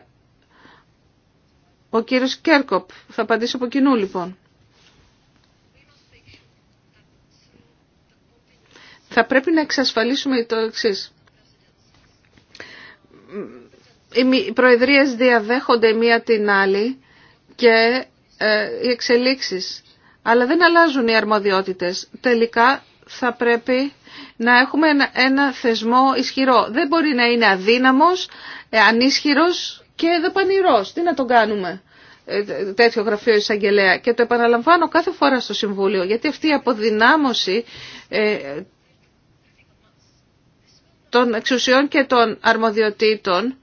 ο κύριος Κέρκοπ. Θα απαντήσω από κοινού λοιπόν. Θα πρέπει να εξασφαλίσουμε το εξή. Οι προεδρίες διαδέχονται μία την άλλη και ε, οι εξελίξεις αλλά δεν αλλάζουν οι αρμοδιότητες. Τελικά θα πρέπει να έχουμε ένα θεσμό ισχυρό. Δεν μπορεί να είναι αδύναμος, ε, ανίσχυρος και δεπανηρός. Τι να τον κάνουμε ε, τέτοιο γραφείο εισαγγελέα. Και το επαναλαμβάνω κάθε φορά στο Συμβούλιο, γιατί αυτή η αποδυνάμωση ε, των εξουσιών και των αρμοδιοτήτων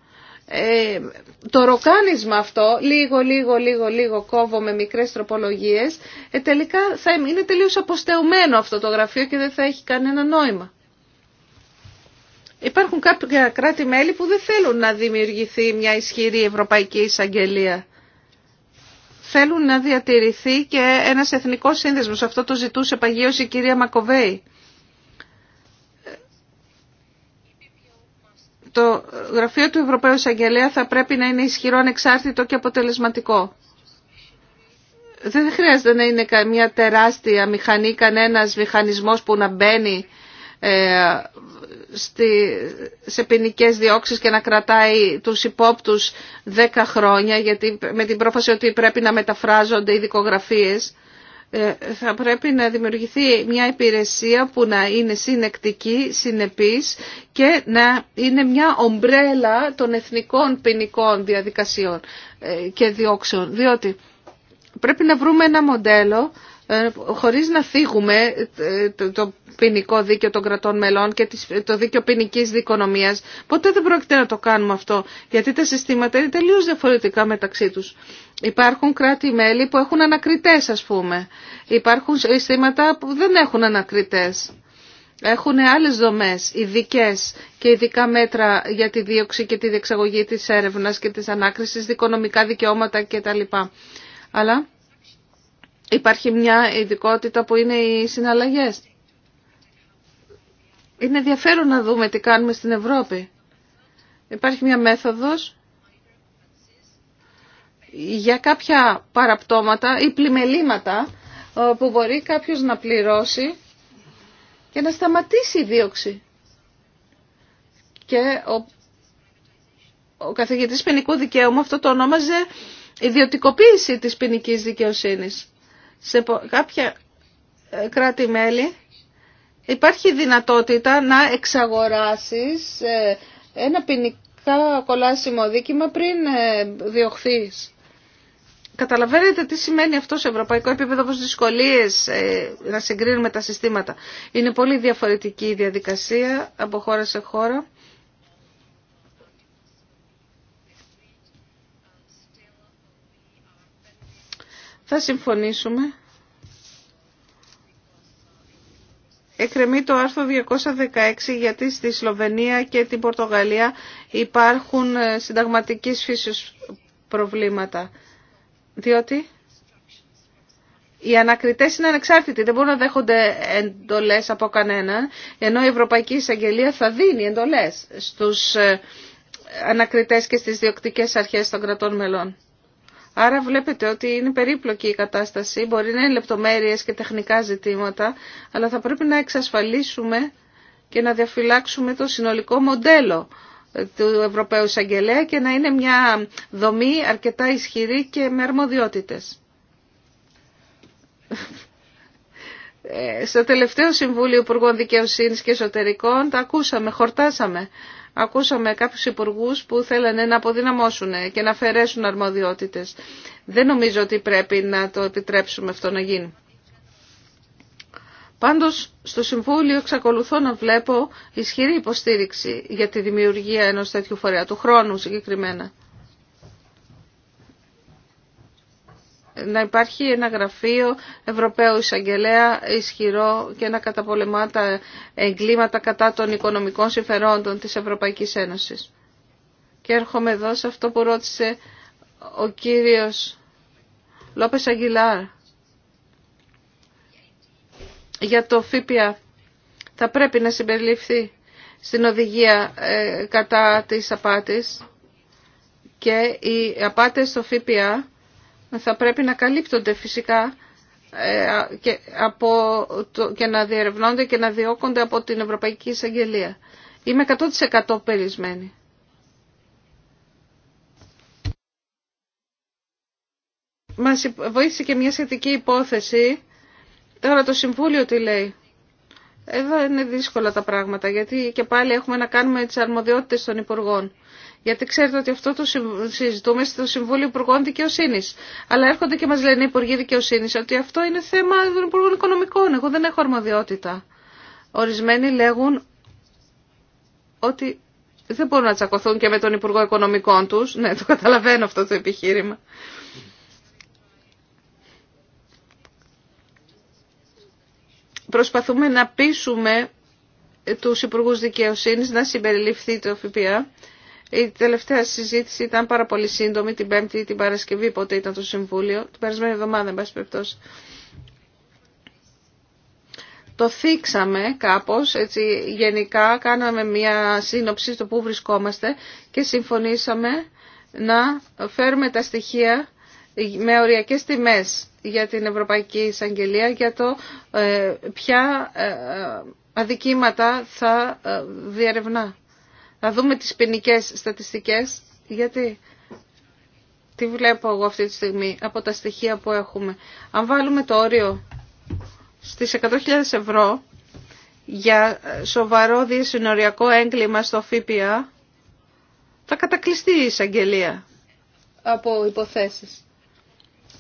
το ροκάνισμα αυτό, λίγο, λίγο, λίγο, λίγο κόβω με μικρές τροπολογίες, ε, τελικά θα είναι τελείως αποστεωμένο αυτό το γραφείο και δεν θα έχει κανένα νόημα. Υπάρχουν κάποια κράτη-μέλη που δεν θέλουν να δημιουργηθεί μια ισχυρή ευρωπαϊκή εισαγγελία. Θέλουν να διατηρηθεί και ένας εθνικός σύνδεσμος. Αυτό το ζητούσε παγίως η κυρία Μακοβέη. το γραφείο του Ευρωπαίου Εισαγγελέα θα πρέπει να είναι ισχυρό, ανεξάρτητο και αποτελεσματικό. Δεν χρειάζεται να είναι καμία τεράστια μηχανή, κανένας μηχανισμός που να μπαίνει ε, στη, σε ποινικέ διώξεις και να κρατάει τους υπόπτους 10 χρόνια γιατί με την πρόφαση ότι πρέπει να μεταφράζονται οι δικογραφίες ε, θα πρέπει να δημιουργηθεί μια υπηρεσία που να είναι συνεκτική, συνεπής και να είναι μια ομπρέλα των εθνικών ποινικών διαδικασιών ε, και διώξεων. Διότι πρέπει να βρούμε ένα μοντέλο ε, χωρίς να θίγουμε ε, το ποινικό δίκαιο των κρατών μελών και το δίκαιο ποινική δικονομίας. Ποτέ δεν πρόκειται να το κάνουμε αυτό, γιατί τα συστήματα είναι τελείως διαφορετικά μεταξύ τους. Υπάρχουν κράτη-μέλη που έχουν ανακριτές, ας πούμε. Υπάρχουν συστήματα που δεν έχουν ανακριτές. Έχουν άλλες δομές, ειδικέ και ειδικά μέτρα για τη δίωξη και τη διεξαγωγή της έρευνας και της ανάκρισης, δικονομικά δικαιώματα κτλ. Αλλά Υπάρχει μια ειδικότητα που είναι οι συναλλαγές. Είναι ενδιαφέρον να δούμε τι κάνουμε στην Ευρώπη. Υπάρχει μια μέθοδος για κάποια παραπτώματα ή πλημελήματα ε, που μπορεί κάποιος να πληρώσει και να σταματήσει η δίωξη. Και ο, ο καθηγητής ποινικού δικαίου αυτό το ονόμαζε ιδιωτικοποίηση της ποινική δικαιοσύνης σε κάποια ε, κράτη-μέλη υπάρχει δυνατότητα να εξαγοράσεις ε, ένα ποινικά κολάσιμο δίκημα πριν ε, διωχθείς. Καταλαβαίνετε τι σημαίνει αυτό σε ευρωπαϊκό επίπεδο, πως δυσκολίες να συγκρίνουμε τα συστήματα. Είναι πολύ διαφορετική η διαδικασία από χώρα σε χώρα. θα συμφωνήσουμε. Εκκρεμεί το άρθρο 216 γιατί στη Σλοβενία και την Πορτογαλία υπάρχουν ε, συνταγματικής φύσης προβλήματα. Διότι οι ανακριτές είναι ανεξάρτητοι, δεν μπορούν να δέχονται εντολές από κανέναν, ενώ η Ευρωπαϊκή Εισαγγελία θα δίνει εντολές στους ε, ανακριτές και στις διοκτικές αρχές των κρατών μελών. Άρα βλέπετε ότι είναι περίπλοκη η κατάσταση, μπορεί να είναι λεπτομέρειες και τεχνικά ζητήματα, αλλά θα πρέπει να εξασφαλίσουμε και να διαφυλάξουμε το συνολικό μοντέλο του Ευρωπαίου Εισαγγελέα και να είναι μια δομή αρκετά ισχυρή και με αρμοδιότητες. Ε, στο τελευταίο Συμβούλιο Υπουργών Δικαιοσύνης και Εσωτερικών τα ακούσαμε, χορτάσαμε Ακούσαμε κάποιους υπουργούς που θέλανε να αποδυναμώσουν και να αφαιρέσουν αρμοδιότητες. Δεν νομίζω ότι πρέπει να το επιτρέψουμε αυτό να γίνει. Πάντως, στο Συμβούλιο εξακολουθώ να βλέπω ισχυρή υποστήριξη για τη δημιουργία ενός τέτοιου φορέα, του χρόνου συγκεκριμένα. να υπάρχει ένα γραφείο Ευρωπαίου Εισαγγελέα ισχυρό και να καταπολεμά τα εγκλήματα κατά των οικονομικών συμφερόντων της Ευρωπαϊκής Ένωσης. Και έρχομαι εδώ σε αυτό που ρώτησε ο κύριος Λόπες Αγγιλάρ για το ΦΠΑ. Θα πρέπει να συμπεριληφθεί στην οδηγία ε, κατά της απάτης και οι απάτες στο ΦΠΑ θα πρέπει να καλύπτονται φυσικά ε, και, από και να διερευνώνται και να διώκονται από την Ευρωπαϊκή Εισαγγελία. Είμαι 100% περισμένη. Μας βοήθησε και μια σχετική υπόθεση. Τώρα το Συμβούλιο τι λέει. Εδώ είναι δύσκολα τα πράγματα γιατί και πάλι έχουμε να κάνουμε τις αρμοδιότητες των Υπουργών. Γιατί ξέρετε ότι αυτό το συζητούμε στο Συμβούλιο Υπουργών Δικαιοσύνη. Αλλά έρχονται και μα λένε οι Υπουργοί Δικαιοσύνη ότι αυτό είναι θέμα των Υπουργών Οικονομικών. Εγώ δεν έχω αρμοδιότητα. Ορισμένοι λέγουν ότι δεν μπορούν να τσακωθούν και με τον Υπουργό Οικονομικών του. Ναι, το καταλαβαίνω αυτό το επιχείρημα. Προσπαθούμε να πείσουμε τους Υπουργούς Δικαιοσύνης να συμπεριληφθεί το ΦΠΑ η τελευταία συζήτηση ήταν πάρα πολύ σύντομη την Πέμπτη ή την Παρασκευή, πότε ήταν το Συμβούλιο, την περασμένη εβδομάδα, εν πάση περιπτώσει. Το θίξαμε κάπως, έτσι, γενικά κάναμε μια σύνοψη στο που βρισκόμαστε και συμφωνήσαμε να φέρουμε τα στοιχεία με οριακές τιμές για την Ευρωπαϊκή Εισαγγελία για το ε, ποια ε, ε, αδικήματα θα ε, διερευνά. Θα δούμε τις ποινικέ στατιστικές, γιατί τι βλέπω εγώ αυτή τη στιγμή από τα στοιχεία που έχουμε. Αν βάλουμε το όριο στις 100.000 ευρώ για σοβαρό διασυνοριακό έγκλημα στο ΦΠΑ, θα κατακλειστεί η εισαγγελία από υποθέσεις.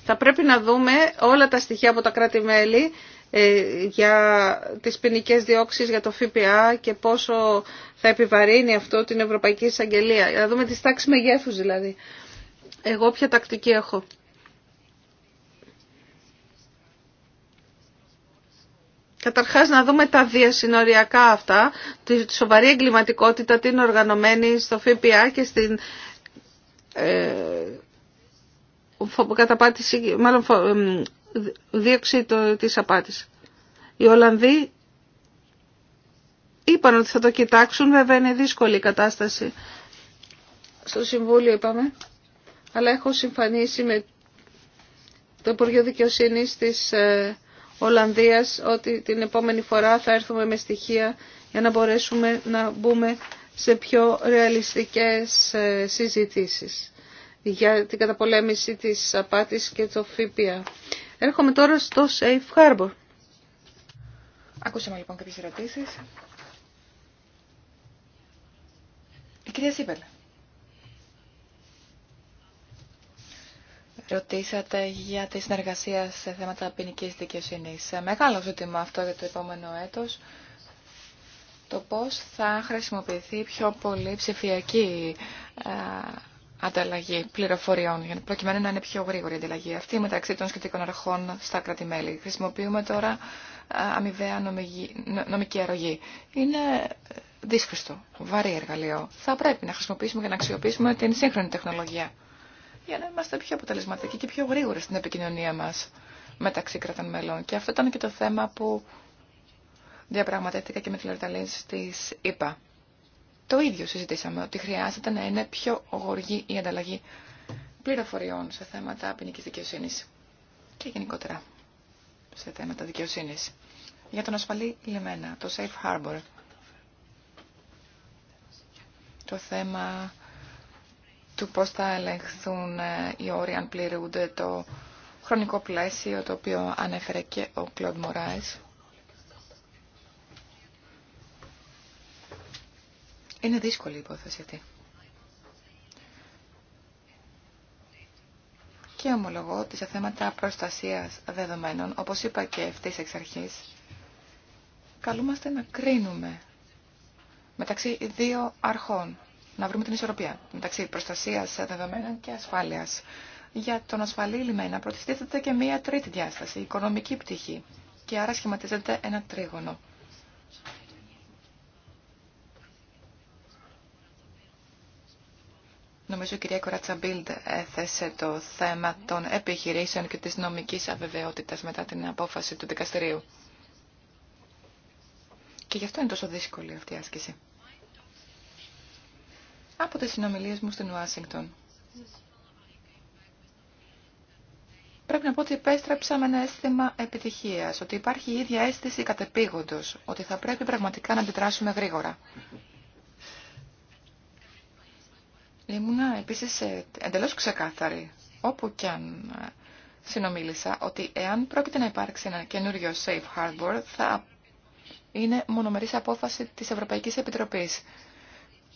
Θα πρέπει να δούμε όλα τα στοιχεία από τα κράτη-μέλη ε, για τις ποινικέ διώξεις για το ΦΠΑ και πόσο θα επιβαρύνει αυτό την Ευρωπαϊκή Εισαγγελία. Να δούμε τις τάξεις μεγέθους δηλαδή. Εγώ ποια τακτική έχω. Καταρχάς να δούμε τα διασυνοριακά αυτά, τη σοβαρή εγκληματικότητα, την οργανωμένη στο ΦΠΑ και στην ε, καταπάτηση, μάλλον δίωξη της απάτης. Οι Ολλανδοί είπαν ότι θα το κοιτάξουν, βέβαια είναι δύσκολη η κατάσταση. Στο Συμβούλιο είπαμε, αλλά έχω συμφανίσει με το Υπουργείο Δικαιοσύνη της ε, Ολλανδίας ότι την επόμενη φορά θα έρθουμε με στοιχεία για να μπορέσουμε να μπούμε σε πιο ρεαλιστικές ε, συζητήσεις για την καταπολέμηση της απάτης και το ΦΠΑ. Έρχομαι τώρα στο Safe Harbor. Ακούσαμε λοιπόν κάποιες ερωτήσεις. Η κυρία Σίπελ. Ρωτήσατε για τη συνεργασία σε θέματα ποινική δικαιοσύνη. Ε, μεγάλο ζήτημα αυτό για το επόμενο έτος. Το πώς θα χρησιμοποιηθεί πιο πολύ ψηφιακή ε, ανταλλαγή πληροφοριών, προκειμένου να είναι πιο γρήγορη η ανταλλαγή αυτή μεταξύ των σχετικών αρχών στα κράτη-μέλη. Χρησιμοποιούμε τώρα ε, αμοιβαία νομική, νομική αρρωγή. Είναι ε, δύσκολο, βαρύ εργαλείο. Θα πρέπει να χρησιμοποιήσουμε και να αξιοποιήσουμε την σύγχρονη τεχνολογία για να είμαστε πιο αποτελεσματικοί και πιο γρήγοροι στην επικοινωνία μα μεταξύ κρατών μελών. Και αυτό ήταν και το θέμα που διαπραγματεύτηκα και με τη Λορταλίν τη ΕΠΑ το ίδιο συζητήσαμε, ότι χρειάζεται να είναι πιο γοργή η ανταλλαγή πληροφοριών σε θέματα ποινική δικαιοσύνη και γενικότερα σε θέματα δικαιοσύνη. Για τον ασφαλή λιμένα, το safe harbor, το θέμα του πώς θα ελεγχθούν ε, οι όροι αν πληρούνται το χρονικό πλαίσιο το οποίο ανέφερε και ο Κλοντ Μωράης. Είναι δύσκολη η υπόθεση αυτή. Και ομολογώ ότι σε θέματα προστασίας δεδομένων, όπως είπα και ευθύς εξ αρχής, καλούμαστε να κρίνουμε μεταξύ δύο αρχών, να βρούμε την ισορροπία μεταξύ προστασίας δεδομένων και ασφάλειας. Για τον ασφαλή λιμένα προτιστήθεται και μία τρίτη διάσταση, οικονομική πτυχή, και άρα σχηματίζεται ένα τρίγωνο. Νομίζω η κυρία Κορατσαμπίλτ έθεσε το θέμα των επιχειρήσεων και της νομικής αβεβαιότητας μετά την απόφαση του δικαστηρίου. Και γι' αυτό είναι τόσο δύσκολη αυτή η άσκηση. Από τις συνομιλίες μου στην Ουάσιγκτον. Πρέπει να πω ότι επέστρεψα με ένα αίσθημα επιτυχίας, ότι υπάρχει η ίδια αίσθηση κατεπήγοντος, ότι θα πρέπει πραγματικά να αντιδράσουμε γρήγορα. Ήμουνα επίση εντελώ ξεκάθαρη, όπου κι αν ε, συνομίλησα, ότι εάν πρόκειται να υπάρξει ένα καινούριο safe harbor, θα είναι μονομερή απόφαση τη Ευρωπαϊκή Επιτροπή.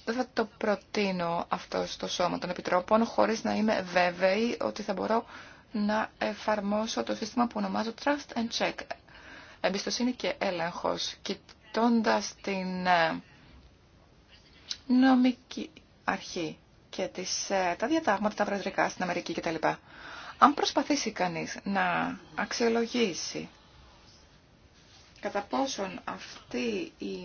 Δεν θα το προτείνω αυτό στο σώμα των επιτρόπων, χωρί να είμαι βέβαιη ότι θα μπορώ να εφαρμόσω το σύστημα που ονομάζω Trust and Check. Εμπιστοσύνη και έλεγχος, κοιτώντας την ε, νομική αρχή και τις, ε, τα διατάγματα, τα προεδρικά στην Αμερική κτλ. Αν προσπαθήσει κανείς να αξιολογήσει κατά πόσον αυτή η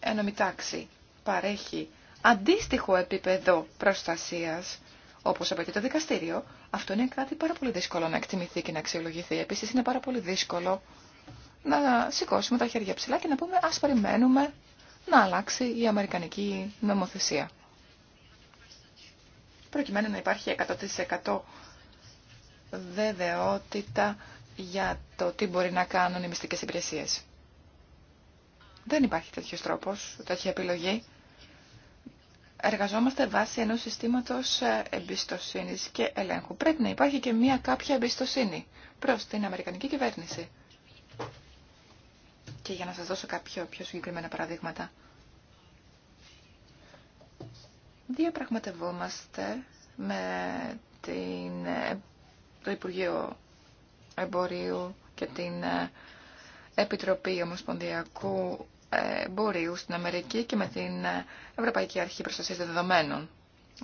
ένωμη τάξη παρέχει αντίστοιχο επίπεδο προστασίας όπως απαιτεί το δικαστήριο, αυτό είναι κάτι πάρα πολύ δύσκολο να εκτιμηθεί και να αξιολογηθεί. Επίσης είναι πάρα πολύ δύσκολο να σηκώσουμε τα χέρια ψηλά και να πούμε ας περιμένουμε να αλλάξει η αμερικανική νομοθεσία προκειμένου να υπάρχει 100% βεβαιότητα για το τι μπορεί να κάνουν οι μυστικές υπηρεσίες. Δεν υπάρχει τέτοιος τρόπος, τέτοια επιλογή. Εργαζόμαστε βάσει ενός συστήματος εμπιστοσύνης και ελέγχου. Πρέπει να υπάρχει και μια κάποια εμπιστοσύνη προς την Αμερικανική κυβέρνηση. Και για να σας δώσω κάποιο πιο συγκεκριμένα παραδείγματα διαπραγματευόμαστε με την, το Υπουργείο Εμπορίου και την ε, Επιτροπή Ομοσπονδιακού Εμπορίου στην Αμερική και με την ε, Ευρωπαϊκή Αρχή Προστασίας Δεδομένων,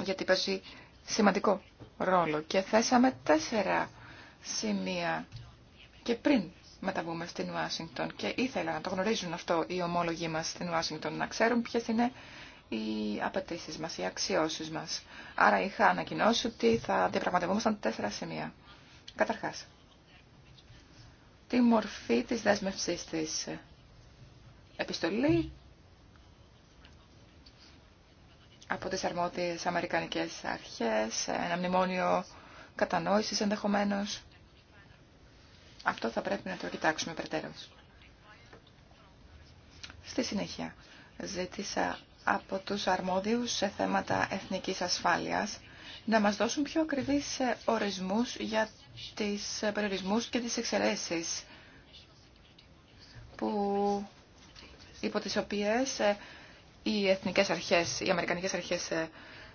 γιατί παίζει σημαντικό ρόλο. Και θέσαμε τέσσερα σημεία και πριν μεταβούμε στην Ουάσιγκτον και ήθελα να το γνωρίζουν αυτό οι ομόλογοι μας στην Ουάσιγκτον, να ξέρουν ποιες είναι οι απαιτήσει μα, οι αξιώσει μα. Άρα είχα ανακοινώσει ότι θα διαπραγματευόμασταν τέσσερα σημεία. Καταρχά, τη μορφή τη δέσμευση τη επιστολή από τις αρμόδιες αμερικανικές αρχές, ένα μνημόνιο κατανόησης ενδεχομένως. Αυτό θα πρέπει να το κοιτάξουμε περαιτέρω. Στη συνέχεια, ζήτησα από τους αρμόδιους σε θέματα εθνικής ασφάλειας να μας δώσουν πιο ακριβείς ορισμούς για τις περιορισμούς και τις εξαιρέσεις που, υπό τις οποίες ε, οι εθνικές αρχές, οι αμερικανικές αρχές ε,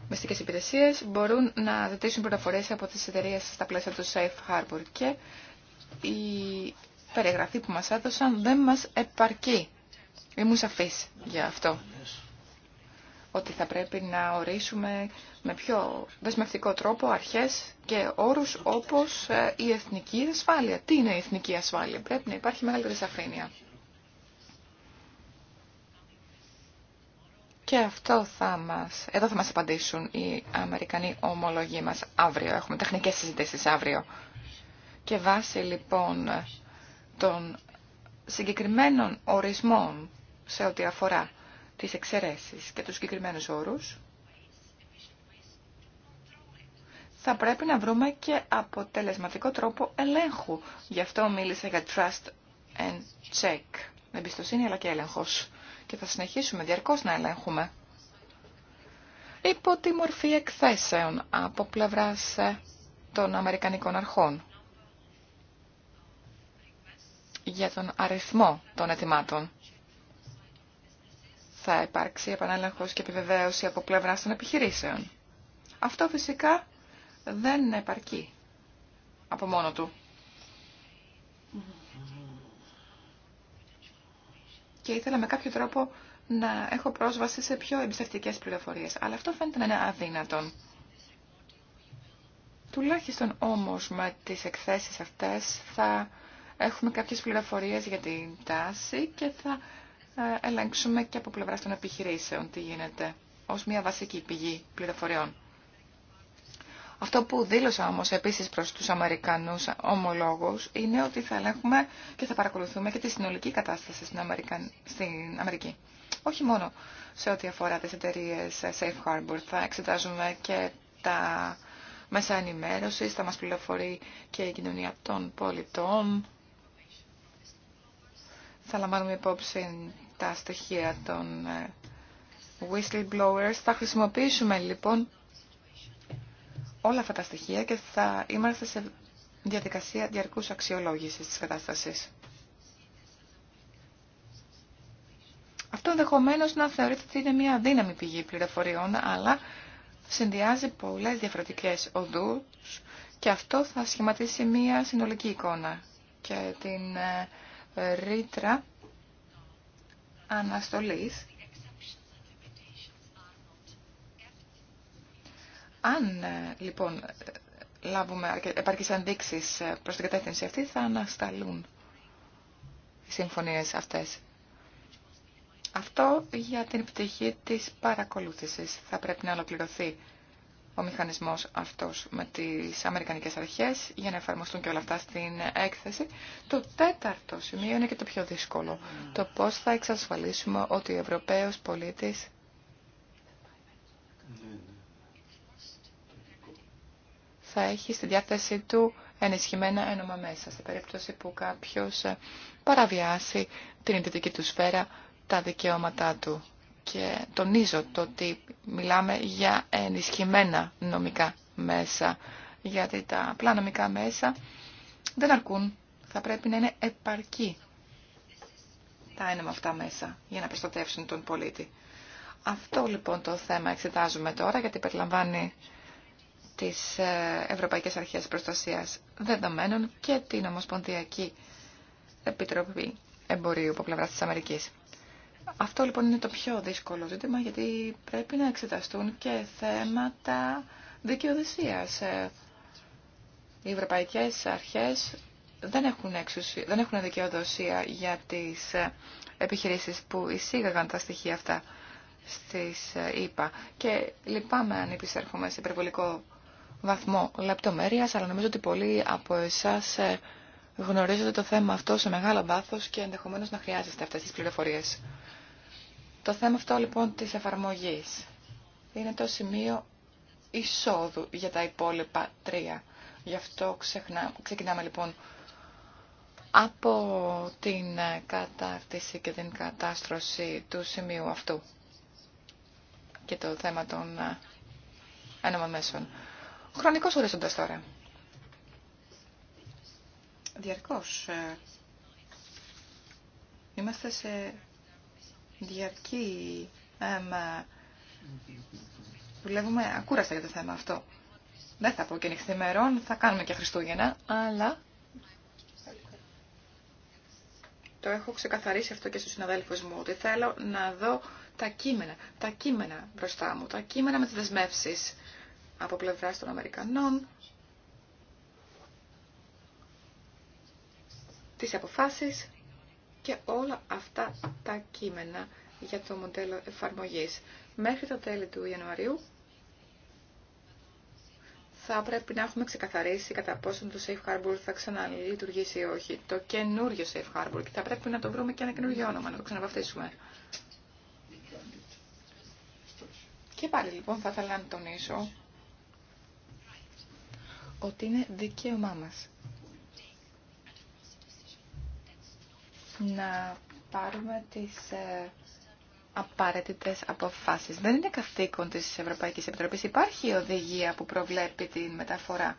μυστικές υπηρεσίες μπορούν να ζητήσουν πληροφορίες από τις εταιρείες στα πλαίσια του Safe Harbor και η περιγραφή που μας έδωσαν δεν μας επαρκεί. Ήμουν σαφής για αυτό ότι θα πρέπει να ορίσουμε με πιο δεσμευτικό τρόπο αρχές και όρους όπως ε, η εθνική ασφάλεια. Τι είναι η εθνική ασφάλεια. Πρέπει να υπάρχει μεγαλύτερη σαφήνεια. Και αυτό θα μας, εδώ θα μας απαντήσουν οι Αμερικανοί ομολογοί μας αύριο. Έχουμε τεχνικές συζητήσεις αύριο. Και βάσει λοιπόν των συγκεκριμένων ορισμών σε ό,τι αφορά τις εξαιρέσεις και τους συγκεκριμένους όρους, θα πρέπει να βρούμε και αποτελεσματικό τρόπο ελέγχου. Γι' αυτό μίλησα για trust and check, εμπιστοσύνη αλλά και έλεγχος. Και θα συνεχίσουμε διαρκώς να ελέγχουμε. Υπό τη μορφή εκθέσεων από πλευράς ε, των Αμερικανικών αρχών για τον αριθμό των ετοιμάτων θα υπάρξει επανέλεγχος και επιβεβαίωση από πλευρά των επιχειρήσεων. Αυτό φυσικά δεν επαρκεί από μόνο του. Και ήθελα με κάποιο τρόπο να έχω πρόσβαση σε πιο εμπιστευτικές πληροφορίες. Αλλά αυτό φαίνεται να είναι αδύνατον. Τουλάχιστον όμως με τις εκθέσεις αυτές θα έχουμε κάποιες πληροφορίες για την τάση και θα ελέγξουμε και από πλευρά των επιχειρήσεων τι γίνεται ω μια βασική πηγή πληροφοριών. Αυτό που δήλωσα όμω επίσης προς τους Αμερικανούς ομολόγους είναι ότι θα ελέγχουμε και θα παρακολουθούμε και τη συνολική κατάσταση στην, στην Αμερική. Όχι μόνο σε ό,τι αφορά τις εταιρείε Safe Harbor, θα εξετάζουμε και τα μέσα ενημέρωση, θα μα πληροφορεί και η κοινωνία των πολιτών. Θα λαμβάνουμε υπόψη τα στοιχεία των ε, whistleblowers. Θα χρησιμοποιήσουμε λοιπόν όλα αυτά τα στοιχεία και θα είμαστε σε διαδικασία διαρκούς αξιολόγησης της κατάστασης. Αυτό ενδεχομένω να θεωρείται ότι είναι μια δύναμη πηγή πληροφοριών, αλλά συνδυάζει πολλές διαφορετικές οδούς και αυτό θα σχηματίσει μια συνολική εικόνα και την ε, ρήτρα αναστολής Αν ε, λοιπόν ε, λάβουμε επαρκείς ενδείξεις ε, προς την κατεύθυνση αυτή θα ανασταλούν οι συμφωνίες αυτές. Αυτό για την πτυχή της παρακολούθησης θα πρέπει να ολοκληρωθεί ο μηχανισμός αυτός με τις Αμερικανικές Αρχές για να εφαρμοστούν και όλα αυτά στην έκθεση. Το τέταρτο σημείο είναι και το πιο δύσκολο. Το πώς θα εξασφαλίσουμε ότι ο Ευρωπαίος πολίτης θα έχει στη διάθεσή του ενισχυμένα ένομα μέσα, σε περίπτωση που κάποιος παραβιάσει την ιδιωτική του σφαίρα, τα δικαιώματά του και τονίζω το ότι μιλάμε για ενισχυμένα νομικά μέσα, γιατί τα απλά νομικά μέσα δεν αρκούν. Θα πρέπει να είναι επαρκή τα ένεμα αυτά μέσα για να προστατεύσουν τον πολίτη. Αυτό λοιπόν το θέμα εξετάζουμε τώρα γιατί περιλαμβάνει τις ε, Ευρωπαϊκές Αρχές Προστασίας Δεδομένων και την Ομοσπονδιακή Επιτροπή Εμπορίου από πλευρά της Αμερικής. Αυτό λοιπόν είναι το πιο δύσκολο ζήτημα γιατί πρέπει να εξεταστούν και θέματα δικαιοδοσίας. Ε, οι ευρωπαϊκές αρχές δεν έχουν, εξουσία, δεν έχουν δικαιοδοσία για τις ε, επιχειρήσεις που εισήγαγαν τα στοιχεία αυτά στις ΕΠΑ. Και λυπάμαι αν επισέρχομαι σε υπερβολικό βαθμό λεπτομέρειας, αλλά νομίζω ότι πολλοί από εσάς ε, γνωρίζετε το θέμα αυτό σε μεγάλο βάθος και ενδεχομένως να χρειάζεστε αυτές τις πληροφορίες. Το θέμα αυτό λοιπόν της εφαρμογής είναι το σημείο εισόδου για τα υπόλοιπα τρία. Γι' αυτό ξεχνά, ξεκινάμε λοιπόν από την κατάρτιση και την κατάστρωση του σημείου αυτού και το θέμα των ε, ένωμων μέσων. Χρονικός ορίζοντας τώρα. Διαρκώς ε, είμαστε σε διαρκή Αμα δουλεύουμε ακούραστα για το θέμα αυτό. Δεν θα πω και νυχθημερών, θα κάνουμε και Χριστούγεννα, αλλά το έχω ξεκαθαρίσει αυτό και στους συναδέλφους μου, ότι θέλω να δω τα κείμενα, τα κείμενα μπροστά μου, τα κείμενα με τις δεσμεύσει από πλευράς των Αμερικανών, τις αποφάσεις και όλα αυτά τα κείμενα για το μοντέλο εφαρμογής. Μέχρι το τέλη του Ιανουαρίου θα πρέπει να έχουμε ξεκαθαρίσει κατά πόσον το Safe Harbor θα ξαναλειτουργήσει ή όχι. Το καινούριο Safe Harbor και θα πρέπει να το βρούμε και ένα καινούριο όνομα, να το ξαναβαφτίσουμε. Και πάλι λοιπόν θα ήθελα να τονίσω ότι είναι δικαίωμά μας να πάρουμε τις ε, απαραίτητες αποφάσεις. Δεν είναι καθήκον της Ευρωπαϊκής Επιτροπής. Υπάρχει οδηγία που προβλέπει τη μεταφορά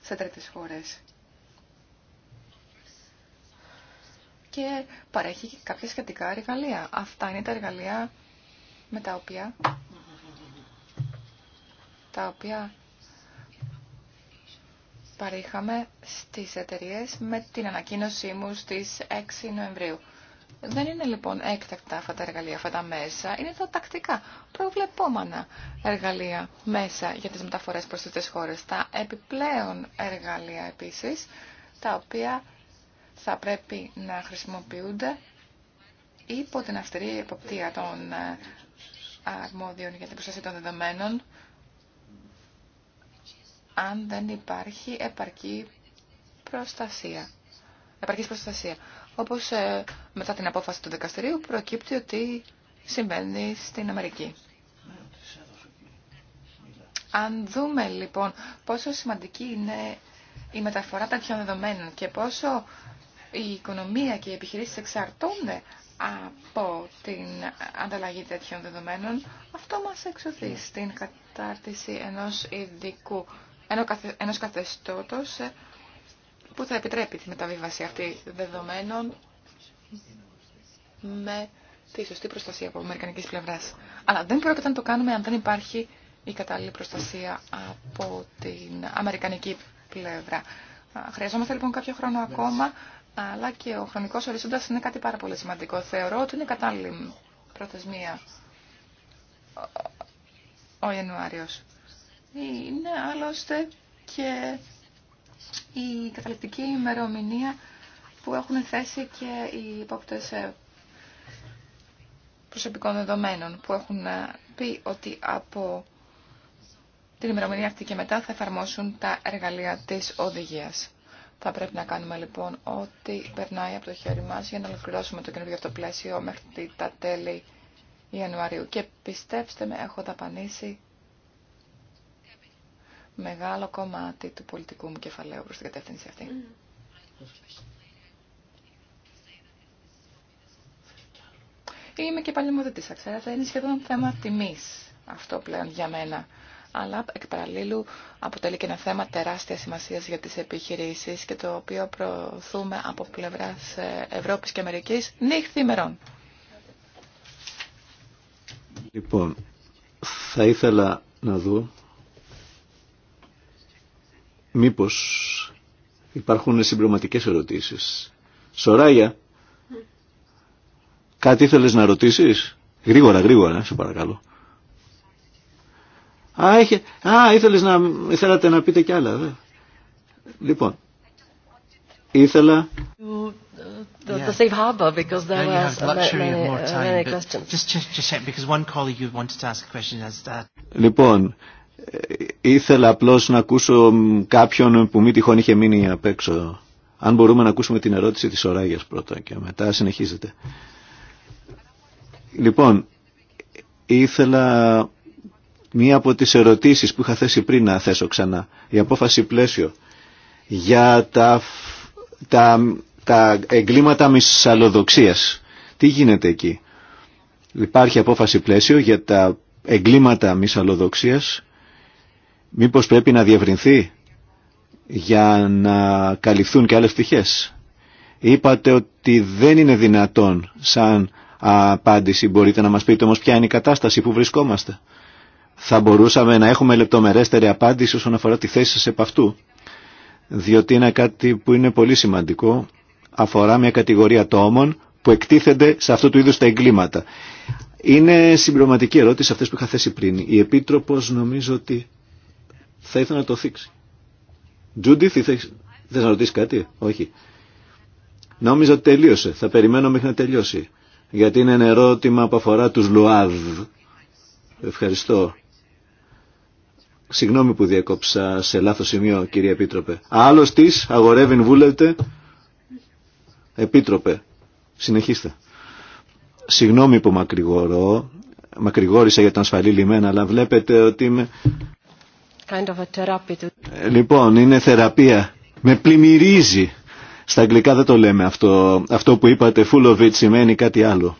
σε τρίτες χώρες. Και παρέχει κάποια σχετικά εργαλεία. Αυτά είναι τα εργαλεία με τα οποία τα οποία παρήχαμε στις εταιρείε με την ανακοίνωσή μου στις 6 Νοεμβρίου. Δεν είναι λοιπόν έκτακτα αυτά τα εργαλεία, αυτά τα μέσα, είναι τα τακτικά, προβλεπόμενα εργαλεία μέσα για τις μεταφορές προς τις χώρες. Τα επιπλέον εργαλεία επίσης, τα οποία θα πρέπει να χρησιμοποιούνται υπό την αυστηρή εποπτεία των ε, αρμόδιων για την προστασία των δεδομένων αν δεν υπάρχει επαρκή προστασία. Επαρκής προστασία. Όπως ε, μετά την απόφαση του δικαστηρίου προκύπτει ότι συμβαίνει στην Αμερική. Αν δούμε λοιπόν πόσο σημαντική είναι η μεταφορά τέτοιων δεδομένων και πόσο η οικονομία και οι επιχειρήσεις εξαρτώνται από την ανταλλαγή τέτοιων δεδομένων, αυτό μας εξωθεί στην κατάρτιση ενός ειδικού ενός καθεστώτος ε, που θα επιτρέπει τη μεταβίβαση αυτή δεδομένων με τη σωστή προστασία από Αμερικανική πλευρά. Αλλά δεν πρόκειται να το κάνουμε αν δεν υπάρχει η κατάλληλη προστασία από την αμερικανική πλευρά. Χρειαζόμαστε λοιπόν κάποιο χρόνο ακόμα, αλλά και ο χρονικός ορίζοντας είναι κάτι πάρα πολύ σημαντικό. Θεωρώ ότι είναι κατάλληλη προθεσμία ο Ιανουάριος. Είναι άλλωστε και η καταληκτική ημερομηνία που έχουν θέσει και οι υπόπτες ε, προσωπικών δεδομένων που έχουν ε, πει ότι από την ημερομηνία αυτή και μετά θα εφαρμόσουν τα εργαλεία της οδηγίας. Θα πρέπει να κάνουμε λοιπόν ό,τι περνάει από το χέρι μας για να ολοκληρώσουμε το καινούργιο αυτό πλαίσιο μέχρι τα τέλη Ιανουαρίου. Και πιστέψτε με, έχω δαπανίσει μεγάλο κομμάτι του πολιτικού μου κεφαλαίου προς την κατεύθυνση αυτή. Είμαι και παλιωμοδίτησα, ξέρετε, είναι σχεδόν θέμα τιμής αυτό πλέον για μένα. Αλλά εκ παραλλήλου αποτελεί και ένα θέμα τεράστια σημασία για τι επιχειρήσει και το οποίο προωθούμε από πλευρά ε, Ευρώπη και Αμερική νύχθη ημερών. Λοιπόν, θα ήθελα να δω Μήπως υπάρχουν συμπληρωματικές ερωτήσεις. Σωράγια, κάτι ήθελες να ρωτήσεις. Γρήγορα, γρήγορα, σε παρακαλώ. Α, είχε... Α ήθελες να... ήθελατε να πείτε κι άλλα. Δε. Λοιπόν, ήθελα... The, yeah. the safe harbour because there were many, uh, many, many questions. Just, just, just because one colleague you wanted to ask a question as that. Λοιπόν, Ήθελα απλώς να ακούσω κάποιον που μη τυχόν είχε μείνει απ' έξω. Αν μπορούμε να ακούσουμε την ερώτηση της Οράγιας πρώτα και μετά συνεχίζετε. Λοιπόν, ήθελα μία από τις ερωτήσεις που είχα θέσει πριν να θέσω ξανά. Η απόφαση πλαίσιο για τα, τα, τα εγκλήματα μυσαλλοδοξίας. Τι γίνεται εκεί. Υπάρχει απόφαση πλαίσιο για τα εγκλήματα μυσαλλοδοξίας Μήπως πρέπει να διευρυνθεί για να καλυφθούν και άλλες πτυχές. Είπατε ότι δεν είναι δυνατόν σαν απάντηση μπορείτε να μας πείτε όμως ποια είναι η κατάσταση που βρισκόμαστε. Θα μπορούσαμε να έχουμε λεπτομερέστερη απάντηση όσον αφορά τη θέση σας επ' αυτού. Διότι είναι κάτι που είναι πολύ σημαντικό. Αφορά μια κατηγορία τόμων που εκτίθενται σε αυτού του είδους τα εγκλήματα. Είναι συμπληρωματική ερώτηση αυτές που είχα θέσει πριν. Η Επίτροπος νομίζω ότι θα ήθελα να το θίξει. Τζούντι, θες να ρωτήσει κάτι. Όχι. Νόμιζα ότι τελείωσε. Θα περιμένω μέχρι να τελειώσει. Γιατί είναι ένα ερώτημα που αφορά τους Λουάδ. Ευχαριστώ. Συγγνώμη που διακόψα σε λάθος σημείο, κύριε Επίτροπε. Άλλος της αγορεύειν βούλετε; Επίτροπε. Συνεχίστε. Συγγνώμη που μακρηγορώ. Μακρηγόρησα για τον ασφαλή λιμένα, αλλά βλέπετε ότι είμαι kind of a to... Ε, λοιπόν, είναι θεραπεία. Με πλημμυρίζει. Στα αγγλικά δεν το λέμε αυτό. Αυτό που είπατε, full of it, σημαίνει κάτι άλλο.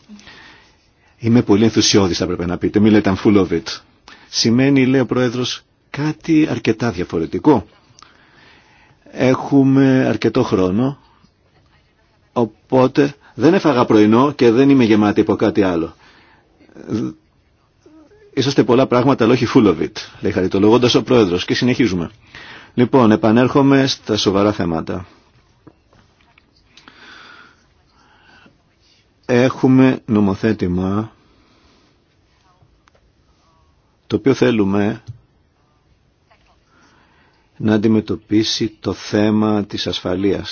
Είμαι πολύ ενθουσιώδης, θα πρέπει να πείτε. Μην λέτε full of it. Σημαίνει, λέει ο Πρόεδρος, κάτι αρκετά διαφορετικό. Έχουμε αρκετό χρόνο, οπότε δεν έφαγα πρωινό και δεν είμαι γεμάτη από κάτι άλλο είσαστε πολλά πράγματα, αλλά όχι full of it, λέει χαριτολογώντα ο πρόεδρο. Και συνεχίζουμε. Λοιπόν, επανέρχομαι στα σοβαρά θέματα. Έχουμε νομοθέτημα το οποίο θέλουμε να αντιμετωπίσει το θέμα της ασφαλείας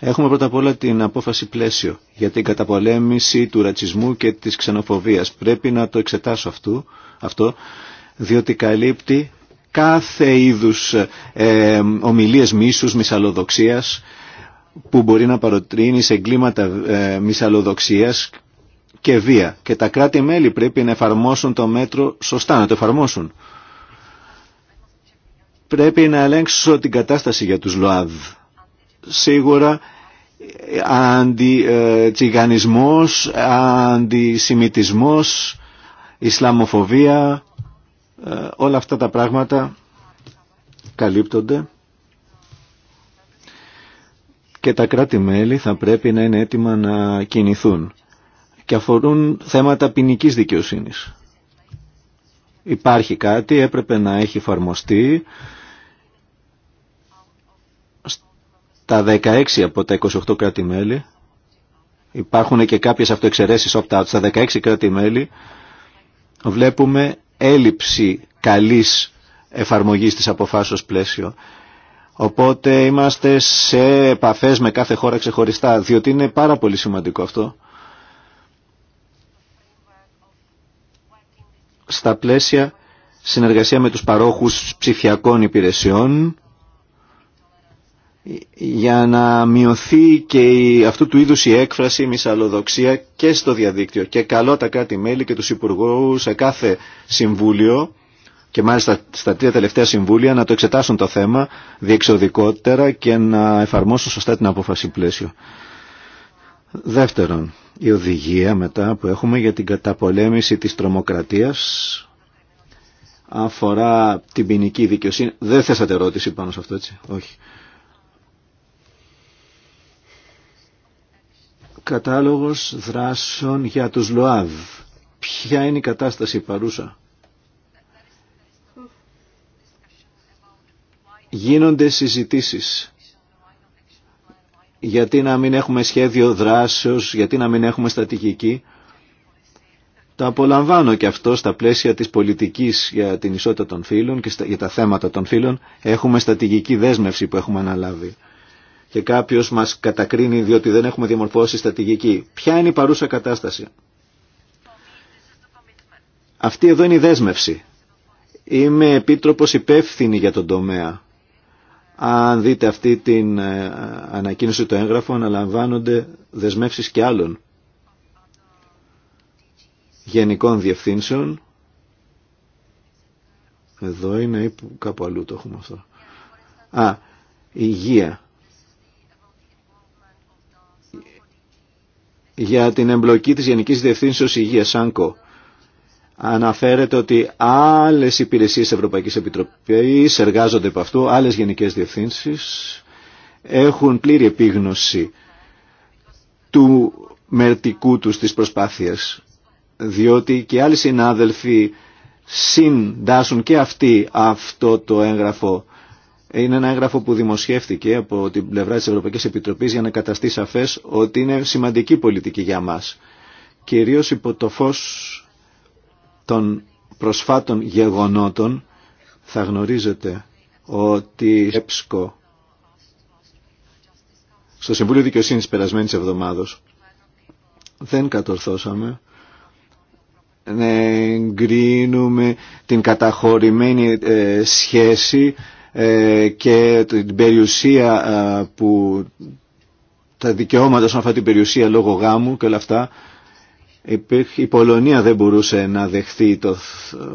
Έχουμε πρώτα απ' όλα την απόφαση πλαίσιο για την καταπολέμηση του ρατσισμού και της ξενοφοβίας. Πρέπει να το εξετάσω αυτό, διότι καλύπτει κάθε είδους ε, ομιλίες μίσους, μυσαλλοδοξίας που μπορεί να παροτρύνει σε εγκλήματα ε, και βία. Και τα κράτη-μέλη πρέπει να εφαρμόσουν το μέτρο σωστά, να το εφαρμόσουν. Πρέπει να ελέγξω την κατάσταση για τους ΛΟΑΔ σίγουρα αντιτσιγανισμός, αντισημιτισμός, Ισλαμοφοβία, ε, όλα αυτά τα πράγματα καλύπτονται και τα κράτη-μέλη θα πρέπει να είναι έτοιμα να κινηθούν και αφορούν θέματα ποινική δικαιοσύνης. Υπάρχει κάτι, έπρεπε να έχει εφαρμοστεί τα 16 από τα 28 κράτη-μέλη, υπάρχουν και κάποιες αυτοεξαιρέσεις opt-out, στα 16 κράτη-μέλη βλέπουμε έλλειψη καλής εφαρμογής της αποφάσεως πλαίσιο. Οπότε είμαστε σε επαφές με κάθε χώρα ξεχωριστά, διότι είναι πάρα πολύ σημαντικό αυτό. Στα πλαίσια συνεργασία με τους παρόχους ψηφιακών υπηρεσιών, για να μειωθεί και αυτού του είδους η έκφραση, η μυσαλλοδοξία και στο διαδίκτυο. Και καλό τα κράτη-μέλη και τους υπουργού σε κάθε συμβούλιο και μάλιστα στα τρία τελευταία συμβούλια να το εξετάσουν το θέμα διεξοδικότερα και να εφαρμόσουν σωστά την απόφαση πλαίσιο. Δεύτερον, η οδηγία μετά που έχουμε για την καταπολέμηση της τρομοκρατίας αφορά την ποινική δικαιοσύνη. Δεν θέσατε ερώτηση πάνω σε αυτό έτσι, όχι. κατάλογος δράσεων για τους ΛΟΑΔ. Ποια είναι η κατάσταση παρούσα. Γίνονται συζητήσεις. Γιατί να μην έχουμε σχέδιο δράσεως, γιατί να μην έχουμε στρατηγική. Το απολαμβάνω και αυτό στα πλαίσια της πολιτικής για την ισότητα των φύλων και για τα θέματα των φύλων. Έχουμε στρατηγική δέσμευση που έχουμε αναλάβει και κάποιο μα κατακρίνει διότι δεν έχουμε διαμορφώσει στρατηγική. Ποια είναι η παρούσα κατάσταση. Αυτή εδώ είναι η δέσμευση. Είμαι επίτροπος υπεύθυνη για τον τομέα. Αν δείτε αυτή την ε, ανακοίνωση του έγγραφου αναλαμβάνονται δεσμεύσεις και άλλων γενικών διευθύνσεων. Εδώ είναι ή κάπου αλλού το έχουμε αυτό. Α, υγεία. για την εμπλοκή της Γενικής Διευθύνσεως Υγείας, ΣΑΝΚΟ. Αναφέρεται ότι άλλες υπηρεσίες Ευρωπαϊκής Επιτροπής εργάζονται από αυτού, άλλες γενικές διευθύνσεις έχουν πλήρη επίγνωση του μερτικού τους της προσπάθειας, διότι και άλλοι συνάδελφοι συντάσσουν και αυτοί αυτό το έγγραφο είναι ένα έγγραφο που δημοσιεύτηκε από την πλευρά της Ευρωπαϊκής Επιτροπής για να καταστεί σαφές ότι είναι σημαντική πολιτική για μας. Κυρίως υπό το φως των προσφάτων γεγονότων θα γνωρίζετε ότι ΕΠΣΚΟ στο Συμβούλιο Δικαιοσύνης περασμένης εβδομάδος δεν κατορθώσαμε να εγκρίνουμε την καταχωρημένη ε, σχέση ε, και την περιουσία ε, που τα δικαιώματα σαν αυτή την περιουσία λόγω γάμου και όλα αυτά η Πολωνία δεν μπορούσε να δεχθεί το,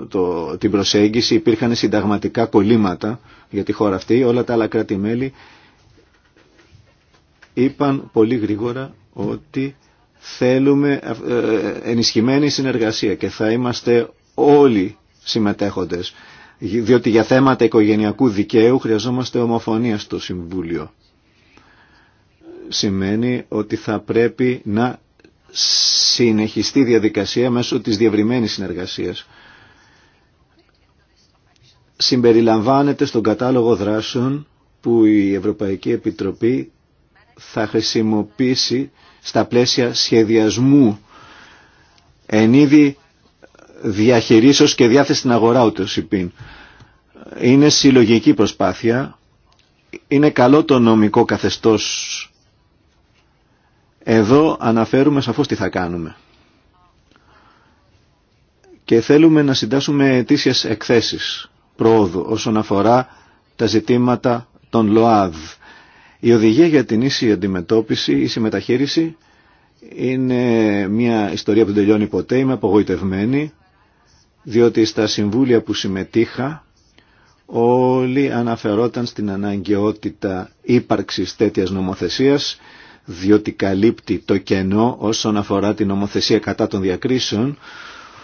το, την προσέγγιση, υπήρχαν συνταγματικά κολλήματα για τη χώρα αυτή, όλα τα άλλα κράτη-μέλη είπαν πολύ γρήγορα ότι θέλουμε ε, ενισχυμένη συνεργασία και θα είμαστε όλοι συμμετέχοντες διότι για θέματα οικογενειακού δικαίου χρειαζόμαστε ομοφωνία στο Συμβούλιο. Σημαίνει ότι θα πρέπει να συνεχιστεί η διαδικασία μέσω της διευρυμένης συνεργασίας. Συμπεριλαμβάνεται στον κατάλογο δράσεων που η Ευρωπαϊκή Επιτροπή θα χρησιμοποιήσει στα πλαίσια σχεδιασμού εν διαχειρίσεως και διάθεση στην αγορά ούτε ΣΥΠΗΝ. Είναι συλλογική προσπάθεια, είναι καλό το νομικό καθεστώς. Εδώ αναφέρουμε σαφώς τι θα κάνουμε. Και θέλουμε να συντάσσουμε αιτήσιες εκθέσεις πρόοδου όσον αφορά τα ζητήματα των ΛΟΑΔ. Η οδηγία για την ίση αντιμετώπιση, ίση μεταχείριση είναι μια ιστορία που δεν τελειώνει ποτέ. Είμαι απογοητευμένη διότι στα συμβούλια που συμμετείχα όλοι αναφερόταν στην αναγκαιότητα ύπαρξης τέτοιας νομοθεσίας διότι καλύπτει το κενό όσον αφορά την νομοθεσία κατά των διακρίσεων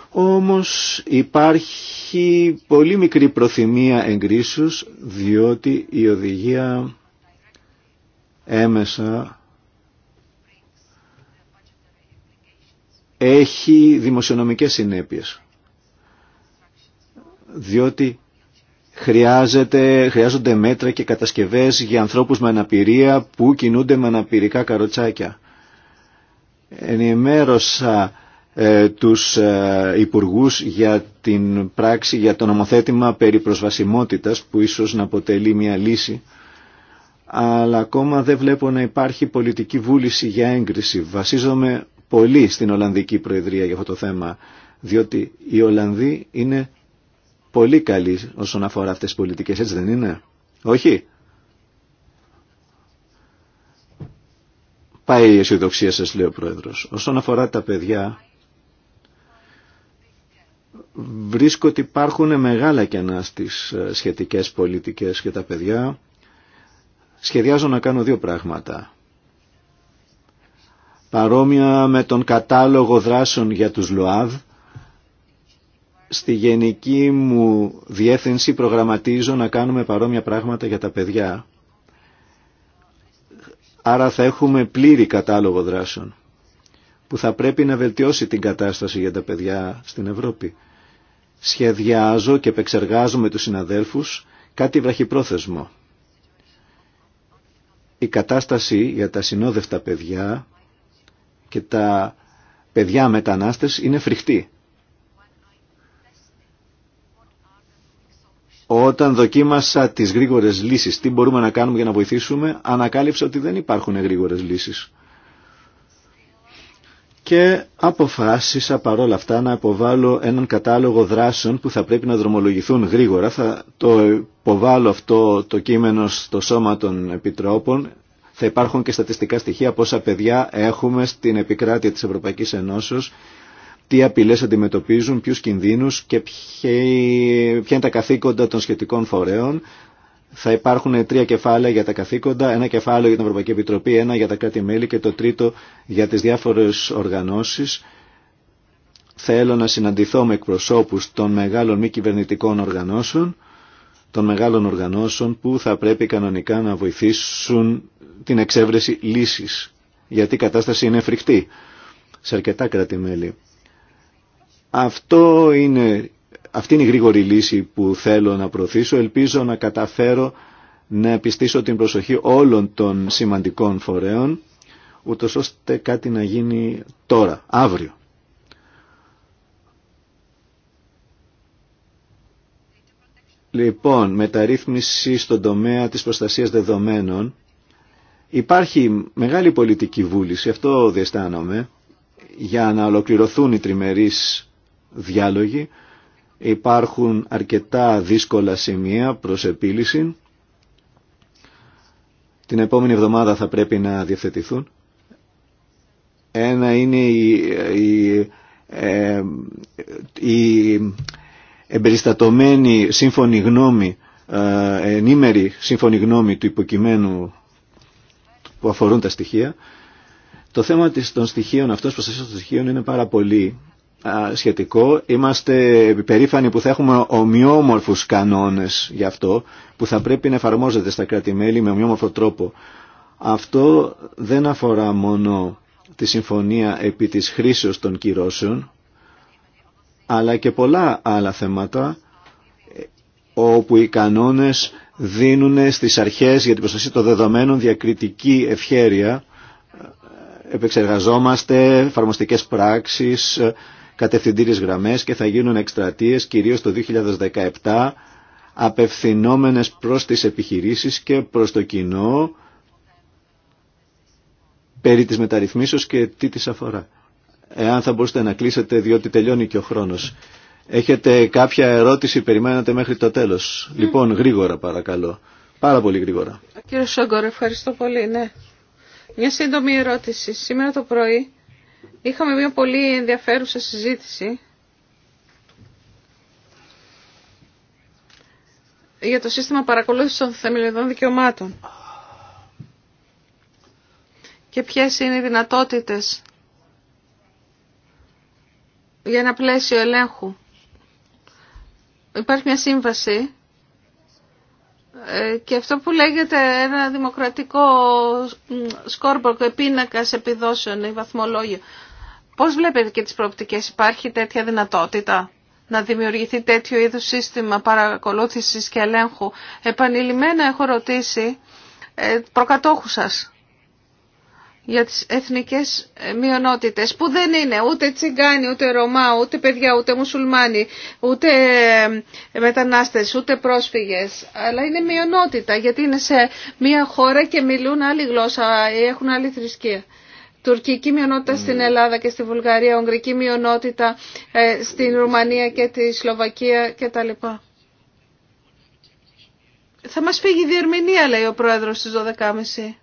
όμως υπάρχει πολύ μικρή προθυμία εγκρίσους διότι η οδηγία έμεσα έχει δημοσιονομικές συνέπειες διότι χρειάζεται, χρειάζονται μέτρα και κατασκευές για ανθρώπους με αναπηρία που κινούνται με αναπηρικά καροτσάκια. Ενημέρωσα ε, τους ε, υπουργούς για την πράξη, για το νομοθέτημα περί προσβασιμότητας που ίσως να αποτελεί μια λύση αλλά ακόμα δεν βλέπω να υπάρχει πολιτική βούληση για έγκριση. Βασίζομαι πολύ στην Ολλανδική Προεδρία για αυτό το θέμα, διότι οι Ολλανδοί είναι πολύ καλή όσον αφορά αυτές τις πολιτικές, έτσι δεν είναι. Όχι. Πάει η αισιοδοξία σας, λέει ο Πρόεδρος. Όσον αφορά τα παιδιά, βρίσκω ότι υπάρχουν μεγάλα κενά στις ε, σχετικές πολιτικές και τα παιδιά. Σχεδιάζω να κάνω δύο πράγματα. Παρόμοια με τον κατάλογο δράσεων για τους ΛΟΑΔ, Στη γενική μου διεύθυνση προγραμματίζω να κάνουμε παρόμοια πράγματα για τα παιδιά. Άρα θα έχουμε πλήρη κατάλογο δράσεων που θα πρέπει να βελτιώσει την κατάσταση για τα παιδιά στην Ευρώπη. Σχεδιάζω και επεξεργάζομαι τους συναδέλφους κάτι βραχυπρόθεσμο. Η κατάσταση για τα συνόδευτα παιδιά και τα παιδιά μετανάστες είναι φρικτή. Όταν δοκίμασα τις γρήγορες λύσεις, τι μπορούμε να κάνουμε για να βοηθήσουμε, ανακάλυψα ότι δεν υπάρχουν γρήγορες λύσεις. Και αποφάσισα παρόλα αυτά να υποβάλω έναν κατάλογο δράσεων που θα πρέπει να δρομολογηθούν γρήγορα. Θα το υποβάλω αυτό το κείμενο στο σώμα των επιτρόπων. Θα υπάρχουν και στατιστικά στοιχεία πόσα παιδιά έχουμε στην επικράτεια της Ευρωπαϊκής Ενώσεως τι απειλέ αντιμετωπίζουν, ποιου κινδύνου και ποια είναι τα καθήκοντα των σχετικών φορέων. Θα υπάρχουν τρία κεφάλαια για τα καθήκοντα, ένα κεφάλαιο για την Ευρωπαϊκή Επιτροπή, ένα για τα κράτη-μέλη και το τρίτο για τις διάφορες οργανώσεις. Θέλω να συναντηθώ με εκπροσώπους των μεγάλων μη κυβερνητικών οργανώσεων, των μεγάλων οργανώσεων που θα πρέπει κανονικά να βοηθήσουν την εξέβρεση λύσης, γιατί η κατάσταση είναι φρικτή σε αρκετά κράτη-μέλη. Αυτό είναι, αυτή είναι η γρήγορη λύση που θέλω να προωθήσω. Ελπίζω να καταφέρω να επιστήσω την προσοχή όλων των σημαντικών φορέων, ούτω ώστε κάτι να γίνει τώρα, αύριο. Λοιπόν, μεταρρύθμιση στον τομέα της προστασίας δεδομένων. Υπάρχει μεγάλη πολιτική βούληση, αυτό διαισθάνομαι, για να ολοκληρωθούν οι τριμερείς διάλογοι. Υπάρχουν αρκετά δύσκολα σημεία προς επίλυση. Την επόμενη εβδομάδα θα πρέπει να διευθετηθούν. Ένα είναι η, η, ε, εμπεριστατωμένη σύμφωνη γνώμη, ε, ενήμερη σύμφωνη γνώμη του υποκειμένου που αφορούν τα στοιχεία. Το θέμα των στοιχείων, αυτός που των στοιχείων είναι πάρα πολύ σχετικό. Είμαστε περήφανοι που θα έχουμε ομοιόμορφους κανόνες γι' αυτό, που θα πρέπει να εφαρμόζεται στα κράτη-μέλη με ομοιόμορφο τρόπο. Αυτό δεν αφορά μόνο τη συμφωνία επί της χρήσεως των κυρώσεων, αλλά και πολλά άλλα θέματα όπου οι κανόνες δίνουν στις αρχές για την προστασία των δεδομένων διακριτική ευχέρεια. Επεξεργαζόμαστε εφαρμοστικές πράξεις, κατευθυντήριες γραμμές και θα γίνουν εκστρατείες κυρίως το 2017 απευθυνόμενες προς τις επιχειρήσεις και προς το κοινό περί της μεταρρυθμίσεως και τι της αφορά. Εάν θα μπορούσατε να κλείσετε διότι τελειώνει και ο χρόνος. Έχετε κάποια ερώτηση, περιμένατε μέχρι το τέλος. Ναι. Λοιπόν, γρήγορα παρακαλώ. Πάρα πολύ γρήγορα. Κύριε Σόγκορ, ευχαριστώ πολύ. Ναι. Μια σύντομη ερώτηση. Σήμερα το πρωί Είχαμε μια πολύ ενδιαφέρουσα συζήτηση για το σύστημα παρακολούθησης των θεμελιωδών δικαιωμάτων και ποιες είναι οι δυνατότητες για ένα πλαίσιο ελέγχου. Υπάρχει μια σύμβαση ε, και αυτό που λέγεται ένα δημοκρατικό σκόρμπορκο, επίνακας επιδόσεων, ή βαθμολόγιο. Πώς βλέπετε και τις προοπτικές, υπάρχει τέτοια δυνατότητα να δημιουργηθεί τέτοιο είδους σύστημα παρακολούθησης και ελέγχου. Επανειλημμένα έχω ρωτήσει ε, προκατόχου σας για τις εθνικές ε, μειονότητες που δεν είναι ούτε τσιγκάνοι, ούτε Ρωμά, ούτε παιδιά, ούτε μουσουλμάνοι, ούτε ε, μετανάστες, ούτε πρόσφυγες. Αλλά είναι μειονότητα γιατί είναι σε μία χώρα και μιλούν άλλη γλώσσα ή έχουν άλλη θρησκεία τουρκική μειονότητα στην ναι. Ελλάδα και στη Βουλγαρία, ουγγρική μειονότητα ε, στην Ρουμανία και τη Σλοβακία κτλ. Θα μας φύγει η διερμηνία, λέει ο πρόεδρος στις 12.30.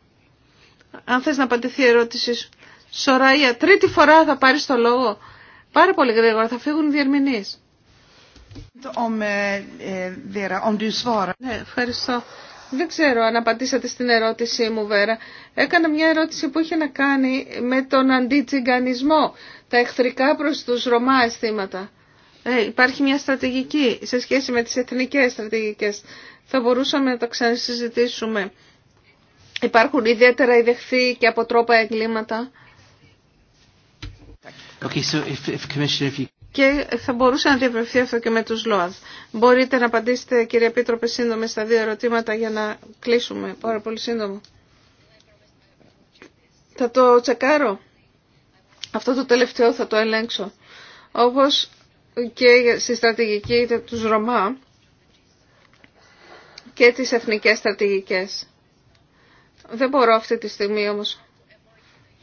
Αν θες να απαντηθεί η ερώτησή σου. Σωραία, τρίτη φορά θα πάρεις το λόγο. Πάρα πολύ γρήγορα, θα φύγουν οι διερμηνείς. Eh, eh, ναι, ευχαριστώ. Δεν ξέρω αν απαντήσατε στην ερώτησή μου, Βέρα. Έκανα μια ερώτηση που είχε να κάνει με τον αντιτσιγκανισμό, τα εχθρικά προς τους Ρωμά αισθήματα. Ε, υπάρχει μια στρατηγική σε σχέση με τις εθνικές στρατηγικές. Θα μπορούσαμε να το ξανασυζητήσουμε. Υπάρχουν ιδιαίτερα ιδεχθεί και αποτρόπα εγκλήματα. Okay, so if, if, και θα μπορούσε να διευρυνθεί αυτό και με τους ΛΟΑΔ. Μπορείτε να απαντήσετε κύριε Επίτροπε σύντομα στα δύο ερωτήματα για να κλείσουμε πάρα πολύ σύντομα. Θα το τσεκάρω. Αυτό το τελευταίο θα το ελέγξω. Όπως και στη στρατηγική τους Ρωμά και τις εθνικές στρατηγικές. Δεν μπορώ αυτή τη στιγμή όμως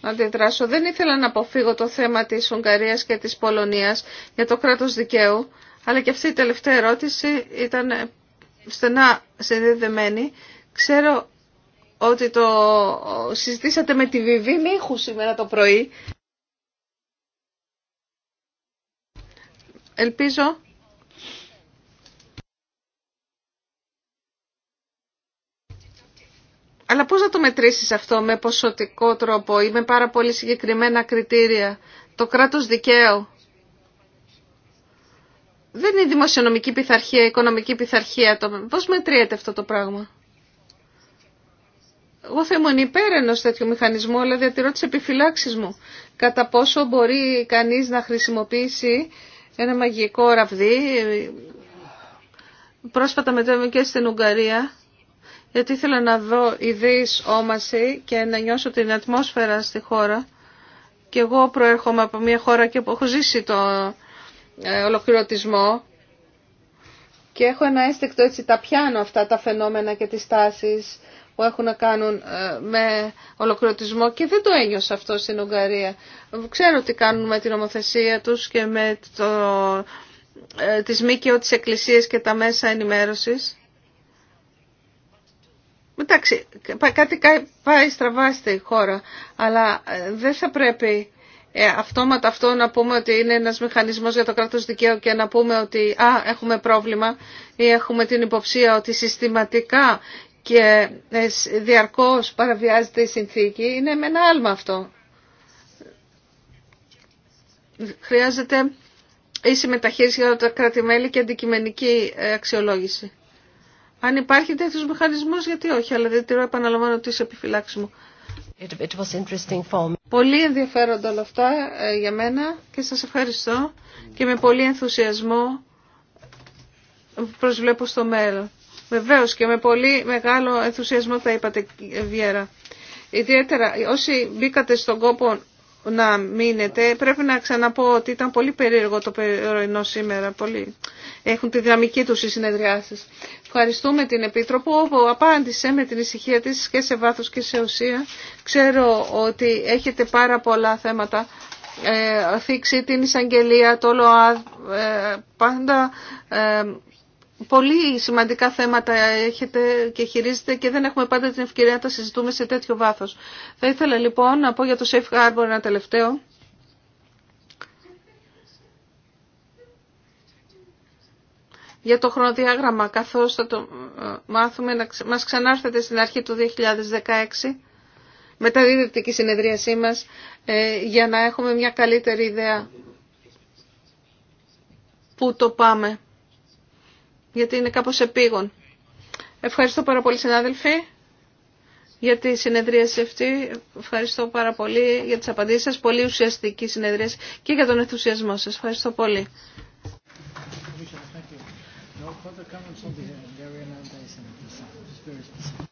να αντιδράσω. Δεν ήθελα να αποφύγω το θέμα της Ουγγαρίας και της Πολωνίας για το κράτος δικαίου, αλλά και αυτή η τελευταία ερώτηση ήταν στενά συνδεδεμένη. Ξέρω ότι το συζητήσατε με τη Βιβή Μίχου σήμερα το πρωί. Ελπίζω Αλλά πώς να το μετρήσεις αυτό με ποσοτικό τρόπο ή με πάρα πολύ συγκεκριμένα κριτήρια. Το κράτος δικαίου. Δεν είναι η δημοσιονομική πειθαρχία, η οικονομική πειθαρχία. Πώς μετριέται αυτό το πράγμα. Εγώ θα ήμουν υπέρ ενός τέτοιου μηχανισμού, αλλά διατηρώ τις επιφυλάξεις μου. Κατά πόσο μπορεί κανείς να χρησιμοποιήσει ένα μαγικό ραβδί. Ε, πρόσφατα μετέβαινε και στην Ουγγαρία γιατί ήθελα να δω ειδείς όμαση και να νιώσω την ατμόσφαιρα στη χώρα. Και εγώ προέρχομαι από μια χώρα και που έχω ζήσει το ε, ολοκληρωτισμό και έχω ένα αίσθηκτο έτσι τα πιάνω αυτά τα φαινόμενα και τις τάσεις που έχουν να κάνουν ε, με ολοκληρωτισμό και δεν το ένιωσα αυτό στην Ουγγαρία. Ξέρω τι κάνουν με την ομοθεσία τους και με το, ε, τις μήκαιο της και τα μέσα ενημέρωσης. Εντάξει, κάτι πάει στραβά στη χώρα, αλλά ε, δεν θα πρέπει ε, αυτόματα αυτό να πούμε ότι είναι ένας μηχανισμός για το κράτος δικαίου και να πούμε ότι α, έχουμε πρόβλημα ή έχουμε την υποψία ότι συστηματικά και ε, διαρκώς παραβιάζεται η συνθήκη. Είναι με ένα άλμα αυτό. Χρειάζεται ίση μεταχείριση για τα κρατη και αντικειμενική αξιολόγηση. Αν υπάρχει τέτοιο μηχανισμό γιατί όχι, αλλά δεν τηρώ επαναλαμβάνω ότι είσαι μου. Πολύ ενδιαφέροντα όλα αυτά ε, για μένα και σας ευχαριστώ και με πολύ ενθουσιασμό προσβλέπω στο μέλλον. Βεβαίως και με πολύ μεγάλο ενθουσιασμό τα είπατε Βιέρα. Ιδιαίτερα όσοι μπήκατε στον κόπο να μείνετε, πρέπει να ξαναπώ ότι ήταν πολύ περίεργο το πρωινό σήμερα. Πολύ... Έχουν τη δυναμική τους οι συνεδριάσεις. Ευχαριστούμε την Επίτροπο που απάντησε με την ησυχία της και σε βάθος και σε ουσία. Ξέρω ότι έχετε πάρα πολλά θέματα ε, την εισαγγελία, το ΛΟΑΔ, ε, πάντα ε, πολύ σημαντικά θέματα έχετε και χειρίζετε και δεν έχουμε πάντα την ευκαιρία να τα συζητούμε σε τέτοιο βάθος. Θα ήθελα λοιπόν να πω για το Safe Harbor ένα τελευταίο. για το χρονοδιάγραμμα, καθώς θα το ε, μάθουμε να μας ξανάρθετε στην αρχή του 2016 με τα η συνεδρίασή μας ε, για να έχουμε μια καλύτερη ιδέα πού το πάμε. Γιατί είναι κάπως επίγον. Ευχαριστώ πάρα πολύ συνάδελφοι για τη συνεδρίαση αυτή. Ευχαριστώ πάρα πολύ για τις απαντήσεις σας. Πολύ ουσιαστική συνεδρίαση και για τον ενθουσιασμό σας. Ευχαριστώ πολύ. Hotter comes the Hungarian and anti-Semitism. very